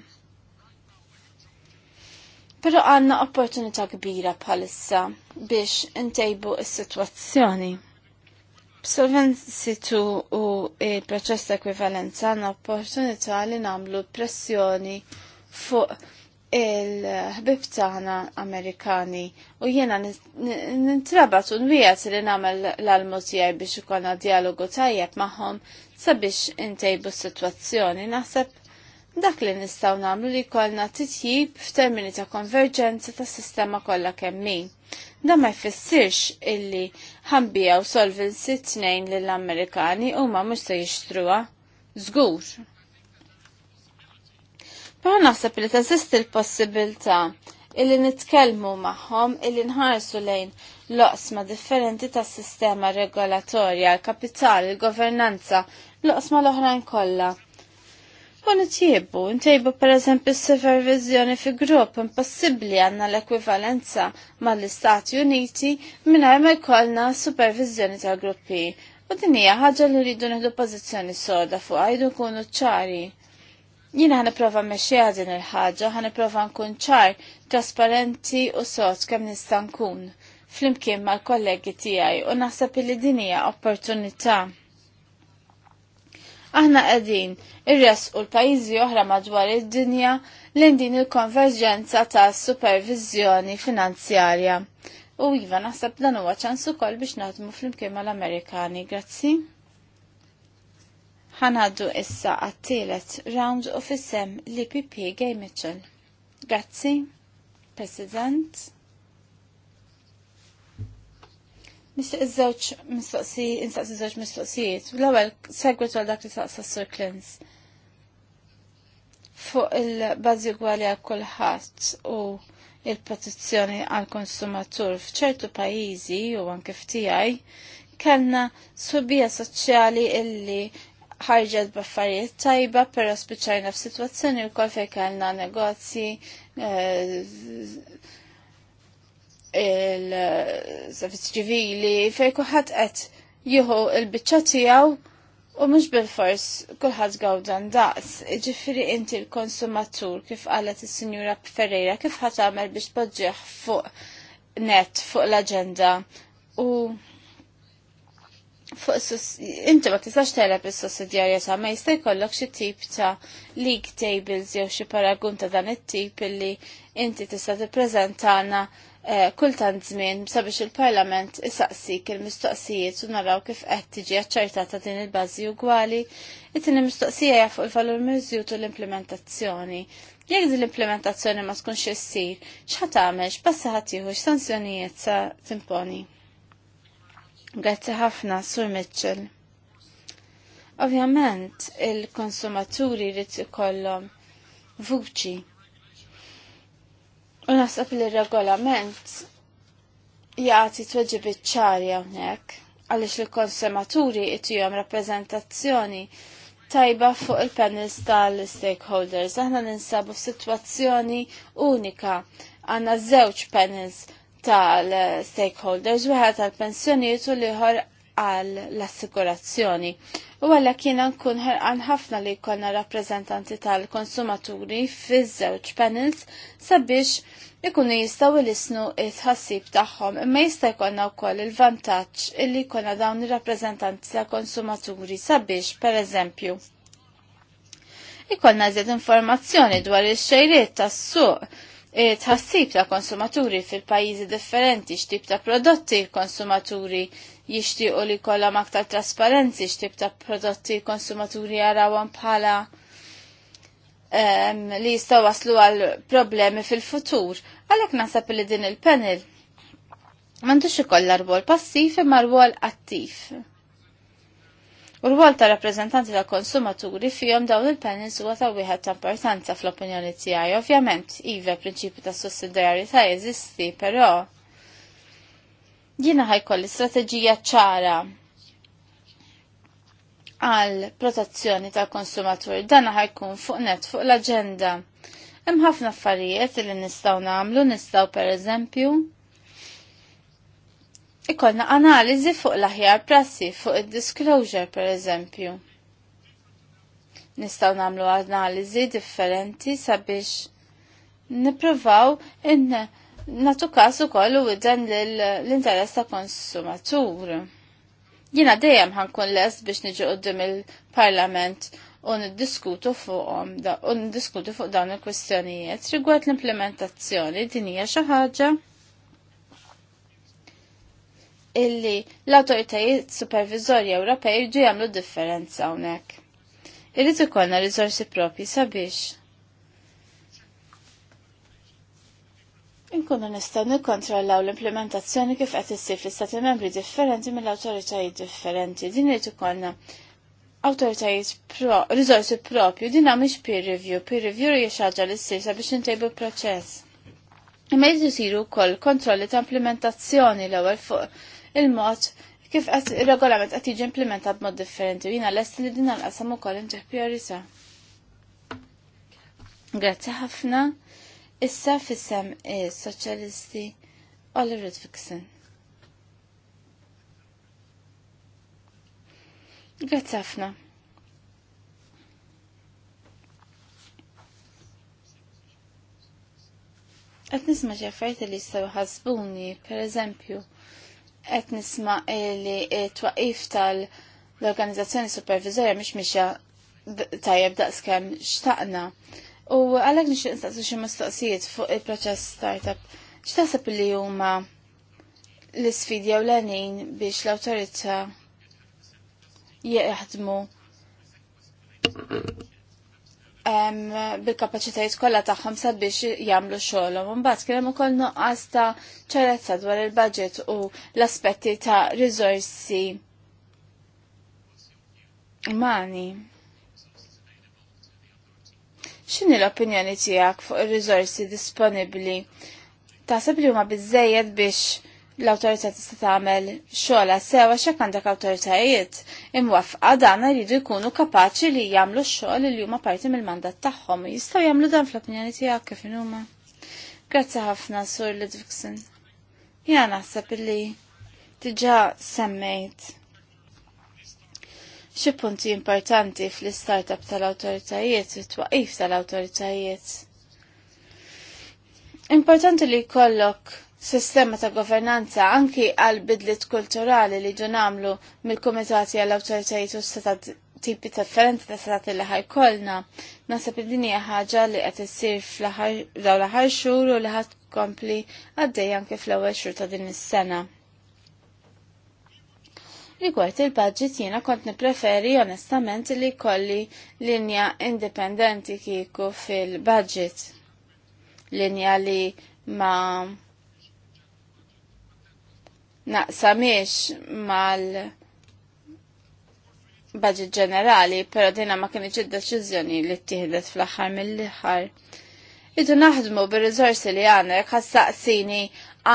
Pero għanna opportunità kbira bħalissa biex intejbu is situazzjoni B'solvenzitu u il-proċess ta' ekwivalenza għanna opportunità li namlu pressjoni fuq il-ħbib taħna Amerikani u jiena nintrabat un wijat li nagħmel l-almu tiegħi biex konna dialogu tajjeb magħhom sabiex intejbu s-sitwazzjoni naħseb dak li nistgħu nagħmlu li jkollna titjib f'termini ta' konverġenza tas sistema kollha kemm Da ma jfissirx illi ħambija u solvency tnejn lill-Amerikani huma mhux se jixtruha. Żgur. Pero naħseb li teżisti l-possibilità illi nitkellmu magħhom illi nħarsu lejn loqsma differenti tas sistema regolatorja, l-kapital, il-governanza, loqsma l-oħrajn kollha. U nitjibu, ntejbu per eżempju s-supervizjoni fi grupp impossibbli għanna l-ekwivalenza mal-Istati Uniti minnaj ma jkollna supervizjoni tal-gruppi. U din hija ħaġa li rridu nieħdu pożizzjoni soda fuq għajdu nkunu ċari. Jina prova meċċija din il-ħagġa, prova nkun ċar, trasparenti u soċ kem nista' nkun flimkien mal-kollegi tiegħi u naħseb li din hija opportunità. Aħna qegħdin ir-res u l-pajjiżi oħra madwar id-dinja l din il-konverġenza ta' supervizjoni finanzjarja. U iva naħseb dan huwa ċans ukoll biex naħdmu flimkien mal-Amerikani. Grazzi ħanaddu issa għattilet round u fissem li PP Gay Mitchell. Grazzi, President. Nishtiq iż-żewġ mistoqsijiet, mistoqsijiet. L-ewwel segwet għal dak li saqsa Sir Clins. Fuq il-bażi gwali għal kulħadd u il-protezzjoni għal konsumatur f'ċertu pajjiżi u anke ftijaj kellna subija soċjali illi ħarġet baffariet tajba, pero spiċajna f-situazzjoni u kol fej kellna negozji eh, il-servizz ċivili, fej kuħat qed jieħu il-biċċa tiegħu u mhux bil-fors kulħadd gawdan daqs. Ġifieri inti l-konsumatur kif qalet is-Sinjura Ferreira kif ħat tagħmel biex podġiħ fuq net fuq l-aġenda u inti ma tistax bis is-sussidjarjetà ma jista' jkollok xi tip ta' league tables jew xi paragun ta' dan it-tip illi inti tista' tippreżentana eh, kultant żmien sabiex il-Parlament isaqsik il-mistoqsijiet u naraw kif qed tiġi aċċertata din il-bażi ugwali, it-tieni mistoqsija hija fuq il-valur miżjut u l-implementazzjoni. Jekk din l-implementazzjoni ma tkunx issir, x'ħat tagħmel, x'passi ħadd x'sanzjonijiet sa timponi. Grazzi ħafna, Sur Mitchell. Ovvjament, il-konsumaturi rrit ikollhom vuċi. U naħseb li regolament jgħati tweġi ċari hawnhekk għaliex li konsumaturi itihom rappreżentazzjoni tajba fuq il-panels tal-stakeholders. Aħna ninsabu f'sitwazzjoni unika għandna żewġ panels tal-stakeholders, wieħed tal-pensjoniet u liħor għal l-assigurazzjoni. U għalla kiena nkun ħarqan ħafna li konna rappresentanti tal-konsumaturi fi żewġ panels sabiex ikunu jistaw il isnu it-ħassib tagħhom imma jista' jkollna wkoll il-vantaġġ illi jkollna dawn ir-rappreżentanti tal-konsumaturi sabiex pereżempju ikonna zed informazzjoni dwar ix-xejriet tas-suq E, tħassib ta' konsumaturi fil-pajjiżi differenti, x'tip ta' prodotti konsumaturi jixtiequ li kolla aktar trasparenzi, x'tip ta' prodotti konsumaturi jarawhom bħala um, li jistgħu waslu għal problemi fil-futur. Għalhekk nasab li din il-panel m'għandux ikollha rwol passiv imma rwol attiv. U l għol ta' rappresentanti ta' konsumaturi fihom dawn il-panels huwa ta' wieħed ta' importanza fl-opinjoni tiegħi. Ovvjament, iva prinċipju ta' sussidjarjetà jeżisti, però jiena l-istrateġija ċara għal protezzjoni tal konsumaturi dan ħajkun fuq net fuq l-aġenda. Hemm ħafna affarijiet li nistgħu nagħmlu, nistgħu pereżempju ikollna analiżi fuq l-aħjar prassi fuq id-disclosure per eżempju. Nistaw namlu analiżi differenti sabiex niprovaw in natu kasu kollu widen l-interess ta' konsumatur. Jina dejjem ħankun lest biex niġu qoddim il-parlament u niddiskutu fuqhom u niddiskutu fuq dawn il-kwistjonijiet rigward l-implementazzjoni din hija xi ħaġa illi l-autoritajiet supervizorja Ewropej jiġu jagħmlu differenza hawnhekk. Irid ikollna riżorsi propri sabiex. Inkunu nistgħu nikkontrollaw l-implementazzjoni kif qed issir fl-istati membri differenti mill-awtoritajiet differenti. Din irid ikollna awtoritajiet pro, riżorsi propju, din mhix peer review, peer review hija xi ħaġa li ssir sabiex intejbu proċess. Imma jridu jsiru wkoll kontrolli ta' implementazzjoni l-ewwel fuq il-mod kif il-regolament qed jiġi b mod differenti jina l lest li din l qasam ukoll intih priorità. Grazzi ħafna. Issa fissem is-soċjalisti Oliver Fixen. Grazzi ħafna. Qed nisma' xi affarijiet li jistaw ħasbuni, pereżempju, qed nisma li twaqif tal-organizzazzjoni supervizorja mhix mixja tajjeb daqskemm xtaqna. U għalhekk nixtieq nistaqsu xi mistoqsijiet fuq il-proċess startup. X'taħseb li huma l-isfidi jew l-għanin biex l-awtorità jieħdmu bil-kapacitajiet kollha tagħhom sabiex jagħmlu xogħolhom. Imbagħad kien hemm ukoll nuqqas ta' ċerezza dwar il-budget u l-aspetti ta' riżorsi umani. X'inhi l-opinjoni tiegħek fuq ir-riżorsi disponibbli? Taħseb li huma biżejjed biex l-autorità tista' tagħmel xogħla sewa x'hekk għandek awtoritajiet imwafqa dan jridu jkunu kapaċi li jagħmlu x-xogħol li huma parti mill-mandat tagħhom. Jistgħu jagħmlu dan fl-opinjoni tiegħek kif huma. Grazzi ħafna Sur Lidvixen. Jiena naħseb illi diġà semmejt xi punti importanti fl-istartup tal-awtoritajiet u twaqif tal-awtoritajiet. Importanti li jkollok sistema ta' governanza anki għal bidlit kulturali li ġu namlu mill-komitati għall autoritajiet u s satat tipi differenti ta' s-satat li ħajkolna. Nasab id-dinja ħaġa li qed issir fl-daw l xur xhur u li ħadd kompli għaddej anki fl-ewwel xhur ta' din is-sena. Rigward il-budget jiena kont nipreferi onestament li kolli linja indipendenti kieku fil-budget. Linja li ma' naqsamiex mal budget ġenerali, pero dina ma kienieċ id-deċizjoni li ttieħdet fl-aħħar mill-aħħar. Idu naħdmu bir-riżorsi li għandna jekk ħassaqsini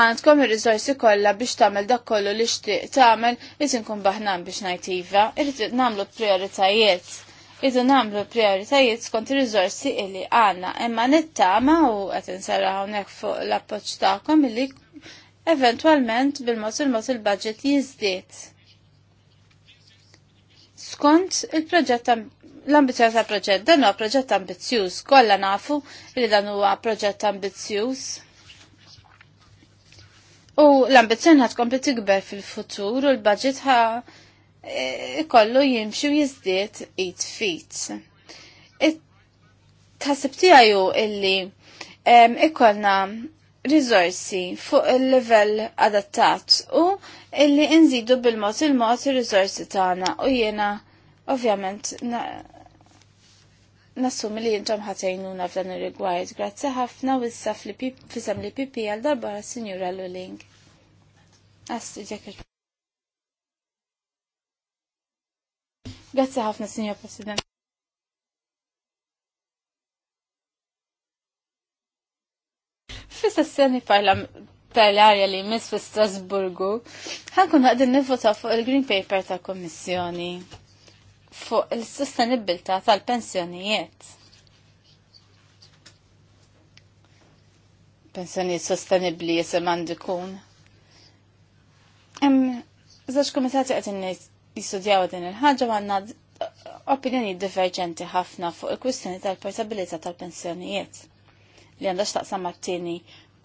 għandkom ir-riżorsi kollha biex tagħmel dak kollu li xtieq tagħmel irid inkun baħnan biex ngħid iva, irid nagħmlu prioritajiet. Idu nagħmlu prioritajiet skont ir-riżorsi li għandna, imma nittama u qed insarra hawnhekk fuq l-appoġġ tagħkom illi eventualment bil-mod il-mod il-budget jizdiet. Skont il-proġett l-ambizjuż ta' proġett, dan huwa proġett ambizzjuż, kollha nafu li dan huwa proġett ambizzjuż. U l-ambizzjoni ħad tkompli tikber fil-futur u l-budget ħa ikollu e, jimxi u jizdiet 8 fit. Tħassib tiegħu illi ikolna rizorsi fuq il-level adattat u illi nżidu bil-mod il-mod il-rizorsi tagħna u jiena ovvjament nassumi li jintom ħatajnuna f'dan ir-rigward. Grazzi ħafna u issa fisem li pipi għal darba Sinjura Luling. Asti ġekir. Grazzi ħafna, Signor President. fi sessjoni l-arja li jmiss fi Strasburgu, ħankun għadin nivvota fuq il-Green Paper ta' Kommissjoni fuq il sostenibilta tal-pensjonijiet. Pensjonijiet sostenibli jisem għandikun. kun. zaċ żewġ kumitati qed għadin din il-ħaġa għandna opinjoni diverġenti ħafna fuq il-kwistjoni tal-portabilità tal-pensjonijiet li għandha x'taqsam mat-tieni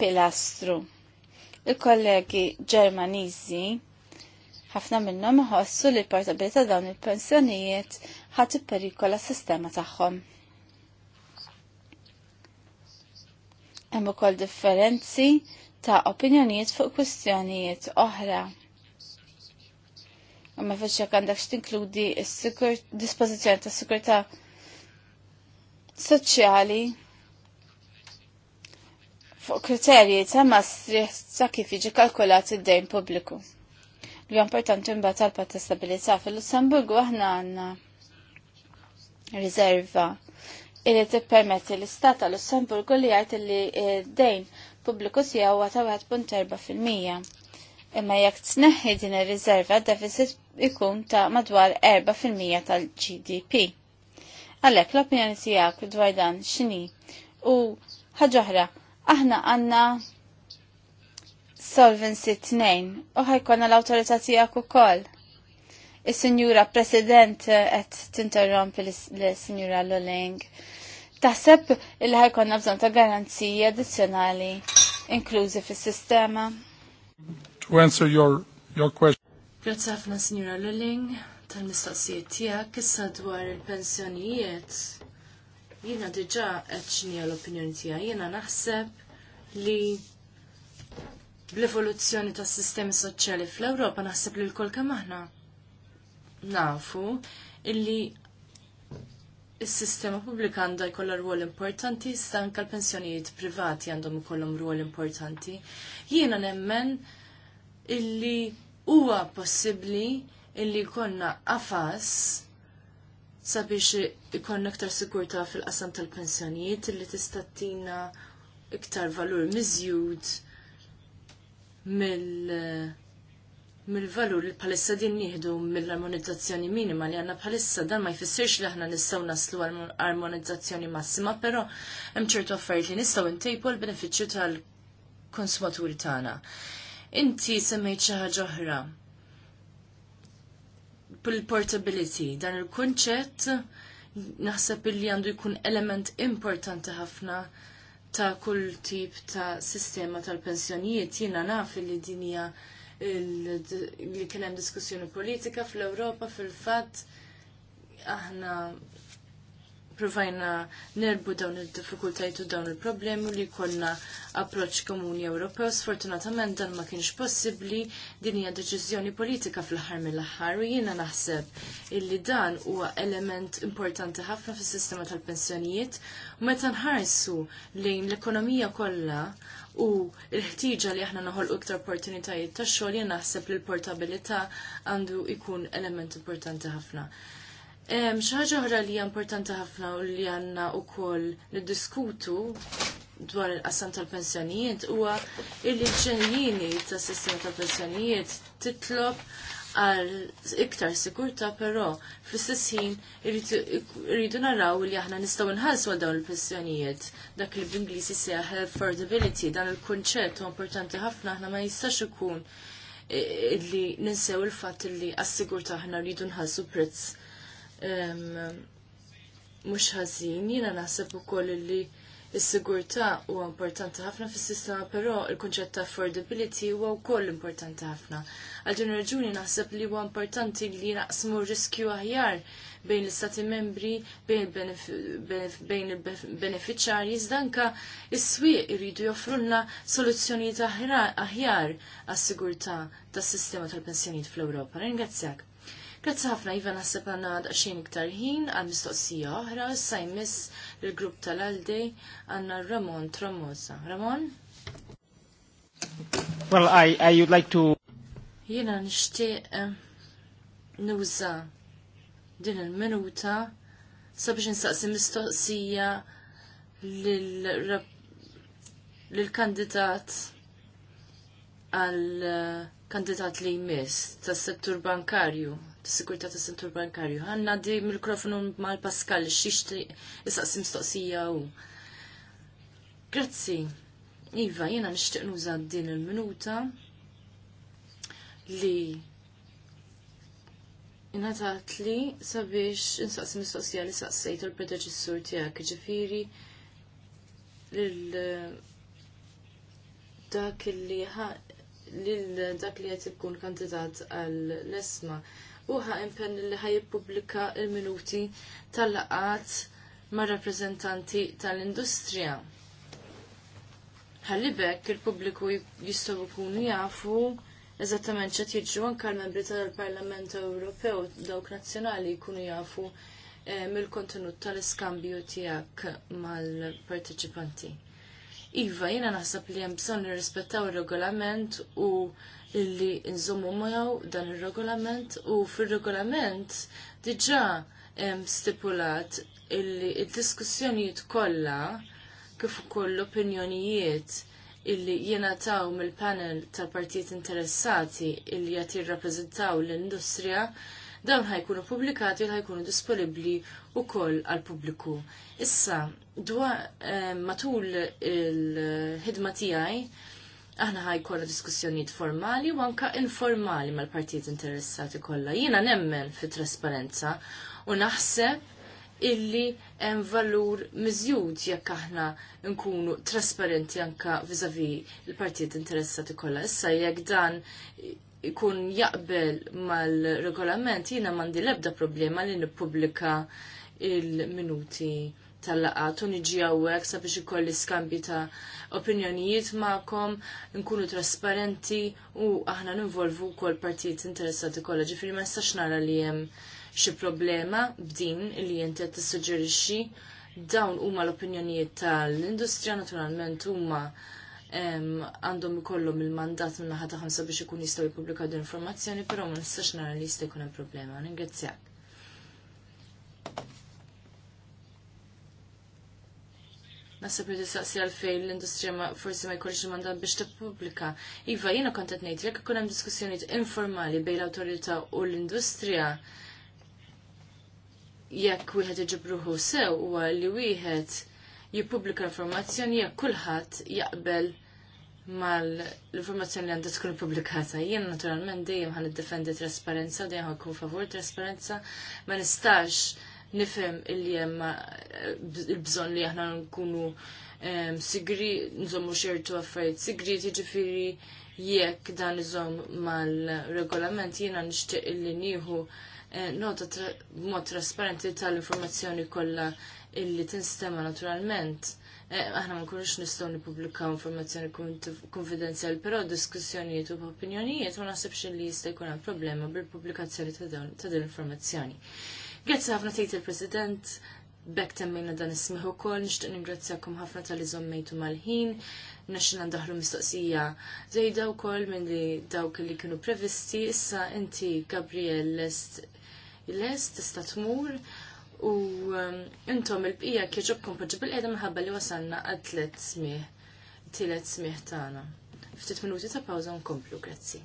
pilastru. Il-kollegi Ġermaniżi ħafna minnhom iħossu li l-portabilità dawn il-pensjonijiet ħadd ipperikola s-sistema tagħhom. Hemm ukoll differenzi ta' opinjonijiet fuq kwistjonijiet oħra. Imma fiex jekk għandek tinkludi dispożizzjoni ta' sikurtà soċjali fuq kriterji ta' mastriħ ta' kif jiġi kalkulat id-dejn pubbliku. Li importanti mbagħad talba ta' stabilita' fil-Lussemburgu aħna għandna riserva illi tippermetti l-Istat tal Lussemburgu li jgħid li d-dejn pubbliku tiegħu huwa ta' 1.4 Imma jekk tneħħi din ir-riserva deficit ikun ta' madwar 4 tal-GDP. Għalhekk l-opinjoni tiegħek dwar dan x'inhi u ħaġa oħra aħna għanna Solvency 2 u ħajkonna l-autorità tiegħek ukoll. Is-Sinjura President eh, qed tinterrompi l-Sinjura Lulling. Taħseb il ħajkonna bżonn ta' garanziji addizzjonali inklużi fis-sistema. To answer your your question. Grazie ħafna Sinjura Lulling tal-mistoqsijiet tiegħek issa dwar il-pensjonijiet Jiena diġa' qed x'inhi l-opinjoni tiegħi, jiena naħseb li l-evoluzzjoni tas sistemi soċjali fl-Ewropa naħseb li l-kol kemm aħna nafu illi il sistema pubblika għandha jkollha rwol importanti, iżda anke l-pensjonijiet privati għandhom ikollhom rwol importanti. Jiena nemmen illi huwa possibbli illi jkollna afas sabiex ikon aktar sikurta fil-qasam tal-pensjonijiet li tista' iktar valur miżjud mill mill-valur li palissa din nieħdu mill-armonizzazzjoni minima li għanna bħalissa dan ma jfissirx li aħna nistgħu naslu armonizzazzjoni massima, però hemm ċertu affarijiet li nistgħu ntejpu l-benefiċċju tal-konsumaturi tagħna. Inti semmejt xi ħaġa oħra bil-portability. Dan il-kunċett naħseb li għandu jkun element importanti ħafna ta' kull tip ta' sistema tal-pensjonijiet. Jiena naf li dinja li kien hemm diskussjoni politika fl-Ewropa fil-fatt aħna provajna nerbu dawn il-diffikultajt u dawn il-problemi li konna approċ komuni Ewropew. Sfortunatament dan ma kienx possibbli din hija deċiżjoni politika fl-aħħar mill-aħħar u jiena naħseb illi dan huwa element importanti ħafna fis-sistema tal-pensjonijiet u meta nħarsu lejn l-ekonomija kollha U l-ħtiġa li aħna naħolqu iktar opportunitajiet ta' xogħol jien naħseb li l-portabilità għandu jkun element importanti ħafna. Xaħġa ħra li importanti ħafna u li għanna u koll niddiskutu dwar il-qassam tal-pensjonijiet huwa il-ġenjini tas-sistema tal-pensjonijiet titlob għal iktar sikurta, però fl-istess ħin irridu naraw li aħna nistgħu nħallsu għal dawn il-pensjonijiet. Dak li bl-Ingliżi sejaħ affordability, dan il-kunċett u importanti ħafna aħna ma jistax ikun eh, li ninsew il-fatt li għas-sigurta aħna rridu nħallsu prezz mhux ħażin, jiena naħseb ukoll li s sigurtà huwa importanti ħafna fis-sistema, però il-kunċett ta' affordability huwa wkoll importanti ħafna. Għal din raġuni naħseb li huwa importanti li naqsmu riskju aħjar bejn l-istati membri, bejn il-beneficjarji, zdanka s swieq iridu joffrunna soluzzjonijiet aħjar għas-sigurtà tas-sistema tal pensjoniet fl europa Ringrazzjak. Grazzi ħafna Iva naħseb għandna daqsxejn iktar ħin għal mistoqsija oħra, sa jmiss il-grupp tal-Aldi Anna Ramon Tromosa. Ramon? Well, I, I would like to... Jena nishti eh, nuza din il-minuta sabiex nsaqsi mistoqsija lill-kandidat għal eh, kandidat li jmiss tas settur bankarju sigurtà tas sentur bankarju. Għanna di mikrofonu mal-Pascal, xiexti saqsim mistoqsija u. Grazzi. Iva, jiena nixtieq nuża din il-minuta li Inatat li sabiex insaqsi mistoqsija li saqsejt il-predeċessur tiegħek, ġifiri l dak li l dak li qed ikun kandidat għall-lesma uħa impenn li ħajpubblika il-minuti tal-laqat ma' rappresentanti tal-industrija. Ħalli bekk il-pubbliku jistgħu jkunu jafu eżattament ċet jiġu anka l-membri tal-Parlament Ewropew dawk nazzjonali jkunu jafu eh, mill-kontenut tal-iskambju tiegħek mal-parteċipanti. Iva, jiena naħseb li hemm bżonn rispettaw ir regolament u illi nżommu mojaw dan il-regolament u fil-regolament diġa stipulat illi il-diskussjonijiet kollha kif ukoll l-opinjonijiet illi jena taw mill-panel tal-partijiet interessati illi jati rappresentaw l-industrija, dawn ħajkunu publikati u ħajkunu disponibli u koll għal-publiku. Issa, dwa matul il-ħidma tijaj, aħna kolla diskussjonijiet formali u anka informali mal-partijiet interessati kollha. Jiena nemmen fit trasparenza u naħseb illi hemm valur miżjud jekk aħna nkunu trasparenti anka viżavi l-partijiet interessati kollha. Issa jekk dan ikun jaqbel mal-regolament jiena m'għandi l-ebda problema li nippubblika il-minuti tal-laqat u niġi għawek sabiex ikolli skambi ta' opinjonijiet ma'kom, nkunu trasparenti u aħna ninvolvu kol partijiet interessati kollha. Ġifieri ma nistax nara li hemm xi problema b'din li inti qed tissuġġerixxi dawn huma l-opinjonijiet tal-industrija naturalment huma għandhom ikollhom il-mandat minn naħa ta' ħamsa biex ikun jistgħu jippubblikaw din informazzjoni, però ma nistax nara li jista' jkun hemm problema. Ningrazzjak. Nasib li tistaqsi fejn l-industrija forsi ma jkollx mandat biex tippubblika. Iva, jiena kont qed ngħid jekk ikun hemm diskussjonijiet informali bejn l-awtorità u l-industrija, jekk wieħed iġibruħu sew huwa li wieħed jippubblika informazzjoni jekk kulħadd jaqbel mal-informazzjoni li għandha tkun pubblikata. Jien naturalment dejjem ħan defendi trasparenza, dejjem ħan favur trasparenza, ma nistax nifhem illi jemma eh, il-bżonn li aħna nkunu sigri nżommu xertu affarijiet sigri jiġifieri jekk dan iżomm mal-regolament jiena nixtieq illi nieħu eh, nota b'mod trasparenti tal-informazzjoni kollha illi tinstema naturalment. Eh, aħna ma nkunux nistgħu nippubblikaw informazzjoni konfidenzjali, però diskussjonijiet u opinjonijiet ma naħsibx li jista' jkun hemm problema bil-pubblikazzjoni ta' din l-informazzjoni. Grazzi ħafna tgħid il-President bekk temmejna dan ismiħ ukoll, nixtieq ningrazzjakom ħafna tal żommejtu mal-ħin, naxxina ndaħlu mistoqsija żejda wkoll minn li dawk li kienu previsti, issa inti Gabriel lest lest tista' tmur u um, intom il-bqija kieġobkom poġġu bil-qiegħda minħabba li wasalna għal tliet smieħ, tielet smieħ tagħna. Ftit minuti ta' pawża nkomplu, grazzi.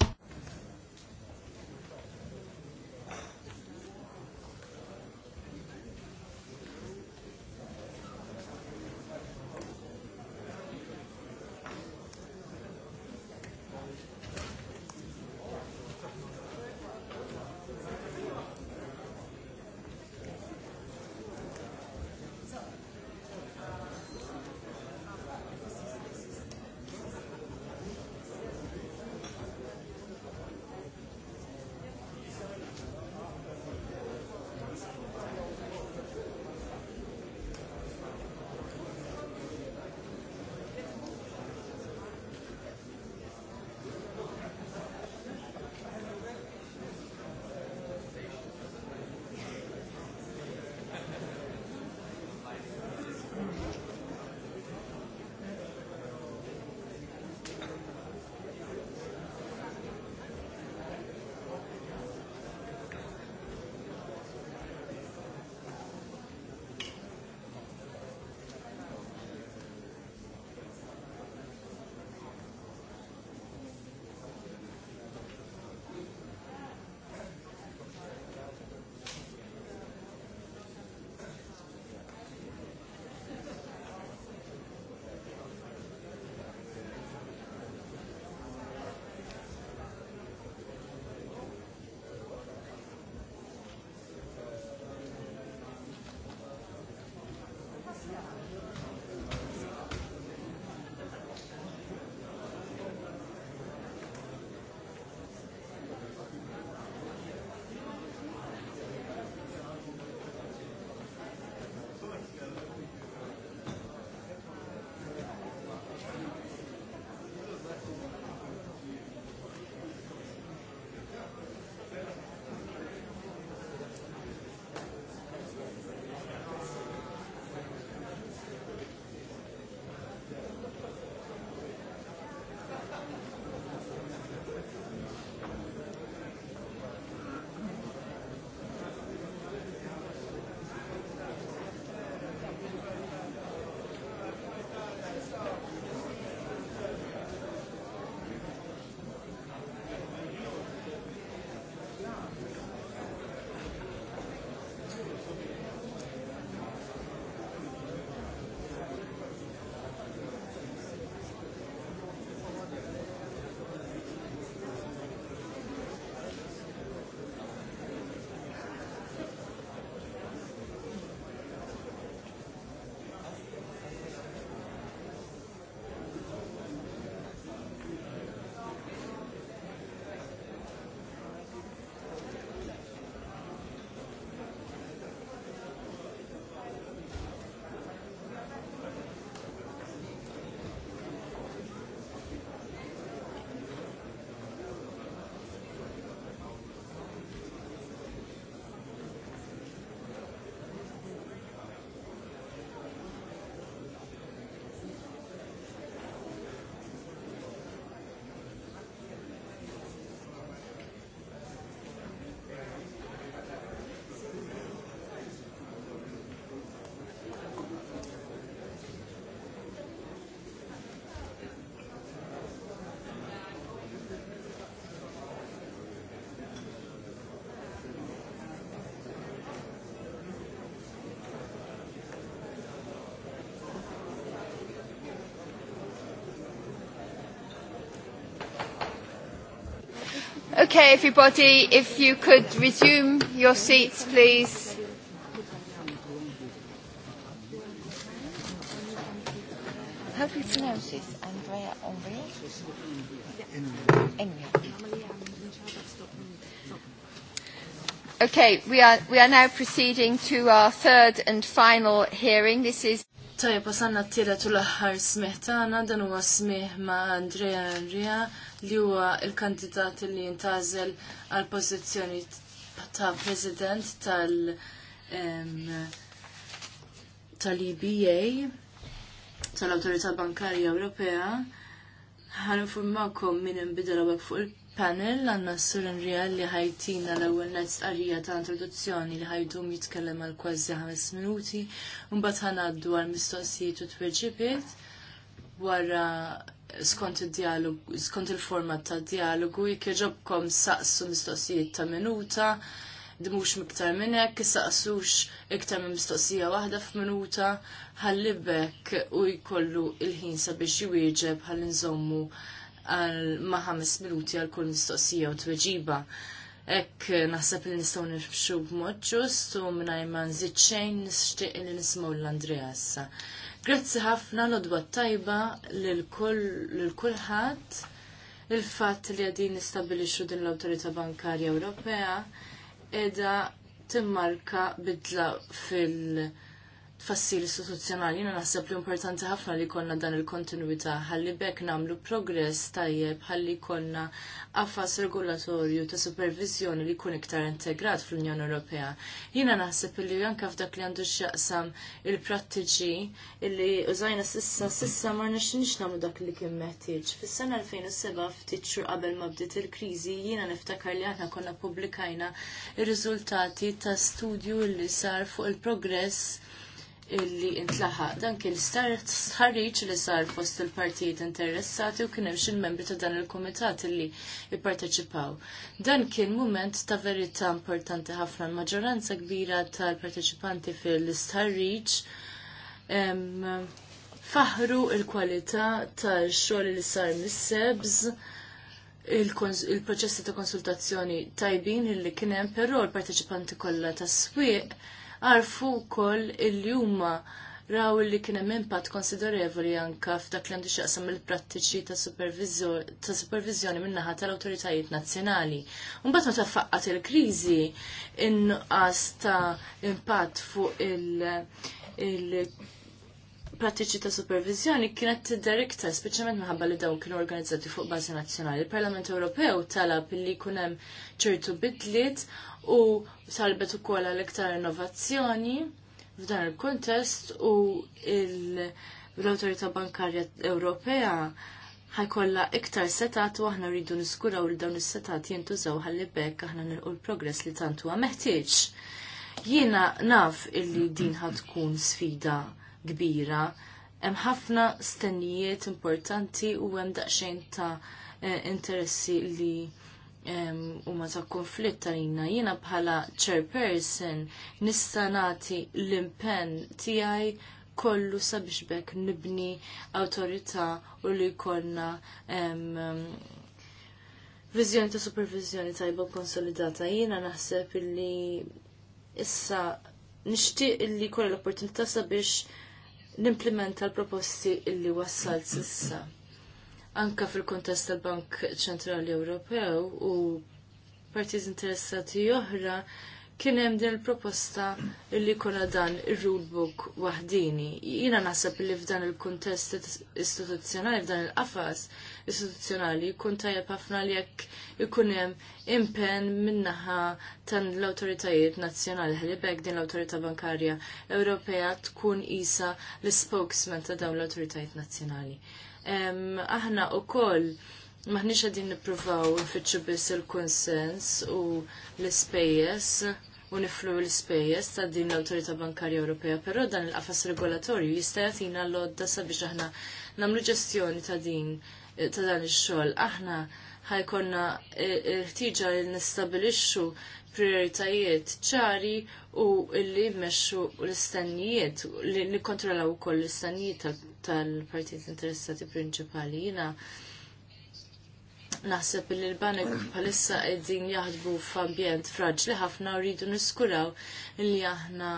Okay, everybody, if you could resume your seats, please. How do you pronounce this? Andrea Henri? Okay, we are, we are now proceeding to our third and final hearing. This is Tajja, pasanna t-tira tul-ħar smiħ tana, dan huwa smiħ ma' Andrea Enria li huwa il-kandidat li jintażel għal pożizzjoni ta' president tal- tal-EBA tal-Autorità Bankarja Ewropea ħan informakom minn imbidel għabek fuq il-panel għanna s-sur Enrial li ħajtina l-ewel next qarija ta' introduzzjoni li ħajdum jitkellem għal kważi 5 minuti un bat għaddu għal mistoqsijiet u tweġibiet wara skont il-dialogu, skont il-format ta' dialogu, jikġobkom saqsu mistoqsijiet ta' minuta, dimux miktar minnek, saqsux iktar minn mistoqsija waħda f'minuta, ħallibek u jkollu il-ħin sabiex jwieġeb ħalli nżommu għal ma' ħames minuti għal kull mistoqsija u tweġiba. Ek naħseb li nistgħu nifxu b'mod ġust u minnaj ma nżid xejn nixtieq li nisimgħu l-Andreas. Grazzi ħafna l-odba tajba l-kulħat il-fat li għadin nistabilixu din l-Autorita Bankarja Ewropea edha timmarka bidla fil- fassil istituzzjonali, jina naħseb li importanti ħafna li konna dan il-kontinuità, ħalli bekk namlu progress tajjeb, ħalli konna affas regolatorju ta' supervizjoni li kun iktar integrat fl-Unjoni Ewropea. Jina naħseb li janka f'dak li għandu x'jaqsam il-prattiġi illi użajna sissa sissa ma nix namlu dak li kien meħtieġ. Fis-sena 2007 ftit xhur qabel ma bdiet il-kriżi jiena niftakar li aħna konna pubblikajna ir-riżultati ta' studju li sar fuq il-progress illi intlaħaq dan kien starriċ li sar fost il-partijiet interessati u kien hemm xi membri ta' dan il-kumitat illi ipparteċipaw. Dan kien mument ta' verità importanti ħafna l-maġġoranza kbira tal-parteċipanti fil-starriċ faħru il-kwalità tal-xogħol li sar mis-sebs il-proċessi ta' konsultazzjoni tajbin illi kien hemm, però l-parteċipanti kollha tas-swieq għarfu wkoll il juma raw li kien hemm impatt konsiderevoli anke f'dak li għandu x'jaqsam il-prattiċi ta' supervizjoni min-naħa tal-awtoritajiet nazzjonali. Mbagħad meta faqqat il-kriżi inqas ta' impatt fuq il- prattiċi ta' supervizjoni kienet iktar speċjalment minħabba li dawn kienu organizzati fuq bażi nazzjonali. Il-Parlament Ewropew talab li jkun hemm ċertu bidliet u salbet ukoll l iktar innovazzjoni f'dan il-kuntest u l autorita Bankarja Ewropea ħajkolla iktar setat u aħna rridu niskuraw li dawn is-setat jintużaw ħalli bekk aħna nilqu l-progress li tant huwa meħtieġ. Jiena naf illi din ħad sfida kbira, hemm ħafna stennijiet importanti u hemm daqsxejn ta' eh, interessi li huma ta' konflitt għalina. Jiena bħala chairperson nista' nagħti l-impenn tiegħi kollu sabiex bek nibni awtorità u li jkollna viżjoni ta' supervizjoni tajba konsolidata. Jiena naħseb illi issa nixtieq illi kollha l-opportunità sabiex nimplementa l-proposti illi wassalt s'issa anka fil-kontest tal-Bank Ċentrali Ewropew u partiz interessati oħra kien hemm din il-proposta li jkollna dan ir-rulebook waħdini. Jiena naħseb li f'dan il-kuntest istituzzjonali f'dan il-qafas istituzzjonali jkun tajjeb ħafna li jekk ikun hemm impenn min-naħa tan l-awtoritajiet nazzjonali ħalibek din l-Awtorità Bankarja Ewropea tkun isa l-spokesman ta' dawn l-awtoritajiet nazzjonali aħna wkoll maħniex qegħdin nippruvaw nfittxu biss il-konsens u l-ispejjeż u niflu l-ispejjeż ta' din l autorita Bankarja Ewropea, però dan il-qafas regolatorju jista' jagħtina l-odda sabiex aħna nagħmlu ġestjoni ta' din ta' dan ix-xogħol. Aħna ħajkonna eh, eh, ħtiġa li nistabilixxu prioritajiet ċari u li jmexxu l-istannijiet, li nikkontrollaw ukoll l-istannijiet tal-partijiet interessati prinċipali. Jina naħseb li l-banek bħalissa qegħdin jahdbu f'ambjent fraġli ħafna u rridu niskuraw li aħna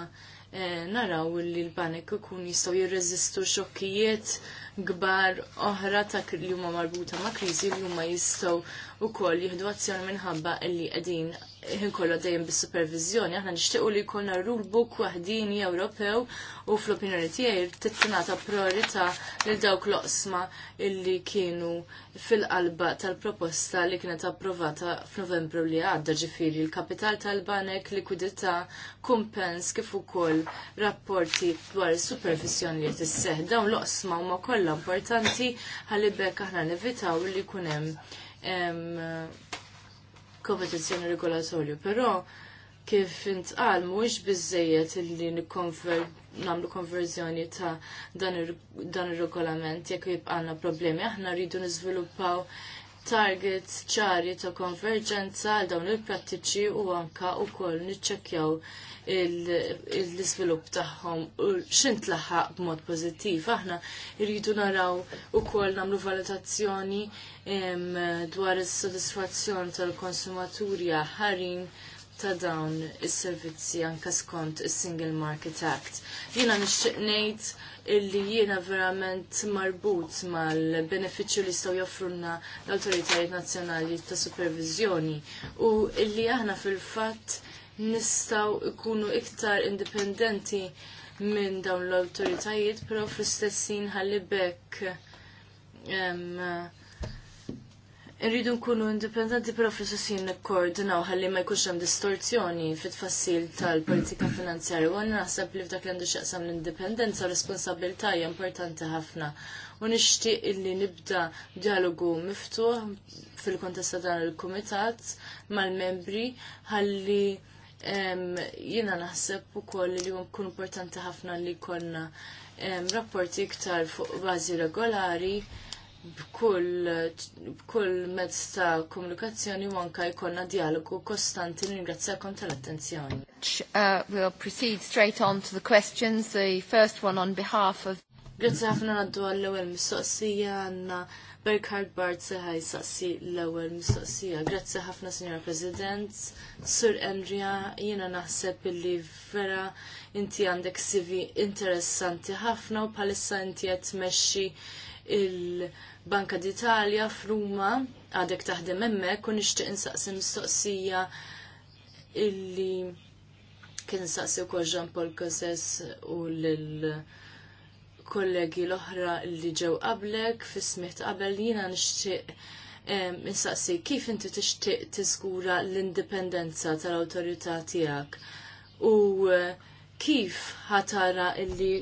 eh, naraw li l-banek kun jistgħu jirreżistu xokkijiet gbar oħra ta' li huma marbuta ma' kriżi li huma jistgħu wkoll jihdu azzjoni minħabba li qegħdin kollu dejjem bis-supervizjoni, aħna nixtiequ li jkollna rulebook waħdini Ewropew u fl-opinjoni tiegħi tittinata priorità lil dawk l-oqsma illi kienu fil-qalba tal-proposta li kienet approvata f'Novembru li għadda ġifieri l-kapital tal-banek, likwidità, kumpens kif ukoll rapporti dwar is-supervizjoni li tisseħ. Dawn l-oqsma huma kollha importanti ħalli bekk aħna nevitaw li jkun hemm kompetizzjoni regolatorju, però kif intqal mhuwiex biżejjed illi nagħmlu konverżjoni ta' dan ir-regolament jekk jibqalna problemi, aħna rridu niżviluppaw targets ċari ta' konverġenza għal dawn il-prattiċi u anka wkoll niċċekkjaw l-iżvilupp tagħhom u x'int laħaq b'mod pożittiv. Aħna rridu naraw ukoll nagħmlu valutazzjoni dwar is-sodisfazzjon tal-konsumaturi ħarin ta' dawn is-servizzi anke skont is-Single Market Act. Jiena nixtieq ngħid illi jiena verament marbut mal-benefiċċju li jistgħu joffrunna l-awtoritajiet nazzjonali ta' supervizjoni u illi aħna fil-fatt nistaw ikunu iktar indipendenti minn dawn l-autoritajiet, pero fl-istessin ħalli bekk Irridu nkunu indipendenti pero fl-istessin nikkoordinaw ħalli ma jkunx hemm distorzjoni fit-tfassil tal-politika finanzjarja u għandna naħseb li f'dak li għandu x'jaqsam l-indipendenza u responsabilità hija importanti ħafna. U nixtieq illi nibda dialogu miftuħ fil-kontesta dan il-kumitat mal-membri ħalli jiena naħseb ukoll li huwa kun importanti ħafna li konna rapporti iktar fuq bazi regolari b'kull b'kull mezz ta' komunikazzjoni u anke jkollna dialogu kostanti ningrazzjakom tal-attenzjoni. Uh, we'll proceed straight on to the questions. The first one on behalf of Grazzi ħafna għaddu għall-ewwel mistoqsija għanna Berkhard Bart seħaj saqsi l-ewel mistoqsija. Grazzi ħafna, Signora President. Sur Andrea, jiena naħseb illi vera inti għandek CV interessanti ħafna u bħalissa inti qed tmexxi il-Banka d'Italja f'Ruma għadek taħdem hemmhekk u nixtieq insaqsi mistoqsija illi kien saqsi wkoll Jean Paul Gossess u lil kollegi l-oħra li ġew qablek, fis smiet qabel jiena nixtieq insaqsi kif inti tixtieq tiżgura l-indipendenza tal-awtorità tiegħek u eh, kif ħatara illi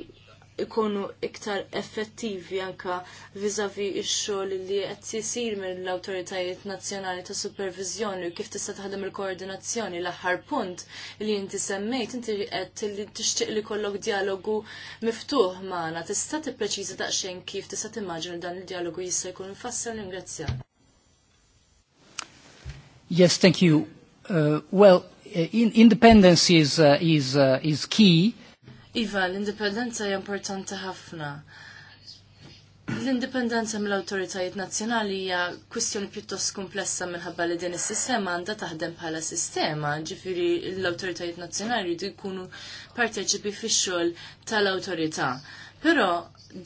ikunu iktar effettivi anka vizavi ix-xogħol li qed jisir mill awtoritajiet nazzjonali ta' supervizjoni u kif tista' taħdem il-koordinazzjoni l-aħħar punt li inti semmejt inti qed li tixtieq li kollok dialogu miftuħ magħna. Tista' tippreċiża daqsxejn kif tista' timmaġina dan il-dialogu jista' jkun infasser l ringrazzja. Yes, thank you. Uh, well, in independence is, uh, is, uh, is key Iva, l-indipendenza hija importanti ħafna. L-indipendenza mill-awtoritajiet nazzjonali hija kwistjoni pjuttost komplessa minħabba li din is-sistema għandha taħdem bħala sistema, ġifieri l-awtoritajiet nazzjonali jridu jkunu parteċipi fix-xogħol tal-awtorità. Però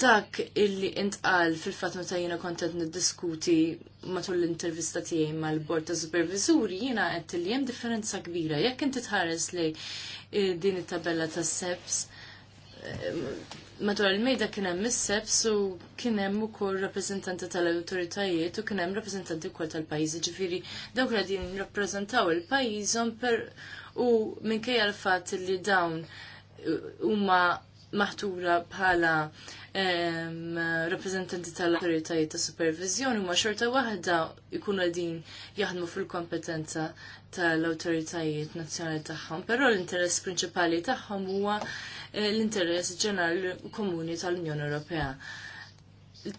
dak illi intqal fil-fatt meta jiena qed niddiskuti matul l-intervista tiegħi mal-Bord ta' Supervisuri jiena qed li hemm differenza kbira jekk inti tħares li eh, din it-tabella tas-seps madwar il-mejda kien hemm is-seps u kien hemm ukoll rappreżentanti tal-awtoritajiet u kien hemm rappreżentanti wkoll tal-pajjiżi. Ġifieri dawk li qegħdin jirrappreżentaw il-pajjiżhom per u minkejja l-fatt li dawn huma maħtura bħala rappresentanti tal-autoritajiet ta' supervizjoni ma xorta waħda jkunu għadin jaħdmu fil-kompetenza tal-autoritajiet nazzjonali tagħhom, però l-interess prinċipali tagħhom huwa l-interess ġenerali komuni tal-Unjoni Ewropea.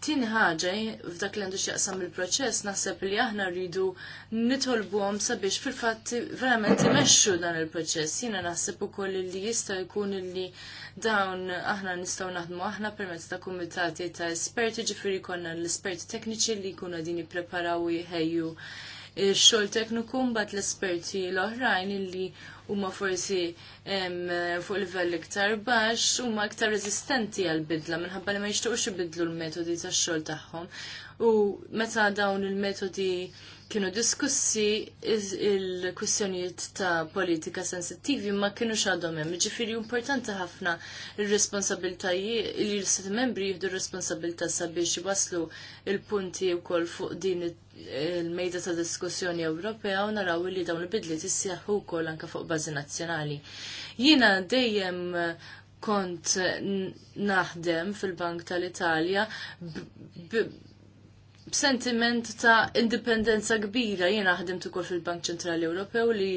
Tin ħaġa f'dak li għandu x'jaqsam il-proċess naħseb li aħna rridu nitolbuhom sabiex fil-fatt verament imexxu dan il-proċess. Jiena naħseb ukoll li jista' jkun li dawn aħna nistgħu naħdmu aħna permezz ta' kumitati ta' esperti ġifieri konna l-esperti tekniċi li jkunu din jippreparaw jħejju x-xogħol tekniku mbagħad l-esperti l-oħrajn li huma forsi fuq livell iktar baxx huma iktar rezistenti għal bidla minħabba li ma jixtuqx ibidlu l-metodi tax-xogħol tagħhom. U meta dawn il-metodi kienu diskussi il-kwistjonijiet ta' politika sensittivi ma kienu xadhom hemm. Ġifieri importanti ħafna r responsabiltajiet li l-istati membri jieħdu r-responsabilità sabiex waslu il-punti wkoll fuq din il-mejda ta' diskussjoni Ewropea u naraw li dawn il-bidliet issieħu wkoll anke fuq bażi nazzjonali. Jiena dejjem kont naħdem fil-Bank tal-Italja b'sentiment ta' indipendenza kbira jina ħdimt ukoll fil-Bank Ċentrali Ewropew li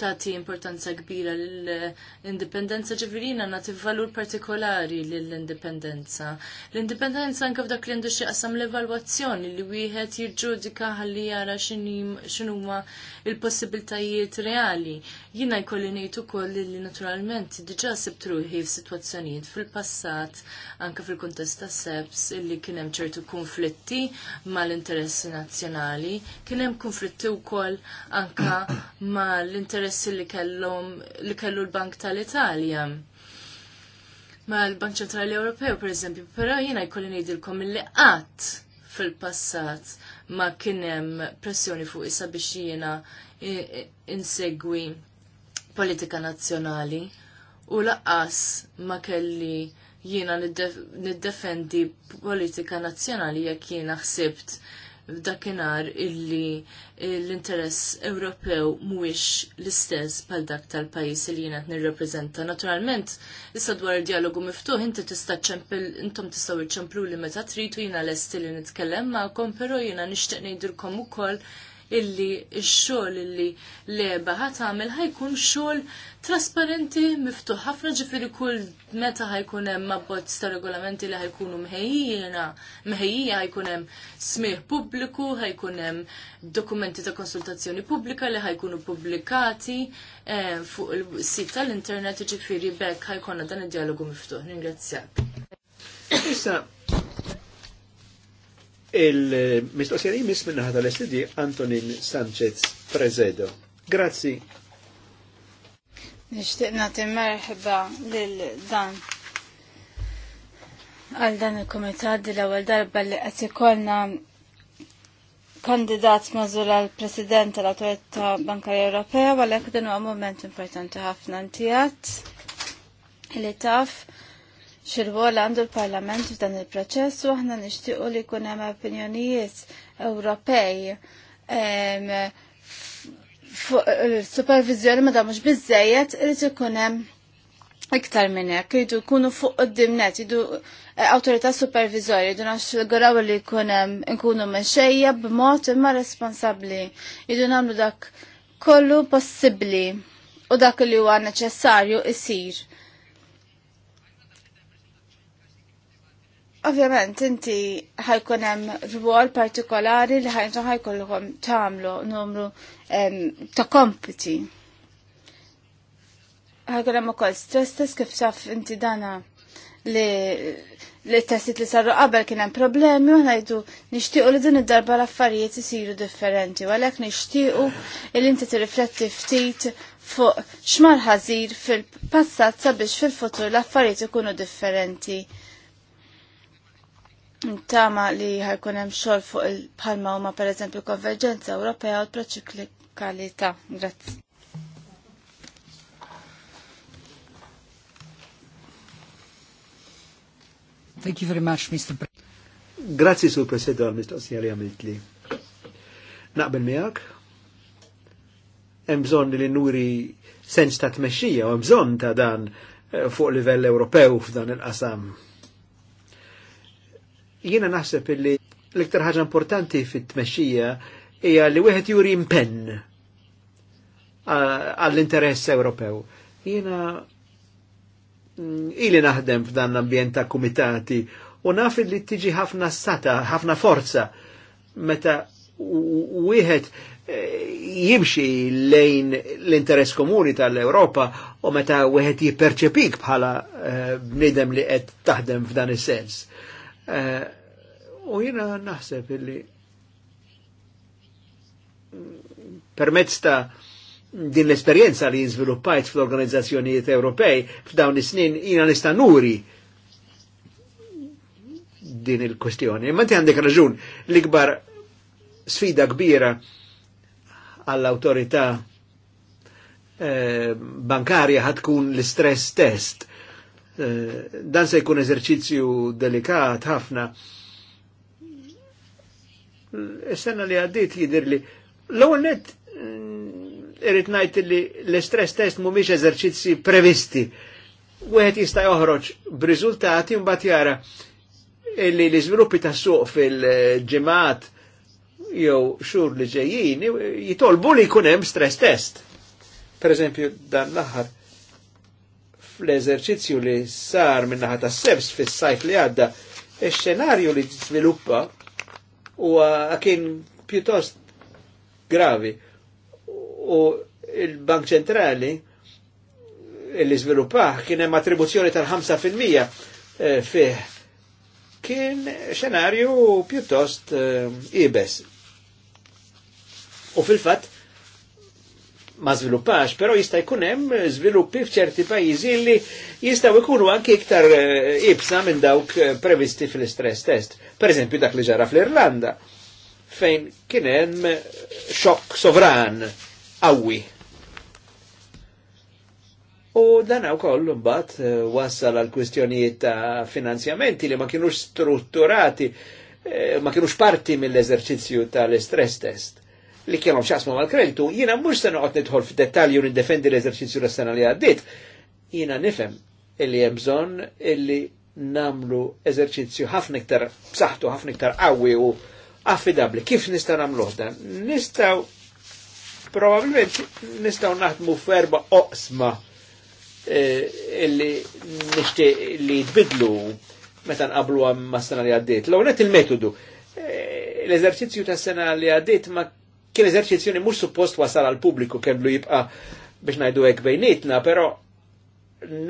tagħti importanza kbira l-indipendenza ġifirina nagħti valur partikolari lill-indipendenza. L-indipendenza anke f'dak li għandu xi qasam l-evalwazzjoni li wieħed jirġudika ħalli jara x'inhuma l-possibiltajiet reali. Jiena jkolli ngħid ukoll li naturalment diġà sebtruħi f f'sitwazzjonijiet fil-passat anke fil-kuntest ta' seps e li kien hemm ċertu konflitti mal-interessi nazzjonali, kien hemm konflitti wkoll anke mal-interessi l li kellhom li kellu l-Bank tal-Italja. Ma l-Bank Ċentrali Ewropew, per eżempju, però jiena jkolli ngħidilkom li qatt fil-passat ma kien hemm pressjoni fuq issa biex jiena insegwi politika nazzjonali u laqqas ma kelli jiena niddefendi politika nazzjonali jekk jiena ħsibt f'dakinhar illi l-interess Ewropew mhuwiex l-istess bħal dak tal-pajjiż li jiena qed nirrappreżenta. Naturalment, issa dwar id-dialogu miftuħ inti tista' ċempel intom tistgħu iċċemplu li meta tridu jiena lesti li nitkellem magħkom, però jiena nixtieq ngħidilkom ukoll illi x-xogħol illi leba eba ħat għamel ħajkun xogħol trasparenti miftuħ ħafna ġifieri kull meta ħajkun hemm abbozz ta' regolamenti li ħajkunu mħejjina, mħejjija ħajkun hemm smih pubbliku, ħajkun hemm dokumenti ta' konsultazzjoni pubblika li ħajkunu pubblikati eh, fuq il-sit tal-internet ġifieri bekk ħajkonna dan id-dialogu miftuħ. Ningrazzjak. Il-mistoqsija li jmiss minna ħata l Antonin Sanchez Prezedo. Grazzi. Nishtiq nati merħba lil dan għal dan il-komitat l ewwel darba li qed ikollna kandidat mażul għal president tal autorità Bankarja Ewropea għalhekk din huwa moment importanti ħafna intijat li taf xirwol għandu l-Parlament f'dan il-proċess u aħna nixtiequ li jkun hemm opinjonijiet Ewropej fuq il-supervizjoni ma mhux bizzejet irid ikun hemm iktar minn hekk jridu jkunu fuq qudimnet, jridu eh, awtorità supervizorja, jridu naxxilguraw li jkun hemm inkunu mexxejja b'mod imma responsabbli, jridu nagħmlu dak kollu possibbli u dak li huwa neċessarju isir Ovvjament, inti ħajkun hemm rwol partikolari li ħajtu ħajkollhom tagħmlu numru ta' kompiti. Ħajkun hemm ukoll stress test kif taf inti dana li li testit li sarru qabel kien hemm problemi u ngħidu nixtiequ li din id-darba l-affarijiet isiru differenti u għalhekk nixtiequ li inti tirrifletti ftit fuq x'mal ħażir fil-passat sabiex fil-futur l-affarijiet ikunu differenti. Tama li ħajkun hemm xogħol fuq il-palma huma pereżempju konverġenza Ewropea u proċiklikalità. Grazzi. Thank you very much, Mr. President. Grazzi Sur President għal mistoqsija li għamilt Naqbel miegħek. Hemm bżonn li nuri sens ta' tmexxija u hemm bżonn ta' dan eh, fuq livell Ewropew f'dan il-qasam Jiena naħseb illi l-iktar ħaġa importanti fit-tmexxija hija li wieħed juri impenn għall-interess Ewropew. Jiena mm, ili naħdem f'dan l-ambjent ta' kumitati u naf li tiġi ħafna sata, ħafna forza meta wieħed eh, jimxi lejn l-interess komuni tal-Europa u meta wieħed jipperċepik bħala eh, bnidem li qed taħdem f'dan is-sens. Eh, u jina naħseb illi permezz ta' din l-esperienza li jinsviluppajt fl-organizzazzjonijiet Ewropej f'dawn is-snin jina nista' nuri din il-kwestjoni. Imma inti għandek raġun l-ikbar sfida kbira għall-autorità eh, bankarja ħatkun l-istress test Eh, dan se jkun eżerċizzju delikat ħafna. Is-sena li għaddit jidir li l-ewwel net mm, irrid ngħid li l-istress test mhumiex eżerċizzi previsti. Wieħed jista' joħroġ b'riżultati mbagħad jara li l-iżviluppi tas-suq fil-ġimgħat jew xhur li ġejjin jitolbu li jkun hemm stress test. Per eżempju, dan l-aħħar fl-eżerċizzju li sar minnaħa ta' sebs fis-sajf li għadda, il-xenarju li sviluppa u kien pjuttost gravi u il-Bank Ċentrali li sviluppaħ kien hemm attribuzzjoni tal-5% eh, fih kien xenarju pjuttost eh, ibes. U fil-fatt ma sviluppax, però jista' jkun hemm sviluppi f'ċerti pajjiżi li jistgħu jkunu anke iktar eh, ibsa minn dawk eh, previsti fil-istress test. Per eżempju dak li ġara fl-Irlanda fejn kien hemm eh, xokk sovran qawwi. U dan koll mbagħad wassal għal kwistjonijiet ta' finanzjamenti li ma kienux strutturati, ma kienux parti mill-eżerċizzju tal-istress test li kellhom x'asmu mal-kreditu, jiena mhux se noqgħod nidħol f'dettalji u nindefendi l-eżerċizzju tas-sena li għaddiet. Jiena nifhem illi hemm bżonn illi namlu eżerċizzju ħafna iktar b'saħħtu, ħafna iktar qawwi u affidabli. Kif nista' nagħmlu. dan? Nistgħu probabilment nistgħu naħdmu f'erba oqsma eh, illi nixtieq li jitbidlu meta nqablu ma' sena li għaddiet. L-għonet il-metodu eh, l-eżerċizzju ta' sena li għaddit ma kien eżerċizzjoni mhux suppost wasal għal pubbliku kellu jibqa' biex ngħidu hekk bejnietna, però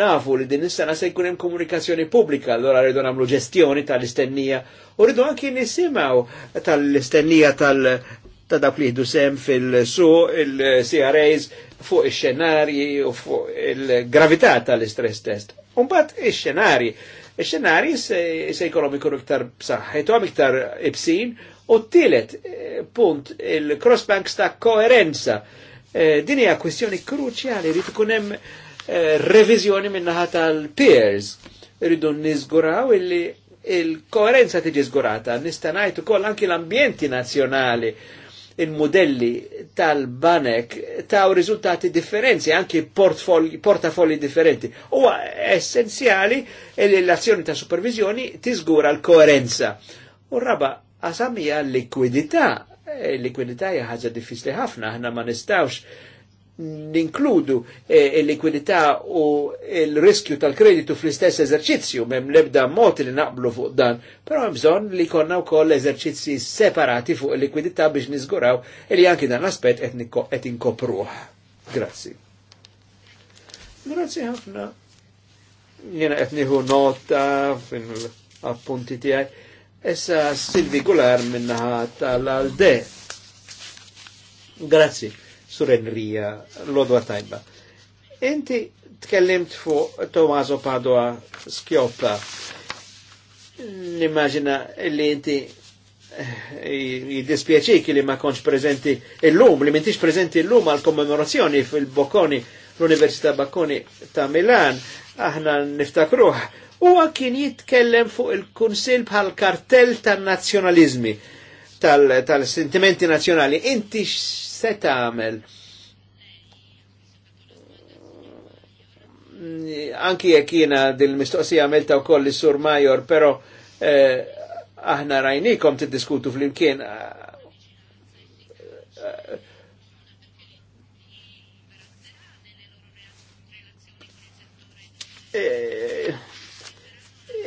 nafu li din is-sena se jkun hemm komunikazzjoni pubblika, allora rridu nagħmlu ġestjoni tal-istennija u rridu anki nisimgħu tal-istennija tal- ta' dak li jihdu sem fil-su, il-CRAs, fuq ix-xenarji u fuq il-gravità tal-istress test. Umbat ix-xenarji. Ix-xenarji se jkollhom ikunu iktar b'saħħithom, iktar ibsin U t-tielet eh, punt, il crossbank sta ta' koerenza. Eh, din hija kwestjoni kruċjali li tkun hemm e, minnaħa tal-peers. Rridu nizguraw illi il-koerenza tiġi zgurata, Nista' ngħid ukoll anki l-ambjenti nazzjonali il-modelli tal-banek ta' riżultati differenzi, anki portafogli differenti. Huwa essenzjali l-azzjoni ta' supervizjoni tiżgura l-koerenza. U rraba' qasam hija likwidità. Il-likwidità eh, hija ħaġa diffiċli ħafna, aħna ma nistawx ninkludu eh, il-likwidità u il-riskju tal-kreditu fl-istess eżerċizzju, mem lebda mot li naqblu fuq dan, però hemm bżonn li konna wkoll eżerċizzji separati fuq il-likwidità biex niżguraw li anki dan aspett qed inkopruh. Grazzi. Grazzi ħafna. Jiena qed nota fil-appunti tiegħi Essa Silvi Gular minnaħa tal-Alde. Grazzi, Surenrija, l-odwa tajba. Inti tkellimt fuq Tommaso Padua Schioppa. Nimmaġina li inti eh, ki li ma konċ prezenti illum, li mintix prezenti il-lum għal kommemorazzjoni fil-Bocconi, l-Università Bocconi ta' Milan, aħna niftakruħ Huwa kien jitkellem fuq il-Kunsill bħal kartell tan nazzjonalizmi tal-sentimenti tal nazzjonali. Inti se tagħmel? Anki jekk jiena dil-mistoqsija għamilta wkoll is-Sur Major, però eh, aħna rajnikom tiddiskutu fl-imkien E,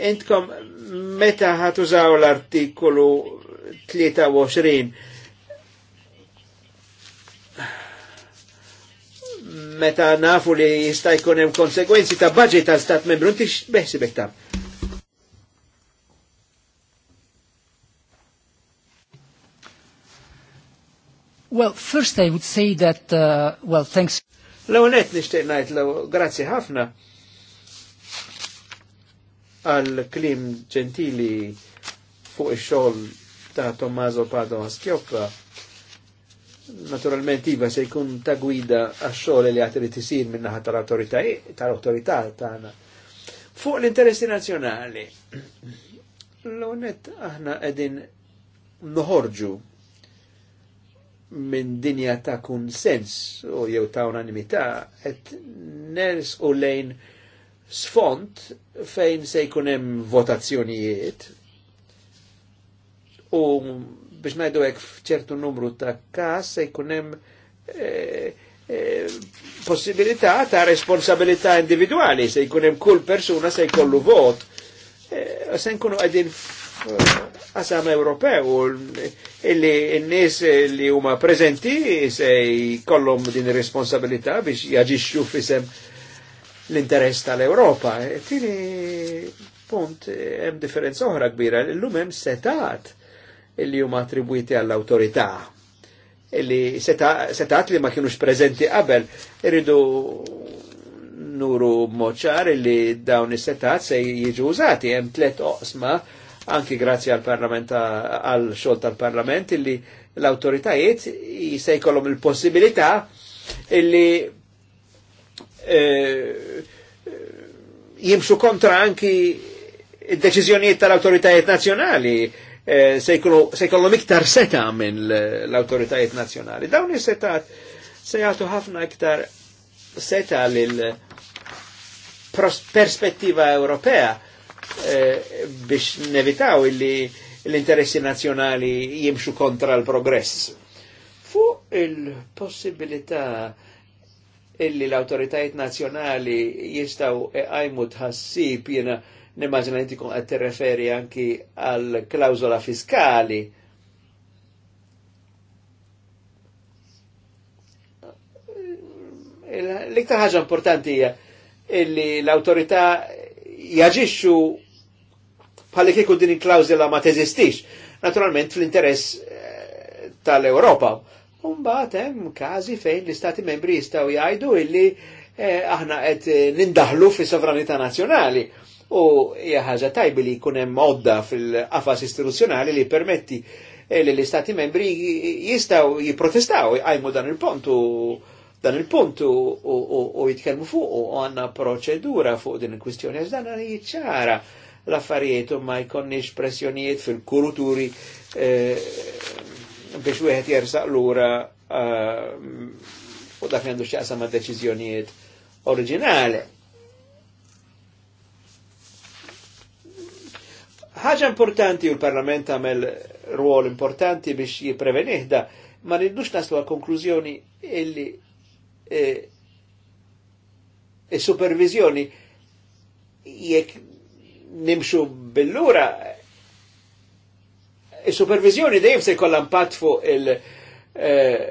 Intkom meta ħatużaw l-artikolu 23 meta nafu li jista' jkun hemm konsekwenzi ta' budget ta' stat membru inti x'beħsibek tam. Well, first I would say that, uh, well, thanks. L-għonet nishtiq najt, grazzi ħafna għal klim ġentili fuq il xogħol ta' Tommaso Pado Maschioppa, Naturalment iva se jkun ta' gwida għax-xogħol li għatri tisir minnaħa tal-autorità tal-autorità tana. Fuq l-interessi nazzjonali. L-onet aħna edin noħorġu minn dinja ta' kun sens u jew ta' unanimità et ners u lejn sfont fejn se jkun hemm votazzjonijiet u biex najdu hekk f'ċertu numru ta' każ se jkun hemm eh, eh, possibilità ta' responsabilità individuali se jkun hemm kull persuna se jkollu vot eh, se nkunu qegħdin qasam Ewropew illi n-nies li huma preżenti se jkollhom din ir-responsabilità biex jaġixxu f'isem l-interess tal-Europa. E tini punt e, hemm differenza oħra kbira, l-lum hemm setat illi huma attribwiti għall-autorità Li setat li ma kienux preżenti qabel irridu nuru moċar illi dawn is-setat se jiġu użati hemm tliet oqsma anki grazzi għal parlament għal xogħol tal-parlament illi l-autoritajiet se jkollhom il-possibilità illi Eh, eh, jimxu kontra anki il-deċizjoniet tal-autoritajiet nazjonali eh, se jkollu miktar seta minn l-autoritajiet nazjonali. Dawn is-setat se jagħtu ħafna iktar seta lil perspettiva Ewropea biex nevitaw illi l-interessi nazjonali jimxu kontra l-progress. Fu il-possibilità illi l-autoritajiet nazjonali jistaw għajmu tħassib jena nimmaġina li tikun għed referi anki għal klawzola fiskali. L-iktar ħaġa importanti hija illi l-autorità jaġixxu bħal kieku din il-klawzola ma teżistix. Naturalment fl-interess eh, tal-Europa Umbaħt hemm każi fejn l-istati membri jistaw jgħidu illi eh, aħna qed eh, nindaħlu fi sovranità nazzjonali. U hija ħaġa tajbi li jkun hemm odda fil-qafas istituzzjonali li permetti eh, li l-istati membri jistaw jipprotestaw jgħajmu dan il-pont u dan il-punt u jitkellmu fuq u għanna proċedura fuq din il-kwistjoni, għax dan għani jitċara l-affarijiet u ma jkonniex pressjonijiet fil-kuruturi eh, biex wieħed jersaq lura eh, u dak għandu xaqsa ma' deċiżjonijiet oriġinali. ħaġa importanti u l-Parlament għamel ruol importanti biex jiprevenihda, ma rridux naslu għal konklużjoni illi eh, il-supervizjoni jek nimxu billura il-supervizjoni dejjem se jkollha impatt fuq il- eh,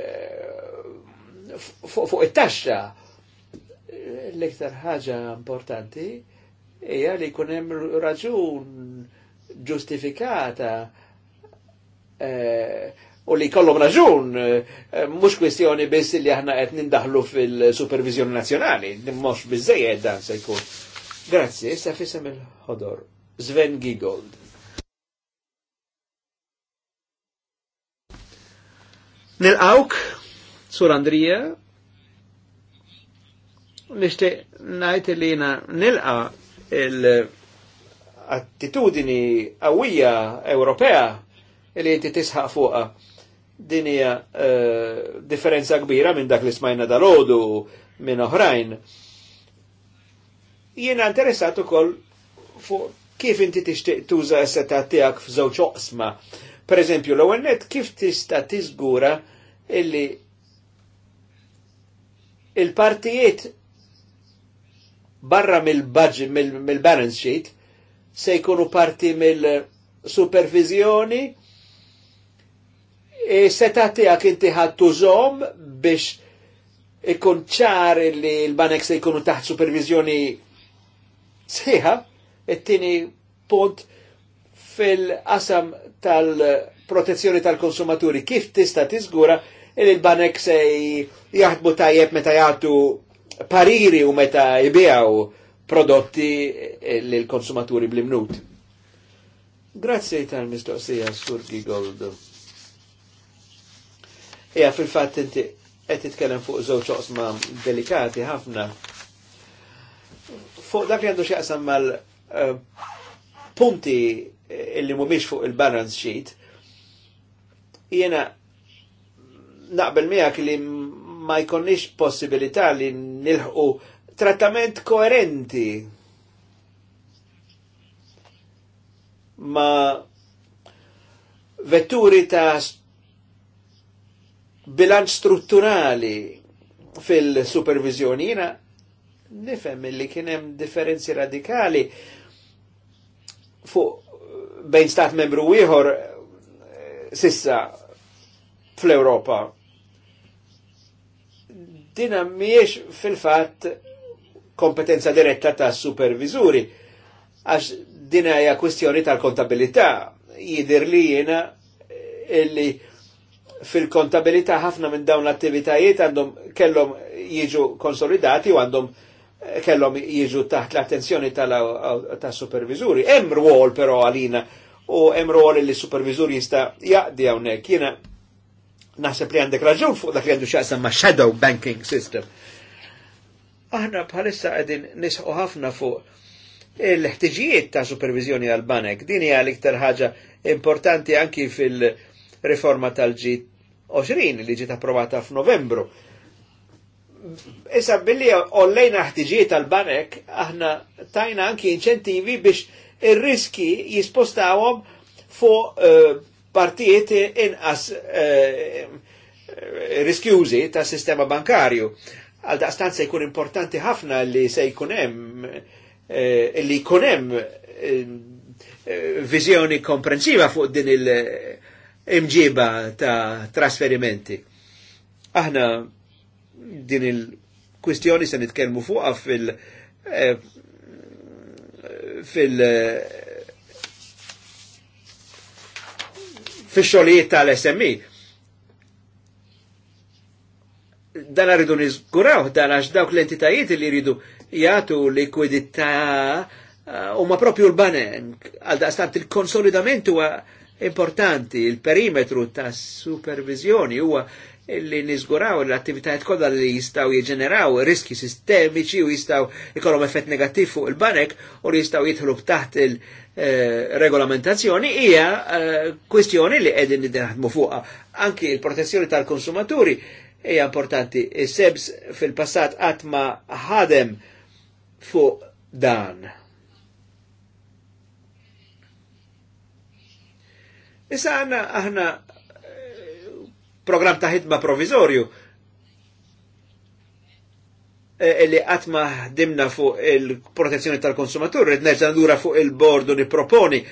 fuq it-taxxa. L-iktar ħaġa importanti hija li jkun hemm raġun ġustifikata eh, u li kollom raġun, eh, mhux kwestjoni biss li aħna qed nindaħlu fil-supervizjoni nazzjonali, mux biżejjed dan se jkun. Grazzi, issa fisem il-ħodor. Sven Gigold. nil awk Sur Andrija, nishti najt li jina nilqa l-attitudini għawija Ewropea li jinti tisħaq fuqa dinija uh, eh, differenza kbira minn dak li smajna dal-ħodu minn oħrajn. Jiena interessat ukoll fuq kif inti tixtieq tuża s-setat tiegħek f'żewġ oqsma. Per l-ewwel net kif tista' tiżgura illi il-partijiet barra mill-balance mil balance sheet se jkunu parti mill-supervizjoni e tati għak inti zom biex ikun ċar li l-banek se jkunu taħt supervizjoni sħiħa, it-tini punt fil-qasam tal-protezzjoni tal-konsumaturi. Kif tista tiżgura il banek se jaħdmu tajjeb meta jagħtu pariri u meta jibijaw prodotti l konsumaturi bl-imnut. Grazie tal-mistoqsija, Sur Gold. Ija fil-fatt inti qed titkellem fuq żewġ oqsma delikati ħafna. Fuq dak li għandu x'jaqsam mal-punti eh, illi mhumiex fuq il-balance sheet, jiena naqbel miegħek li ma jkunniex possibilità li nilħqu trattament koerenti ma vetturi ta' bilanċ strutturali fil supervizjonina nifem li kienem differenzi radikali fuq bejn stat membru ieħor eh, sissa fl-Europa Dina miex fil-fat kompetenza diretta ta' supervizuri, għax dina hija kwestjoni tal-kontabilità. Jidir li jena eh, illi fil-kontabilità ħafna minn dawn l-attivitajiet għandhom kellhom jiġu konsolidati u għandhom eh, kellhom jiġu taħt l-attenzjoni tal-supervizuri. Ta hemm rwol però għalina u hemm rwol li supervizur jista' jaqdi hawnhekk. Jiena naħseb li għandek raġun fuq dak li għandu xaqsam ma' shadow banking system. Aħna bħalissa għedin nisħu ħafna fuq il-ħtiġijiet ta' supervizjoni għal-banek. Din hija l-iktar ħaġa importanti anki fil reforma tal ġi 20 li ġiet approvata f'Novembru. Issa billi ollejna ħtiġijiet għal banek aħna tajna anki inċentivi biex ir-riski jispostawom fuq uh, partijiet inqas eh, riskjużi ta' sistema bankarju. Għal daqstan se jkun importanti ħafna li se jkun hemm eh, li jkun hemm eh, viżjoni komprensiva fuq din il-imġiba eh, ta' trasferimenti. Aħna din il-kwistjoni se nitkellmu fuqha fil- eh, fil- eh, fi xogħlijiet tal-SMI. E. Dan rridu nizguraw, dan għax dawk l-entitajiet li jridu jgħatu likwidità u uh, ma propju l banen għal daqstant il konsolidamentu importanti. Il-perimetru ta' supervizjoni huwa li nizguraw l-attivitajiet kollha li jistaw jiġeneraw riski sistemiċi u jistaw ikollhom effett negattiv fuq il-banek u li jistaw jidħlu taħt il-regolamentazzjoni eh, hija eh, kwistjoni li qegħdin nidħadmu fuqha. Anki il-protezzjoni tal-konsumaturi hija importanti. Is-sebs fil-passat qatt ma ħadem fuq dan Issa għanna aħna program ta' ħidma provizorju e, e, li għatma ħdimna fuq il-protezzjoni tal-konsumatur, rid nerġa' ndura fuq il bordu niproponi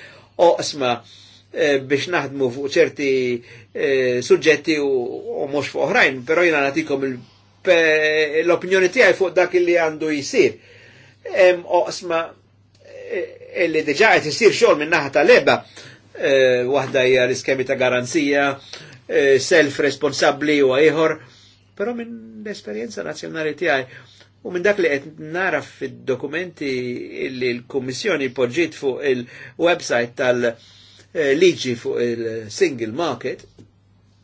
o e, biex naħdmu fuq ċerti e, suġġetti u, mux fuq oħrajn, pero jina natikom l-opinjoni tiegħi fuq dak li għandu jsir. oqsma li diġa għet jisir xol minn naħa tal-eba. Eh, waħda hija l-iskemi ta' garanzija, eh, self-responsabli u ieħor, però minn l-esperjenza nazzjonali tiegħi U minn dak li qed nara fid-dokumenti li l-Kummissjoni poġġiet fuq il-website tal-liġi fuq il-single market,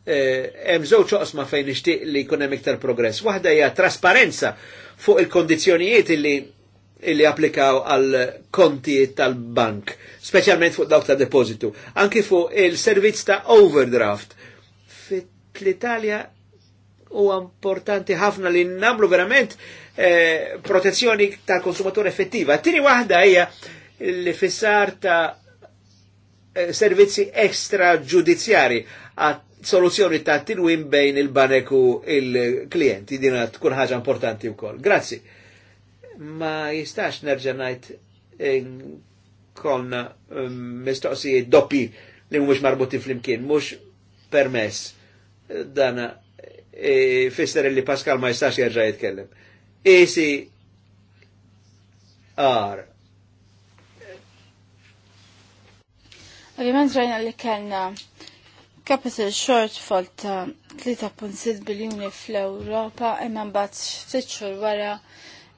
eh, hemm żewġ oqsma fejn nixtieq li jkun hemm iktar progress. Waħda hija trasparenza fuq il-kondizzjonijiet li illi applikaw għal konti tal-bank, specialment fuq dawk ta' depositu, anki fuq il-servizz ta' overdraft. Fit l-Italja u importanti ħafna li namlu verament eh, protezzjoni tal konsumatur effettiva. Tini wahda hija l-fissar ta' eh, servizzi ekstra ġudizzjari għat soluzzjoni ta' tilwim bejn il-banek u il-klienti. Dina tkun ħaġa importanti u kol. Grazie ma jistax nerġa' ngħid kolna um, mistoqsijiet doppi li mhux fl-imkien, mhux permess dana e, fisser li Pascal ma jistax jerġa' jitkellem. Isi e, ar. Ovvijament rajna li kellna capital shortfall ta' 3.6 biljuni fl-Europa imma mbagħad ftit xhur wara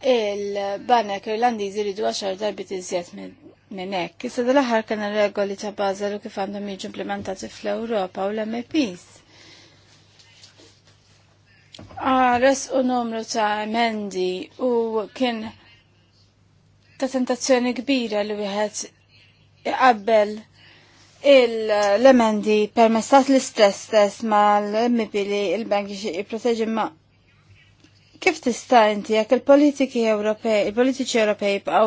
il-banek irlandiżi ridu għaxar darbit iżjed minn hekk. Issa dal-aħħar kien regoli ta' Basel u kif għandhom jiġu implementati fl-Ewropa u l-MPs. Res u numru ta' emendi u kien ta' tentazzjoni kbira li wieħed iqabbel l-emendi permessat l-istess test ma l-MP li il-bank jipproteġi ma' Kif tista' inti jekk il-politiki Ewropej, il-politiċi Ewropej jibqgħu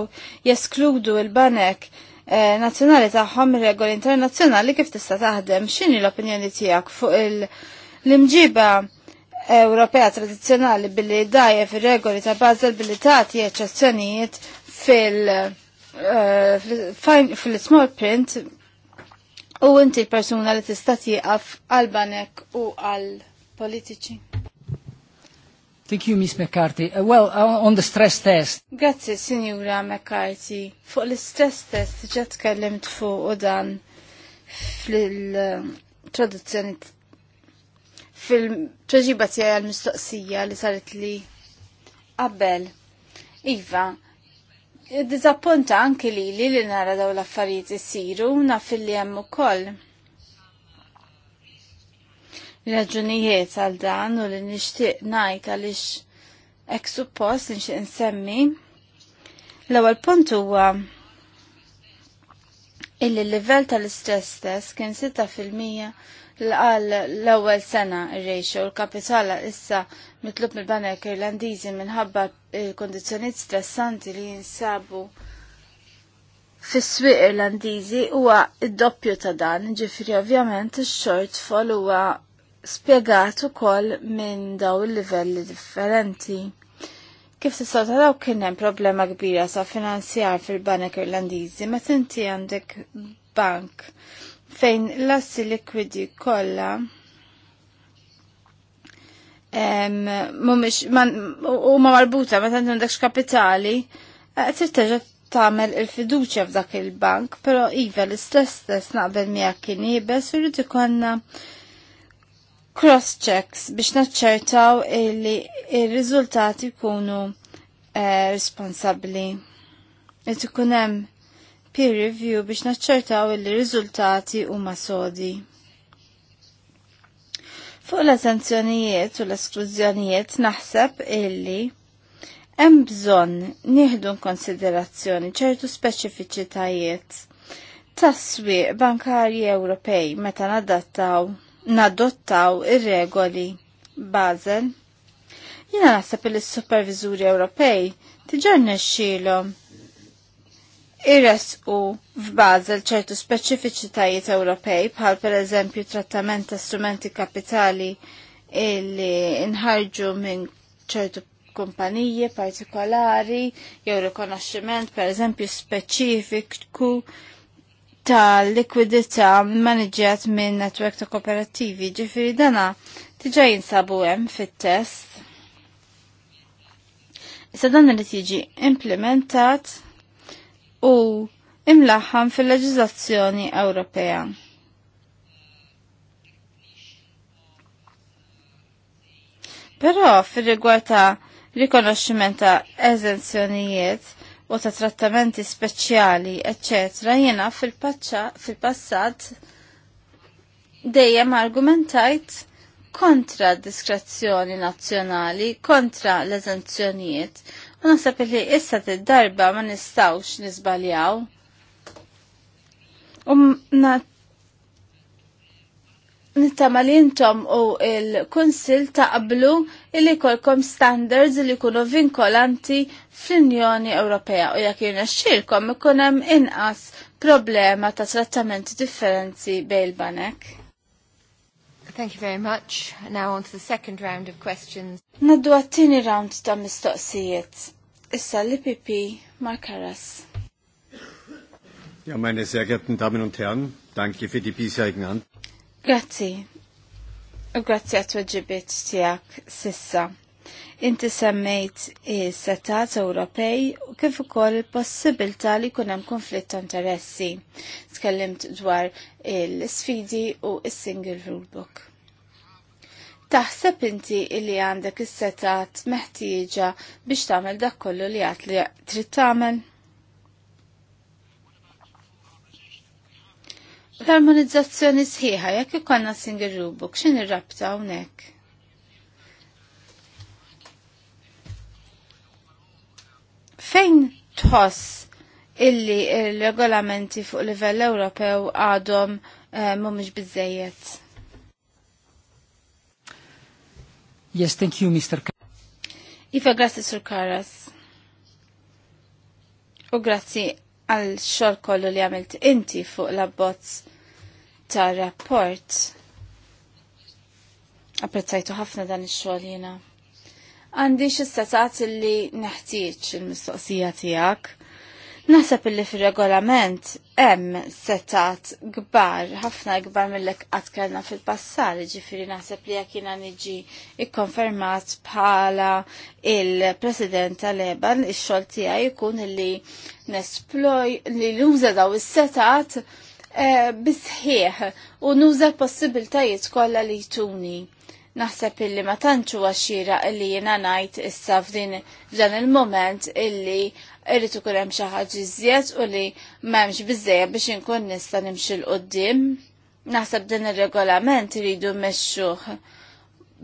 jeskludu l-banek eh, nazzjonali tagħhom regoli internazzjonali kif tista' taħdem? X'inhi l-opinjoni tiegħek fuq l-imġiba Ewropea tradizzjonali billi dajjef ir-regoli ta' Basel billi tagħti eċċezzjonijiet fil- eh, fil-small print u inti l-persuna li tista' tieqaf għal banek u għal politiċi. Thank you, Ms. McCarthy. Uh, well, uh, on the stress test. Grazie, Signora McCarthy. Fuq l-stress test ġa tkellimt fuq u dan fil-traduzzjoni fil-preġiba tiegħi għal-mistoqsija li saret li qabel. Iva, Dizzappunta anke li li li nara daw l-affarijiet isiru naf li hemm ukoll raġunijiet għal dan u li nixtieq ngħid għaliex hekk suppost li nixtieq insemmi. L-ewwel punt huwa illi l-livell tal-istress test kien 6% l għal l-ewwel sena il ratio u l-kapitala issa mitlub mill-banek Irlandiżi minħabba l stressanti li jinsabu fis-swieq Irlandiżi huwa id-doppju ta' dan, ġifieri ovvjament ix-shortfall huwa spiegat ukoll minn daw il-livelli differenti. Kif tistgħu taraw kien hemm problema kbira sa' finanzjar fil-banek Irlandiżi meta inti għandek bank fejn l-assi likwidi kollha mhumiex u ma marbuta meta inti għandek kapitali eh, tirteġa' tagħmel il-fiduċja f'dak il-bank, però iva l-istess stess naqbel miegħek kien jibes u jrid ikollna cross checks biex naċċertaw li il-riżultati jkunu eh, responsabbli. Qed ikun hemm peer review biex naċċertaw il riżultati huma sodi. Fuq l-attenzjonijiet u l-esklużjonijiet naħseb illi hemm bżonn nieħdu konsiderazzjoni ċertu speċifiċitajiet tas-swieq bankarji Ewropej meta nadattaw nadottaw ir-regoli Basel. Jina naħseb il superviżuri Ewropej tiġarna xilom irresqu f'Basel ċertu speċifiċitajiet Ewropej bħal per eżempju trattament ta' strumenti kapitali illi nħarġu minn ċertu kumpaniji partikolari jew rikonoxximent per eżempju speċifiku ta' likwidità manager minn netwerk ta' kooperativi ġifiri dana tiġa jinsabu hemm fit-test. Issa dan li tiġi implementat u imlaħħam fil-leġiżlazzjoni Ewropea. Però fil-rigward ta' rikonoxximent ta' eżenzjonijiet, u ta' trattamenti speċjali, ecc. Jena fil-passat fil dejjem argumentajt kontra diskrezzjoni nazzjonali, kontra l-eżenzjonijiet. U nasab li issa darba ma nistawx nizbaljaw. U um, Nittama li intom u il-Kunsil taqblu illi kolkom standards li kunu vinkolanti fl-Unjoni Ewropea u jekk jirnexxilkom ikun hemm inqas problema ta' trattamenti differenzi bejl banek. Thank you very much. Now on to the second round of questions. Naddu għattini round ta' mistoqsijiet. Issa li-Pipi Markaras. Ja, meine sehr geehrten Damen und Herren, danke für die bisherigen Antworten. Grazzi. U grazzi għat weġibiet tijak sissa. Inti semmejt il setat Ewropej u kif ukoll il-possibilità li jkun hemm konflitt ta' interessi. Tkellimt dwar l-sfidi u s-single rulebook. Taħseb inti li għandek is-setat meħtieġa biex tagħmel dak kollu li għad li trid tagħmel? l-armonizzazzjoni sħiħa jekk ikonna single rubuk, x'in ir-rabta hawnhekk. Fejn tħoss illi il-regolamenti fuq livell Ewropew għadhom eh, mhumiex biżejjed? Yes, thank you, Mr. K iva, grazzi, Sur Karas. U grazzi għal xor kollu li għamilt inti fuq la bozz ta' rapport. Apprezzajtu ħafna dan ix-xogħol jiena. Għandi xi li neħtieġ il-mistoqsija tiegħek. Nasab illi fil-regolament hemm setat gbar, ħafna gbar mill-lek għatkelna fil-passar, ġifiri nasab li għakina niġi ikkonfermat bħala il-president tal-Eban, il-xol tijaj ikun illi nesploj li l-uża daw il-setat eh, bisħieħ u nuża l-possibiltajiet kollha li jtuni naħseb illi ma tantxu għaxira illi jena najt issa f'din f'dan il-moment illi irrid ikun hemm xi ħaġa iżjed u li m'hemmx biżejjed biex inkun nista' nimxi l qudiem Naħseb din ir-regolament iridu mmexxuh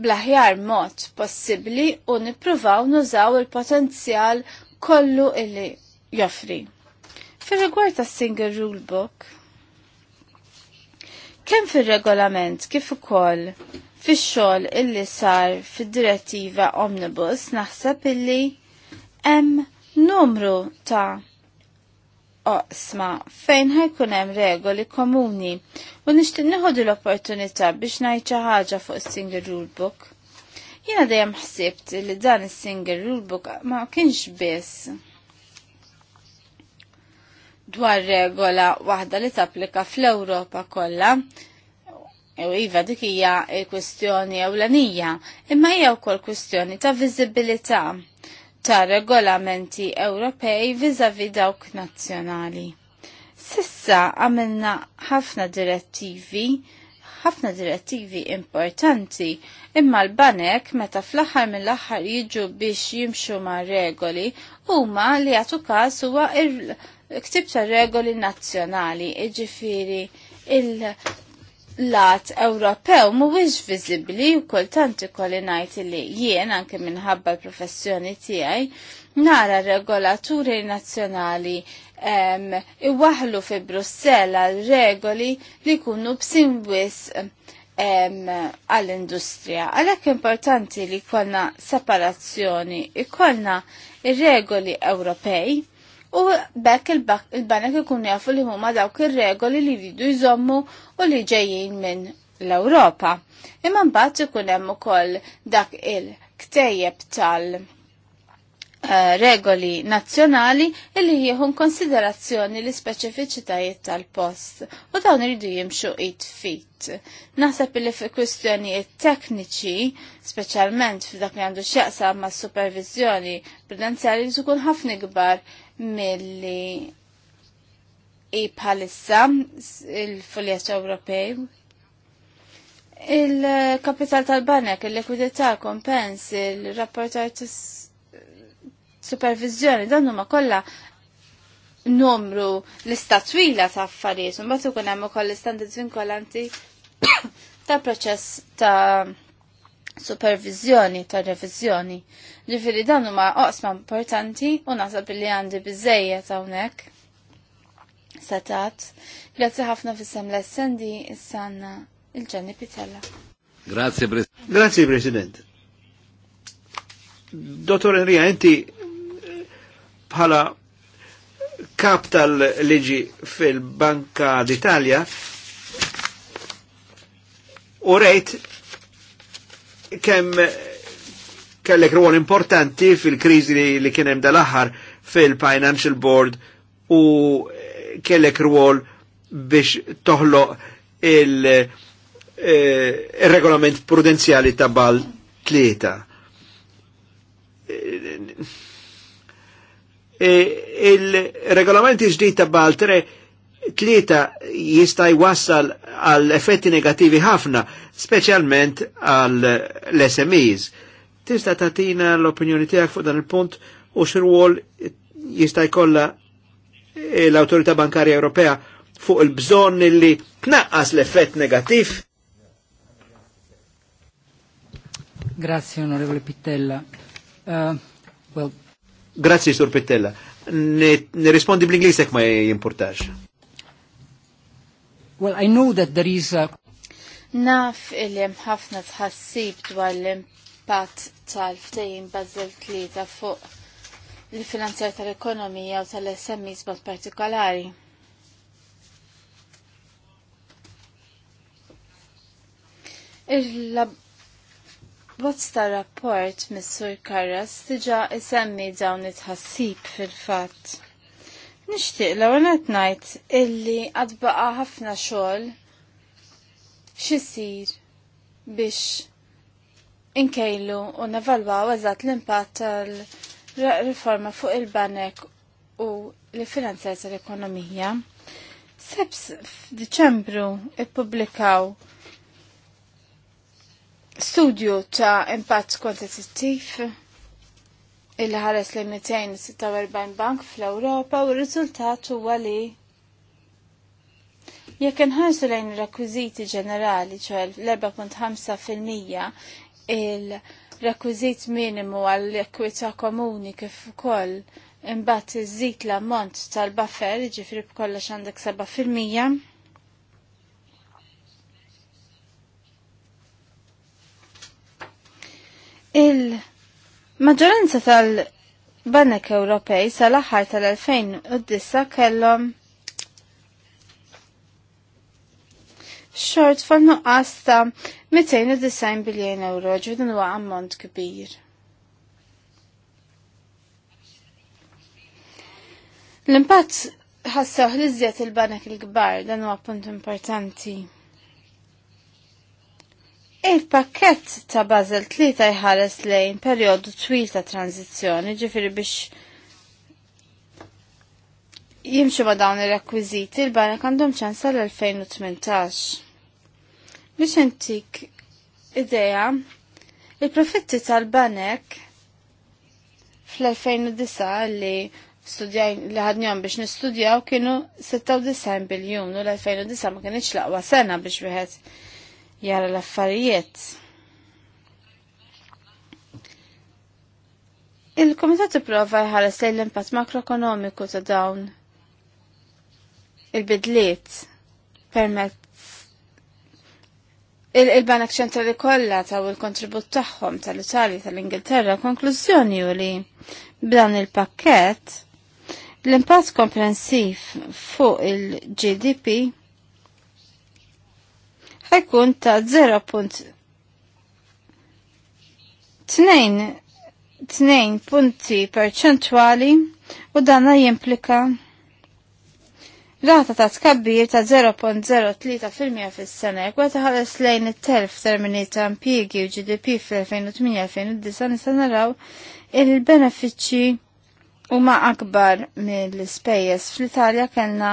bl-aħjar mod possibbli u nippruvaw nużaw il-potenzjal kollu illi joffri. Fir-rigward tas-Single Rule Book, kemm fir-regolament kif ukoll fix-xogħol illi sar fid-direttiva Omnibus naħseb illi hemm numru ta' oqsma fejn ħajkun hemm regoli komuni u nixtieq nieħodu l-opportunità biex ngħid xi ħaġa fuq is-single rule book. Jiena dejjem ħsibt li dan is-single rule book ma kienx biss dwar regola waħda li tapplika fl-Ewropa kollha, Ew iva dik hija kwestjoni ewlenija, imma hija wkoll kwestjoni ta' viżibilità ta' regolamenti Ewropej vizavi dawk nazzjonali. Sissa għamilna ħafna direttivi, ħafna direttivi importanti, imma l-banek meta fl-aħħar mill-aħħar jiġu biex jimxu ma' regoli huma li għatu każ huwa il-ktib ta' regoli nazzjonali, iġifiri il lat Ewropew mhuwiex viżibbli u kultant ikolli ngħid li jien anke minħabba l-professjoni tiegħi nara regolaturi nazzjonali iwaħlu fi Brussella għal regoli li jkunu b'simwis għall-industrija. Għalhekk importanti li jkollna separazzjoni, ikollna ir-regoli Ewropej u bekk il-banek ikun jafu li huma dawk ir-regoli li jridu jżommu u li ġejjin minn l-Ewropa. Imma mbagħad ikun hemm ukoll dak il-ktejjeb tal- eh, regoli nazzjonali illi jieħu konsiderazzjoni l speċifiċitajiet tal-post u dawn iridu jimxu it fit. Naħseb li fi kwistjonijiet tekniċi, speċjalment f'dak li għandu x'jaqsam ma' supervizjoni prudenzjali li tkun ħafna kbar milli i palissa il-fuljet Ewropej. Il-kapital tal-banek, il-likwidità, kompens, il-rapportar supervizjoni, dan huma kollha numru l-istatwila ta' affarijiet, batu ikun hemm ukoll l-istandards vinkolanti ta' proċess ta' supervizjoni ta' revizjoni. Ġifiri dan huma oqsma importanti u nasab li għandi ta' hawnhekk. Setat, grazzi ħafna fissem l-essendi sanna il-ġenni Pitella. Grazie, Presidente. Grazie, President. Dottor Enrija, inti eh, bħala kap tal-liġi fil-Banka d'Italja u rejt kemm kellek ruol importanti fil-kriżi li, li kien hemm dal-aħħar fil-Financial Board u kellek ruol biex toħloq eh, il-regolament il, prudenziali ta' bal tlieta. Eh, Il-regolamenti ġdid ta' bal tlieta jista' jwassal għal effetti negativi ħafna, speċjalment għal smes Tista' tatina l-opinjoni tiegħek fuq dan il-punt u x'rwol jista' jkollha l-Awtorità Bankarja Ewropea fuq il-bżonn li tnaqqas l-effett negattiv? Grazie, onorevole Pittella. Uh, well... Grazie, Sur Pittella. Nirrispondi bl-Inglisek ma jimportax. Well, I know that there is a... Naf il-jem ħafna tħassib dwar l-impatt tal-ftejn bazzil tlieta fuq l-finanzjar tal-ekonomija u tal-SMEs bot partikolari. il Bozz ta' rapport mis-Sur Karras diġa isemmi dawn it-ħassib fil-fatt. Nishtiq la għanet najt illi għadbaqa ħafna xol xisir biex inkejlu u nevalwaw għazat l-impatt tal-riforma fuq il-banek u l-finanzjar tal-ekonomija. Seps f'Diċembru ippubblikaw studju ta' impatt kwantitattiv Il ħares li 246 bank fl-Ewropa u r-riżultat huwa li jekk inħarsu lejn ir-rekwiżiti ġenerali, ċoħe l-4.5% il-rekwiżit minimu għall-ekwita komuni kif ukoll imbagħad iżid l-ammont tal baffer ġifri b'kollox għandek 7%. Il- Maġġoranza tal-Banek Ewropej sal-aħħar tal-2009 kellhom xort fan nuqqas ta' 290 biljon euro ġudin huwa ammont kbir. L-impatt ħassew l-iżjed il-banek il-kbar dan huwa punt importanti. Il-pakket ta' Basel 3 jħares lejn periodu twil ta' tranzizjoni, ġifiri biex jimxu ma' dawn il-rekwiziti il-banek għandhom ċans l-2018. Biex intik ideja, il-profitti tal-banek fl-2009 li studjaj li ħadnjom biex nistudjaw kienu 96 biljun u l-2009 ma kienx laqwa sena biex wieħed jara l-affarijiet. Il-Komitat ipprova jħares lejn l-impatt makroekonomiku ta' dawn il-bidliet permezz il-Banak ċentrali kollha taw il-kontribut tagħhom tal-Italja tal-Ingilterra konklużjoni u li b'dan il-pakkett l-impatt komprensiv fuq il-GDP ħajkun ta' 0.2 punti perċentwali u danna jimplika rata ta' tkabbir ta' 0.03% fis-sena jekk ta' ħares lejn it-telf termini ta' impjiegi u GDP fil 2008 2009 nista' naraw il-benefiċċji huma akbar mill-ispejjeż fl-Italja kellna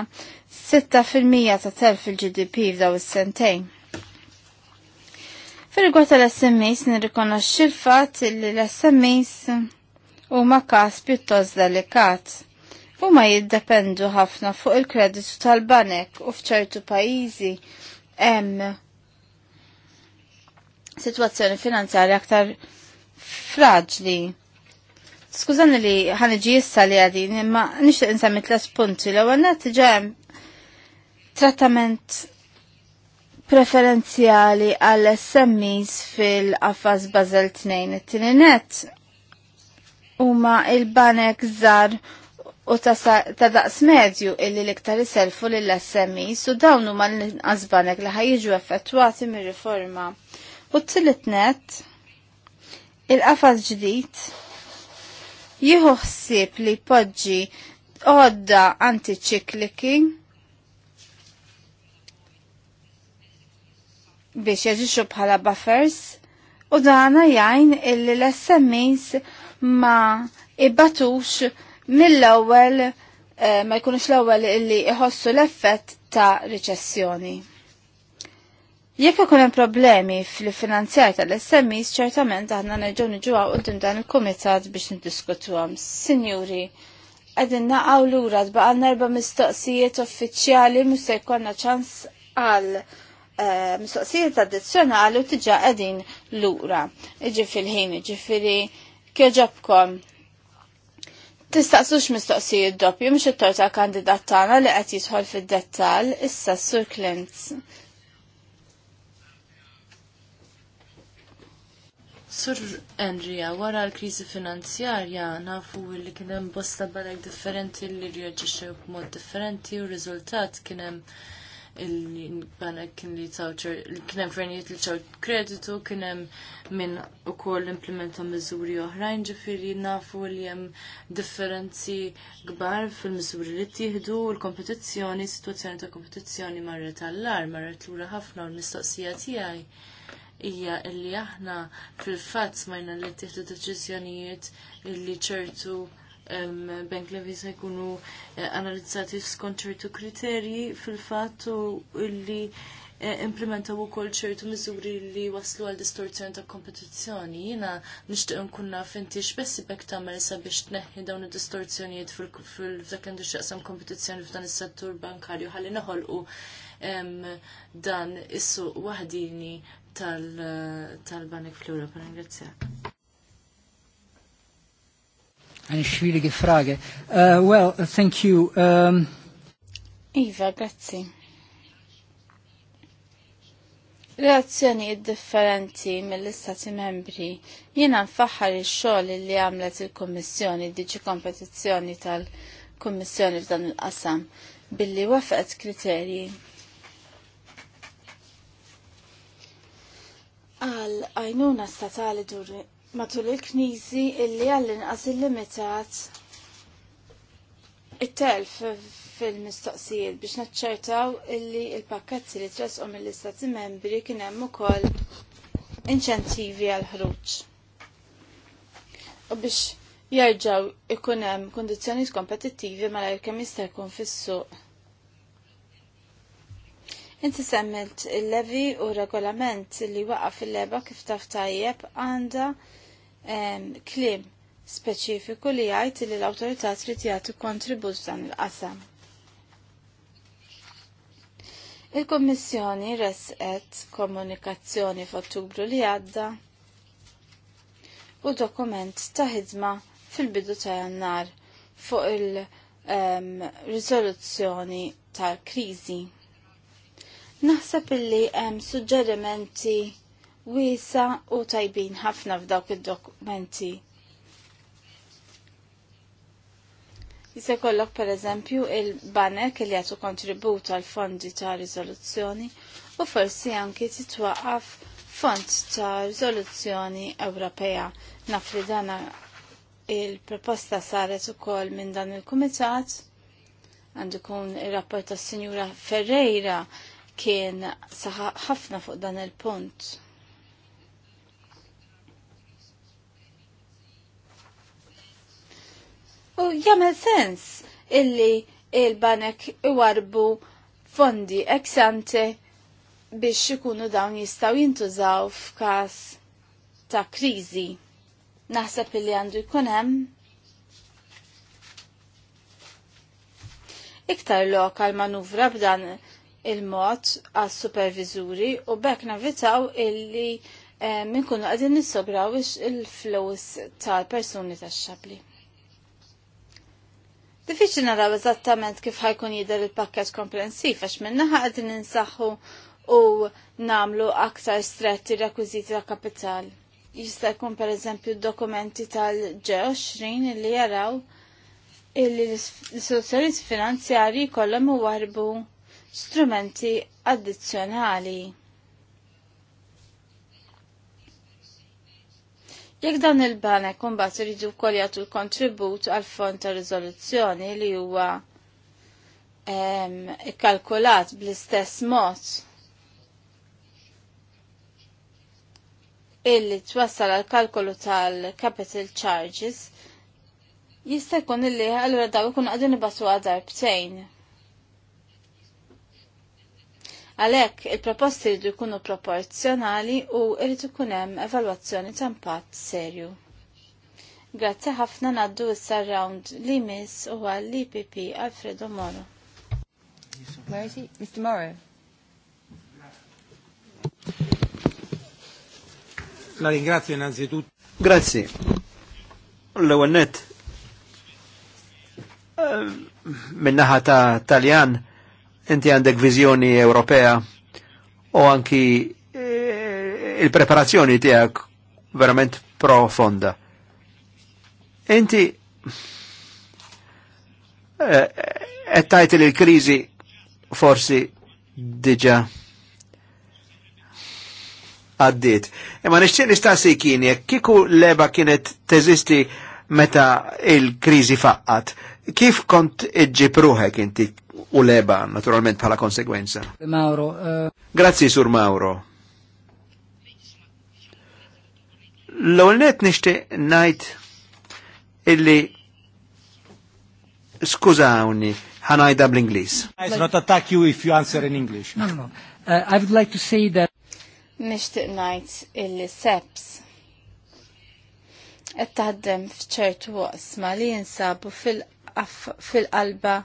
6% ta' telf il-GDP f'daw is-sentejn. Fil-rigward tal-SMS nirrikonoxxi l-fatt li l-SMS huma każ pjuttost delikat. Huma jiddependu ħafna fuq il-kreditu tal-banek u f'ċertu pajjiżi hemm sitwazzjoni finanzjarja aktar fraġli. Skużani li ħaniġi issa li għadin, imma nixtieq insemmi tles punti l-ewwel nett ġem trattament preferenzjali għall SMEs fil-qafas Basel 2 it-tininet huma il-banek zar u ta' daqs medju illi l-iktar iselfu lill smis u dawn huma l-inqas banek li ħajġu effettwati mir-riforma. U t tilitnet net il-qafas ġdid jieħu ħsieb li poġġi għodda antiċikliki biex jaġixxu bħala buffers u dana jajn illi l-SMEs ma ibbatux mill-ewwel eh, ma jkunux l-ewwel illi iħossu l-effett ta' riċessjoni. Jekk ikun hemm problemi fil-finanzjar tal-SMEs, ċertament aħna nerġgħu niġu qudiem dan il-kumitat biex niddiskutuhom. Sinjuri, qegħdin naqgħu lura tbaqgħu erba' mistoqsijiet uffiċjali mhux se jkollna ċans għal Eh, mistoqsijiet addizzjonali u tiġa qegħdin lura. Iġifieri ħin, iġifieri kieġobkom Tistaqsux mistoqsijiet doppju mhux it-torta kandidat tagħna li qed jidħol fid-dettall issa Sur Klintz. Sur Andrea, wara l-kriżi finanzjarja nafu li kien hemm bosta balek differenti li rjoġixxew b'mod differenti u r-riżultat kien hemm il bana kien li tawċer, kienem frenijiet li ċaw kreditu, kienem minn u koll implementa mizuri oħrajn ġifiri nafu li jem differenzi gbar fil-mizuri li tiħdu u l-kompetizjoni, situazzjoni ta' kompetizjoni marret tal-lar, marret l ħafna u l-mistoqsija tijaj ija illi aħna fil-fat smajna li tieħdu deċizjonijiet illi ċertu bank levies jkunu eh, analizzati skont ċertu kriterji fil-fatt li illi eh, implementaw ukoll ċertu miżuri li waslu għal distorzjoni ta' kompetizzjoni. Jiena nixtieq nkun naf inti x'bessi bekk tagħmel sabiex tneħħi dawn id-distorzjonijiet f'dak li xaqsam kompetizzjoni f'dan is-settur bankarju ħalli noħolqu dan is-suq waħdini eh, tal-banek fl europa Ringrazzjak. Eine schwierige Frage. Uh, well, thank you. Um, iva, grazzi. Reazzjoni differenti mill-Istati membri jiena nfaħħar ix-xogħol li għamlet il-Kummissjoni diġi kompetizzjoni tal-Kummissjoni f'dan il-qasam billi wafqet kriterji għal għajnuna statali matul il-knizi illi għall-inqas il-limitat it-telf fil-mistoqsijiet biex naċċertaw illi il-pakketti li tresqom mill-istati membri kien hemm ukoll inċentivi għal ħruġ. U biex jerġgħu ikun hemm kundizzjonijiet kompetittivi malajr kemm jista' jkun fis-suq. Inti semmilt il-levi u regolament li waqa fil-leba kif taf tajjeb għanda klim speċifiku li jgħid li l-awtorità trid jagħti kontribut dan il-qasam. Il-Kommissjoni resqet komunikazzjoni f'Ottubru li għadda u dokument ta' ħidma fil-bidu ta' jannar fuq il-rizoluzzjoni tal-kriżi. Naħseb illi hemm suġġerimenti wiesa u tajbin ħafna f'dawk id-dokumenti. Jista kollok per eżempju il-banek li għatu kontributu għal fondi ta' rizoluzzjoni u forsi anki titwaqaf fond ta' rizoluzzjoni Ewropea. Nafri dana il-proposta saret u koll minn dan il-Kumitat għandu kun il-rapport ta' Sinjura Ferreira kien saħaq ħafna fuq dan il-punt. U jagħmel sens illi il-banek iwarbu fondi eksante biex ikunu dawn jistaw jintużaw f'każ ta' kriżi. Naħseb illi għandu jkun hemm iktar lokal manuvra b'dan il-mod għas superviżuri u bekk navitaw illi eh, minn għadin nissobraw il-flows tal-personi tax-xabli. Diffiċli naraw eżattament kif ħajkun jidher il-pakket komprensiv għax minna ħadin ninsaħħu u namlu aktar stretti rekwiżiti ta' kapital. Jista' jkun pereżempju dokumenti tal-G20 illi jaraw illi l-istituzzjonijiet finanzjarji kollhom iwarbu strumenti addizzjonali. Jekk dan il-banek kumbat iridu wkoll jagħtu l-kontribut għal fond ta' riżoluzzjoni li huwa ikkalkulat bl-istess mod illi twassal għal kalkolu tal-capital charges jista' jkun illi allura daw ikun qegħdin ibatu għadar btejn. Għalhekk il-proposti jridu jkunu proporzjonali u jrid ikun hemm evalwazzjoni ta' impatt serju. Grazzi ħafna ngħaddu issa round li miss u għall-IPP e Alfredo Moro. Mr. Moro. La ringrazio innanzitutto. Grazie. l eh, minnaħa ta' Taljan inti għandek viżjoni Ewropea u anki eh, il-preparazzjoni tiegħek verament profonda. Inti eh, qed tajt li l-kriżi forsi diġa għaddit. Imma nixtieq istassi kien jekk kieku leba kienet teżisti meta il-kriżi faqqat, kif kont iġġi pruħek inti? u leba, naturalment pala konsekwenza. Mauro. Uh... Eh, Grazie, Sur Mauro. L-għolnet nishti najt illi skużawni, ħanajda bl-Inglis. I'll not attack you if you answer in English. No, no, uh, I would like to say that... nishti najt illi seps qed taħdem f'ċertu waqsma li jinsabu fil-qalba fil qalba fil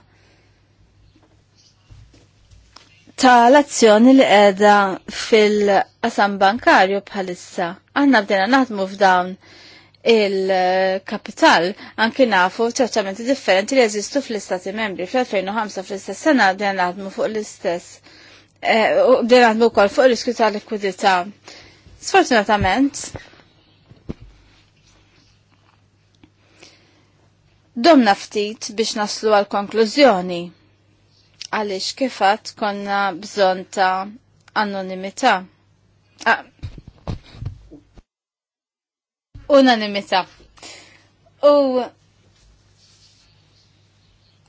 Ta' l azzjoni li qiegħda fil-qasam bankarju bħalissa. Aħna bdejna naħdmu f'dawn il-kapital anki nafu ċertamenti differenti li jeżistu fl-istati membri. Fl-2005 fl-istess sena bdena naħdmu fuq l-istess. Eh, bdena naħdmu wkoll fuq riskju ta' likwidità. Sfortunatament, domna ftit biex naslu għal konklużjoni għaliex kifat konna bżon ta' anonimità. Ah. Unanimità. U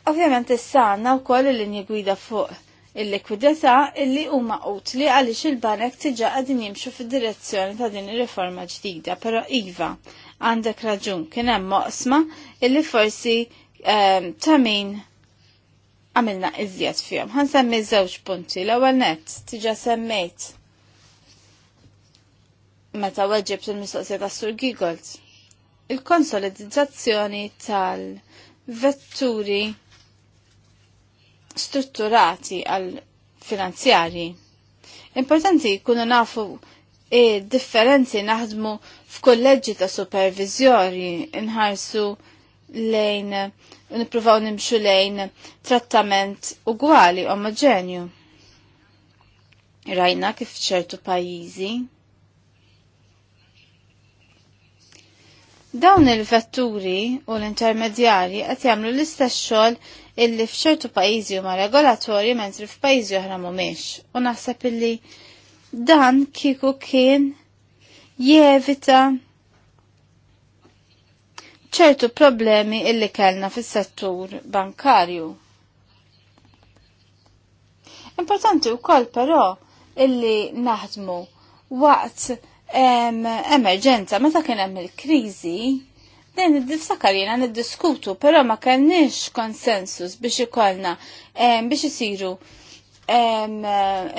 Ovvjament issa u koll il-linji gwida fuq il-likwidità illi huma utli għaliex il-banek tiġa għadin jimxu fid-direzzjoni ta' din ir-riforma ġdida, però iva għandek raġun kien hemm moqsma illi forsi ehm, tamin għamilna iżjed fihom. Għan semmi żewġ punti. L-ewwel nett tiġa semmejt meta weġġibt il-mistoqsija ta' Sur Gigold. Il-konsolidizzazzjoni tal-vetturi strutturati għal finanzjari. Importanti jkunu nafu e differenzi naħdmu f'kolleġġi ta' supervizjoni inħarsu lejn u nippruvaw nimxu lejn trattament ugwali, omogenju. Rajna kif ċertu pajjiżi Dawn il-vetturi u l-intermedjari qed jagħmlu l-istess xogħol illi f'ċertu pajjiżi huma regolatorji mentri f'pajjiżi oħra mhumiex. U naħseb illi dan kieku kien jevita ċertu problemi illi kellna fis-settur bankarju. Importanti u koll però illi naħdmu waqt em, emerġenza meta kien hemm il-kriżi din id disakar jiena niddiskutu, però ma kellniex konsensus biex ikollna biex isiru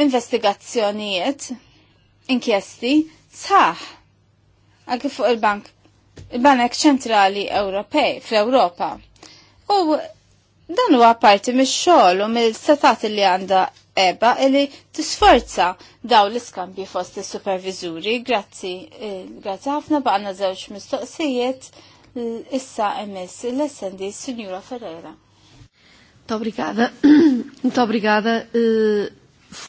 investigazzjonijiet inkjesti sħaħ għalki fuq il-bank il-Banek Ċentrali Ewropej fl-Ewropa. U dan huwa parti mix-xogħol u mill-setat li għandha eba li tisforza daw l-iskambji fost is-supervizuri. Grazzi, eh, grazzi ħafna baqna żewġ mistoqsijiet issa emess l-essendi Signora Ferreira. Tobrigada, tobrigada. Eh.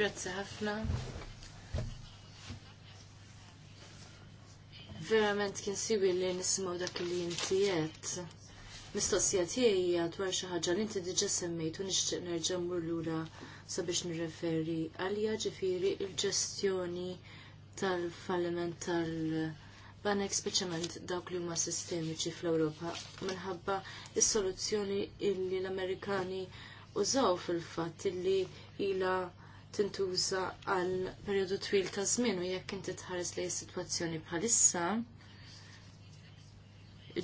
Grazzi ħafna. verament kien siwi li nisimgħu dak li inti qed. Mistoqsija tiegħi hija dwar xi ħaġa li inti diġà semmejt u nixtieq nerġa' mmur lura sabiex nirreferi għalija ġifieri il-ġestjoni tal-falliment tal-, banek speċjalment dawk li huma sistemiċi fl-Ewropa minħabba s-soluzzjoni illi l-Amerikani użaw fil-fatt illi ila tintuża għal perjodu twil ta' żmien u jekk inti tħares lejn sitwazzjoni bħalissa,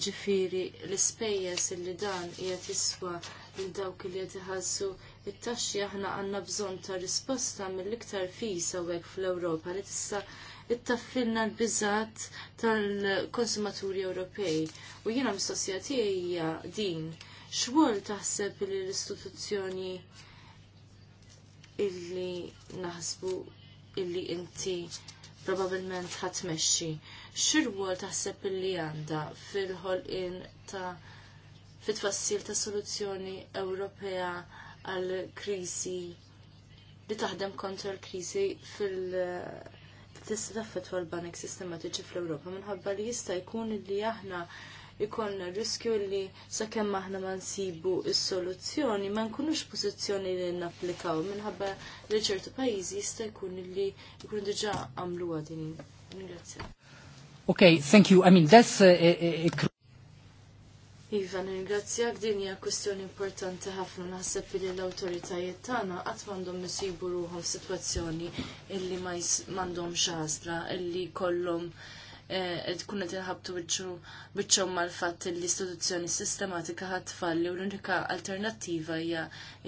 ġifiri l-ispejjeż li dan qiegħed jiswa lil dawk li qed iħallsu it-taxxi aħna għandna bżonn ta' risposta mill-iktar fis hawnhekk fl-Ewropa li tista' ittaffilna l-biżat tal-konsumaturi Ewropej. U jiena mistoqsija tiegħi hija din x'wol taħseb li l-istituzzjoni illi naħsbu illi inti probabilment ħatmexxi. Xirwol taħseb illi għandha fil-ħolqien ta' fit-tfassil ta' soluzzjoni Ewropea għal kriżi li taħdem kontra l-kriżi fil- tista' taffetwa l-banek sistematiċi fl-Ewropa minħabba li jista' jkun illi aħna ikon riskju li sakemm aħna ma nsibu s-soluzzjoni ma nkunux pożizzjoni li napplikaw minħabba li ċertu pajjiżi jista' jkun li jkun diġà għamluha din. Ringrazzja. Okay, thank you. I mean, that's uh, uh, uh, Iva, a, a... Ivan, din hija kwestjoni importanti ħafna naħseb li l-awtoritajiet tagħna qatt m'għandhom isibu ruħhom f'sitwazzjoni illi ma m'għandhomx ħasra illi kollhom Eh, tkun qed inħabtu biċċhom mal-fatt li istituzzjoni sistematika ħadd tfalli u l-unika alternattiva hija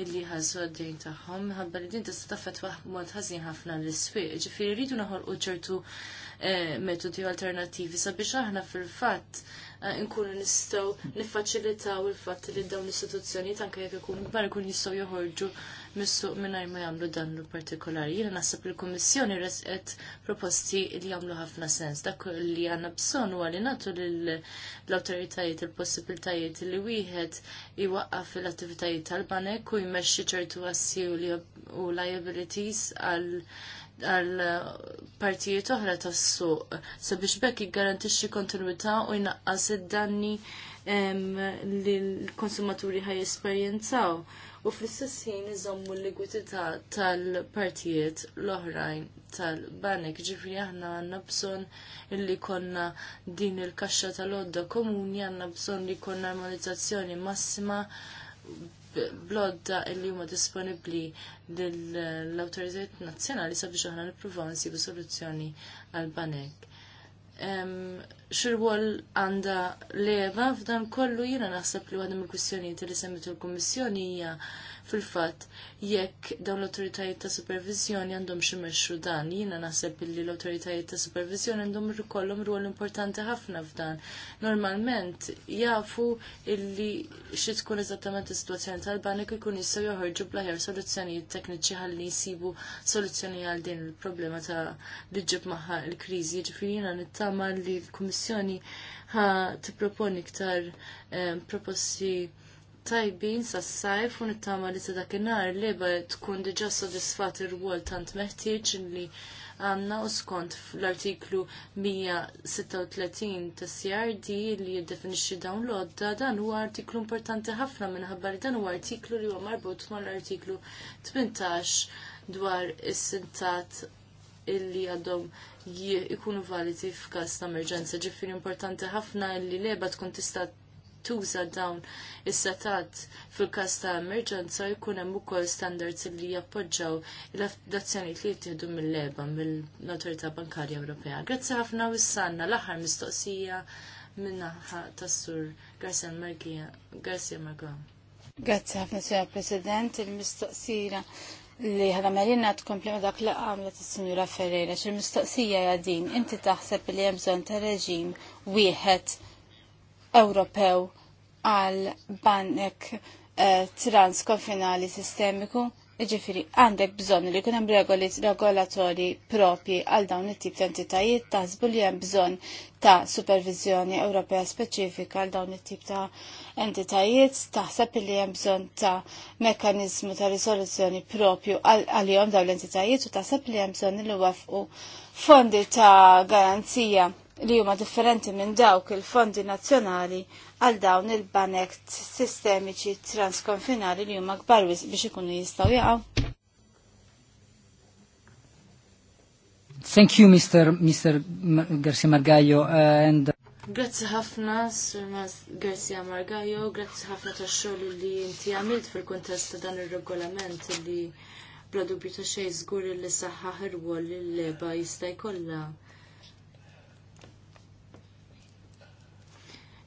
li ħażu għaddejn tagħhom minħabba li din tista' taffettwa b'mod ħażin ħafna l-iswieq. Ġifieri rridu naħolqu ċertu eh, metodi alternattivi sabiex aħna fil-fatt eh, nkunu nistgħu niffaċilitaw il-fatt li dawn l-istituzzjoni tanke jekk ikunu kbar ikun jistgħu joħorġu mis-suq mingħajr ma jagħmlu dannu partikolari. Jena naħseb li komissjoni kummissjoni resqet proposti li jagħmlu ħafna sens. Dak li għandna bżonn u għalli nagħtu lill-awtoritajiet il possibiltajiet li wieħed iwaqqaf l-attivitajiet tal-banek u jmexxi ċertu assi u liabilities għal għal partijiet oħra tas-suq sabiex bekk jiggarantixxi kontinuità u jnaqqas id-danni li l-konsumaturi ħaj esperjenzaw u fl-istess ħin iżommu l-likwidità tal-partijiet l-oħrajn tal-banek ġifri aħna għandna bżonn li konna din il-kaxxa tal-odda komuni għandna bżonn li konna armonizzazzjoni massima blodda li huma disponibbli lill awtoritajiet nazzjonali sabiex aħna nippruvaw nsibu soluzzjoni għall banek xirwol għanda leva f'dan kollu jina naħseb li għadem il-kwistjonijiet li semmitu l-Kommissjoni hija fil-fatt jekk dawn l-autoritajiet ta' supervizjoni għandhom ximmexxu dan. Jiena naħseb li l-autoritajiet ta' supervizjoni għandhom kollhom rwol importanti ħafna f'dan. Normalment jafu illi xi tkun eżattament is-sitwazzjoni tal-banek ikun jistgħu joħorġu bl-aħjar soluzzjonijiet tekniċi ħalli jsibu soluzzjoni għal din il-problema ta' li ġib magħha l-kriżi. Ġifieri jiena nittama li l-Kummissjoni ħa tipproponi iktar eh, proposti tajbin sas-sajf u nittama li li leba tkun diġà sodisfat il rwol tant meħtieġ li għanna u skont l-artiklu 136 ta' CRD li jiddefinixxi dawn l-odda dan huwa artiklu importanti ħafna minħabba li dan huwa artiklu li huwa marbut mal-artiklu 18 dwar is-sintat illi għadhom ikunu validi f'każ ta' emerġenza. Ġifieri importanti ħafna li leba tkun tista' tuża dawn is-setat fil-każ ta' emerġenza jkun hemm ukoll standards li jappoġġaw l-azzjonijiet li jittieħdu mill-leba mill-Awtorità Bankarja Ewropea. Grazzi ħafna u s-sanna l-aħħar mistoqsija minnaħħa tas-sur Garcia Margia. Grazzi ħafna sura President, il-mistoqsija li ħadha Marina tkomplima dak li għamlet is-Sinjura Ferreira xil-mistoqsija din inti taħseb li hemm bżonn ta' reġim wieħed Ewropew għal banek eh, transkonfinali sistemiku, ġifiri għandek bżon li kunem regolatori propi għal dawn it-tip ta' entitajiet ta' li hemm bżon ta' supervizjoni Ewropea speċifika għal dawn it-tip ta' entitajiet taħseb li hemm bżon ta' mekkanizmu ta' risoluzzjoni propju għal-jom dawn l-entitajiet u taħseb li hemm bżon li wafqu fondi ta' garanzija li huma differenti minn dawk il-fondi nazzjonali għal dawn il-banek sistemiċi transkonfinali li huma kbar biex ikunu jistgħu jaqgħu. Thank you, Mr. Mr. Garcia Margallo. Uh, and... Grazzi ħafna, Sir Garcia Margallo, grazzi ħafna ta' xol li inti għamilt fil-kontest ta' dan ir-regolament li bladu dubju xej xejn żgur li saħħaħ ir il li leba jista' jkollha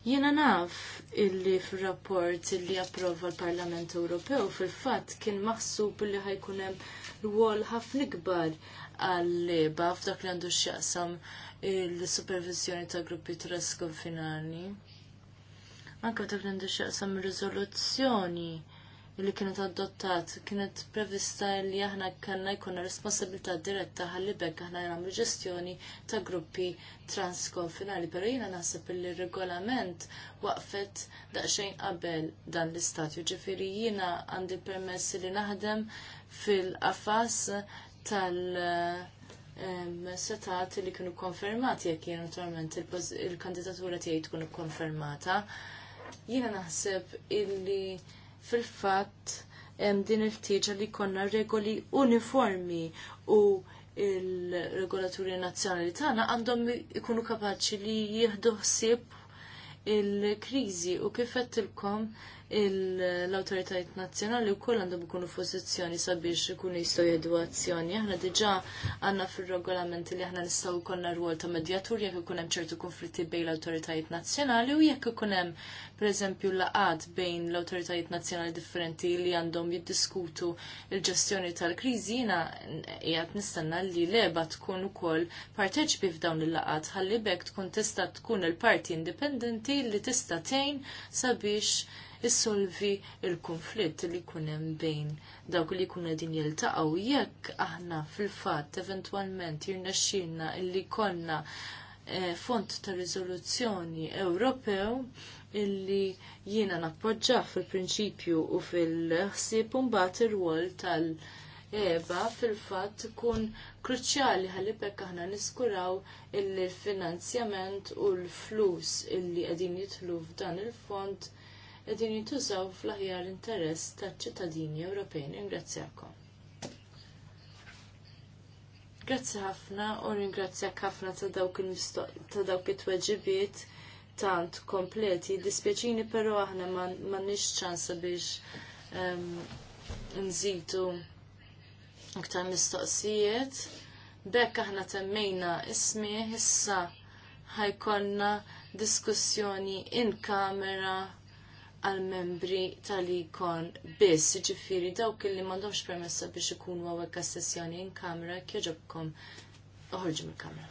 Jiena naf illi fil-rapport illi approva l-Parlament Ewropew fil-fatt kien maħsub illi ħajkun hemm rwol ħafna kbar għal-leba f'dak li għandu x'jaqsam il-supervizjoni ta' gruppi trasko Finali. Anke dak li għandu x'jaqsam ir-riżoluzzjoni li kienet adottat kienet prevista li aħna kanna jkunna responsabilità diretta għalli bekk aħna nagħmlu ġestjoni ta' gruppi transkonfinali, pero jiena naħseb li regolament waqfet daqsxejn qabel dan l-istatju, ġifieri jiena għandi permess li naħdem fil-qafas tal- setat li kienu konfermati jekk jien naturalment il-kandidatura tiegħi tkun konfermata. Jiena naħseb illi fil-fatt hemm din il-tieġa li konna regoli uniformi u il-regolaturi nazzjonali tagħna għandhom ikunu kapaċi li jieħdu ħsieb il-kriżi u kif qedtilkom l nazjonali nazzjonali wkoll għandhom ikunu pożizzjoni sabiex ikunu jistgħu jeddu azzjoni. Aħna diġà għandna fir-regolamenti li aħna nistaw konna rwol ta' medjatur jekk ikun hemm ċertu konflitti bejn l-awtoritajiet nazzjonali u jekk ikun hemm pereżempju laqat bejn l-awtoritajiet nazzjonali differenti li għandhom jiddiskutu il-ġestjoni tal-kriżi jiena qiegħed nistenna li leba tkun ukoll parteċipi f'dawn il laqad ħalli bekk tkun tista' tkun il-parti indipendenti li tista' tgħin sabiex issolvi il-konflitt li kunem bejn dawk li kun din jiltaqaw jekk aħna fil-fatt eventwalment jirnexxilna illi konna eh, font ta' rizoluzzjoni Ewropew illi jiena nappoġġa fil-prinċipju u fil-ħsieb mbagħad ir-rwol tal- Eba fil-fat kun kruċjali ħalibek aħna niskuraw il-finanzjament u l-flus illi għedin jitlu f'dan il-fond qegħdin jintużaw fl-aħjar interess taċ-ċittadini Ewropejn. Ingrazzjakom. Grazzi ħafna u ringrazzjak ħafna ta' dawk ta' dawk it-tweġibiet tant kompleti. Dispjaċini però aħna m'għandniex ċansa biex ehm, nżidu iktar mistoqsijiet. Bekk aħna temmejna ismi issa ħajkonna diskussjoni in kamera għal-membri tal-ikon biss, ġifiri dawk li mandomx permessa biex ikunu għawek sessjoni in kamra, kieġobkom uħorġu mill kamra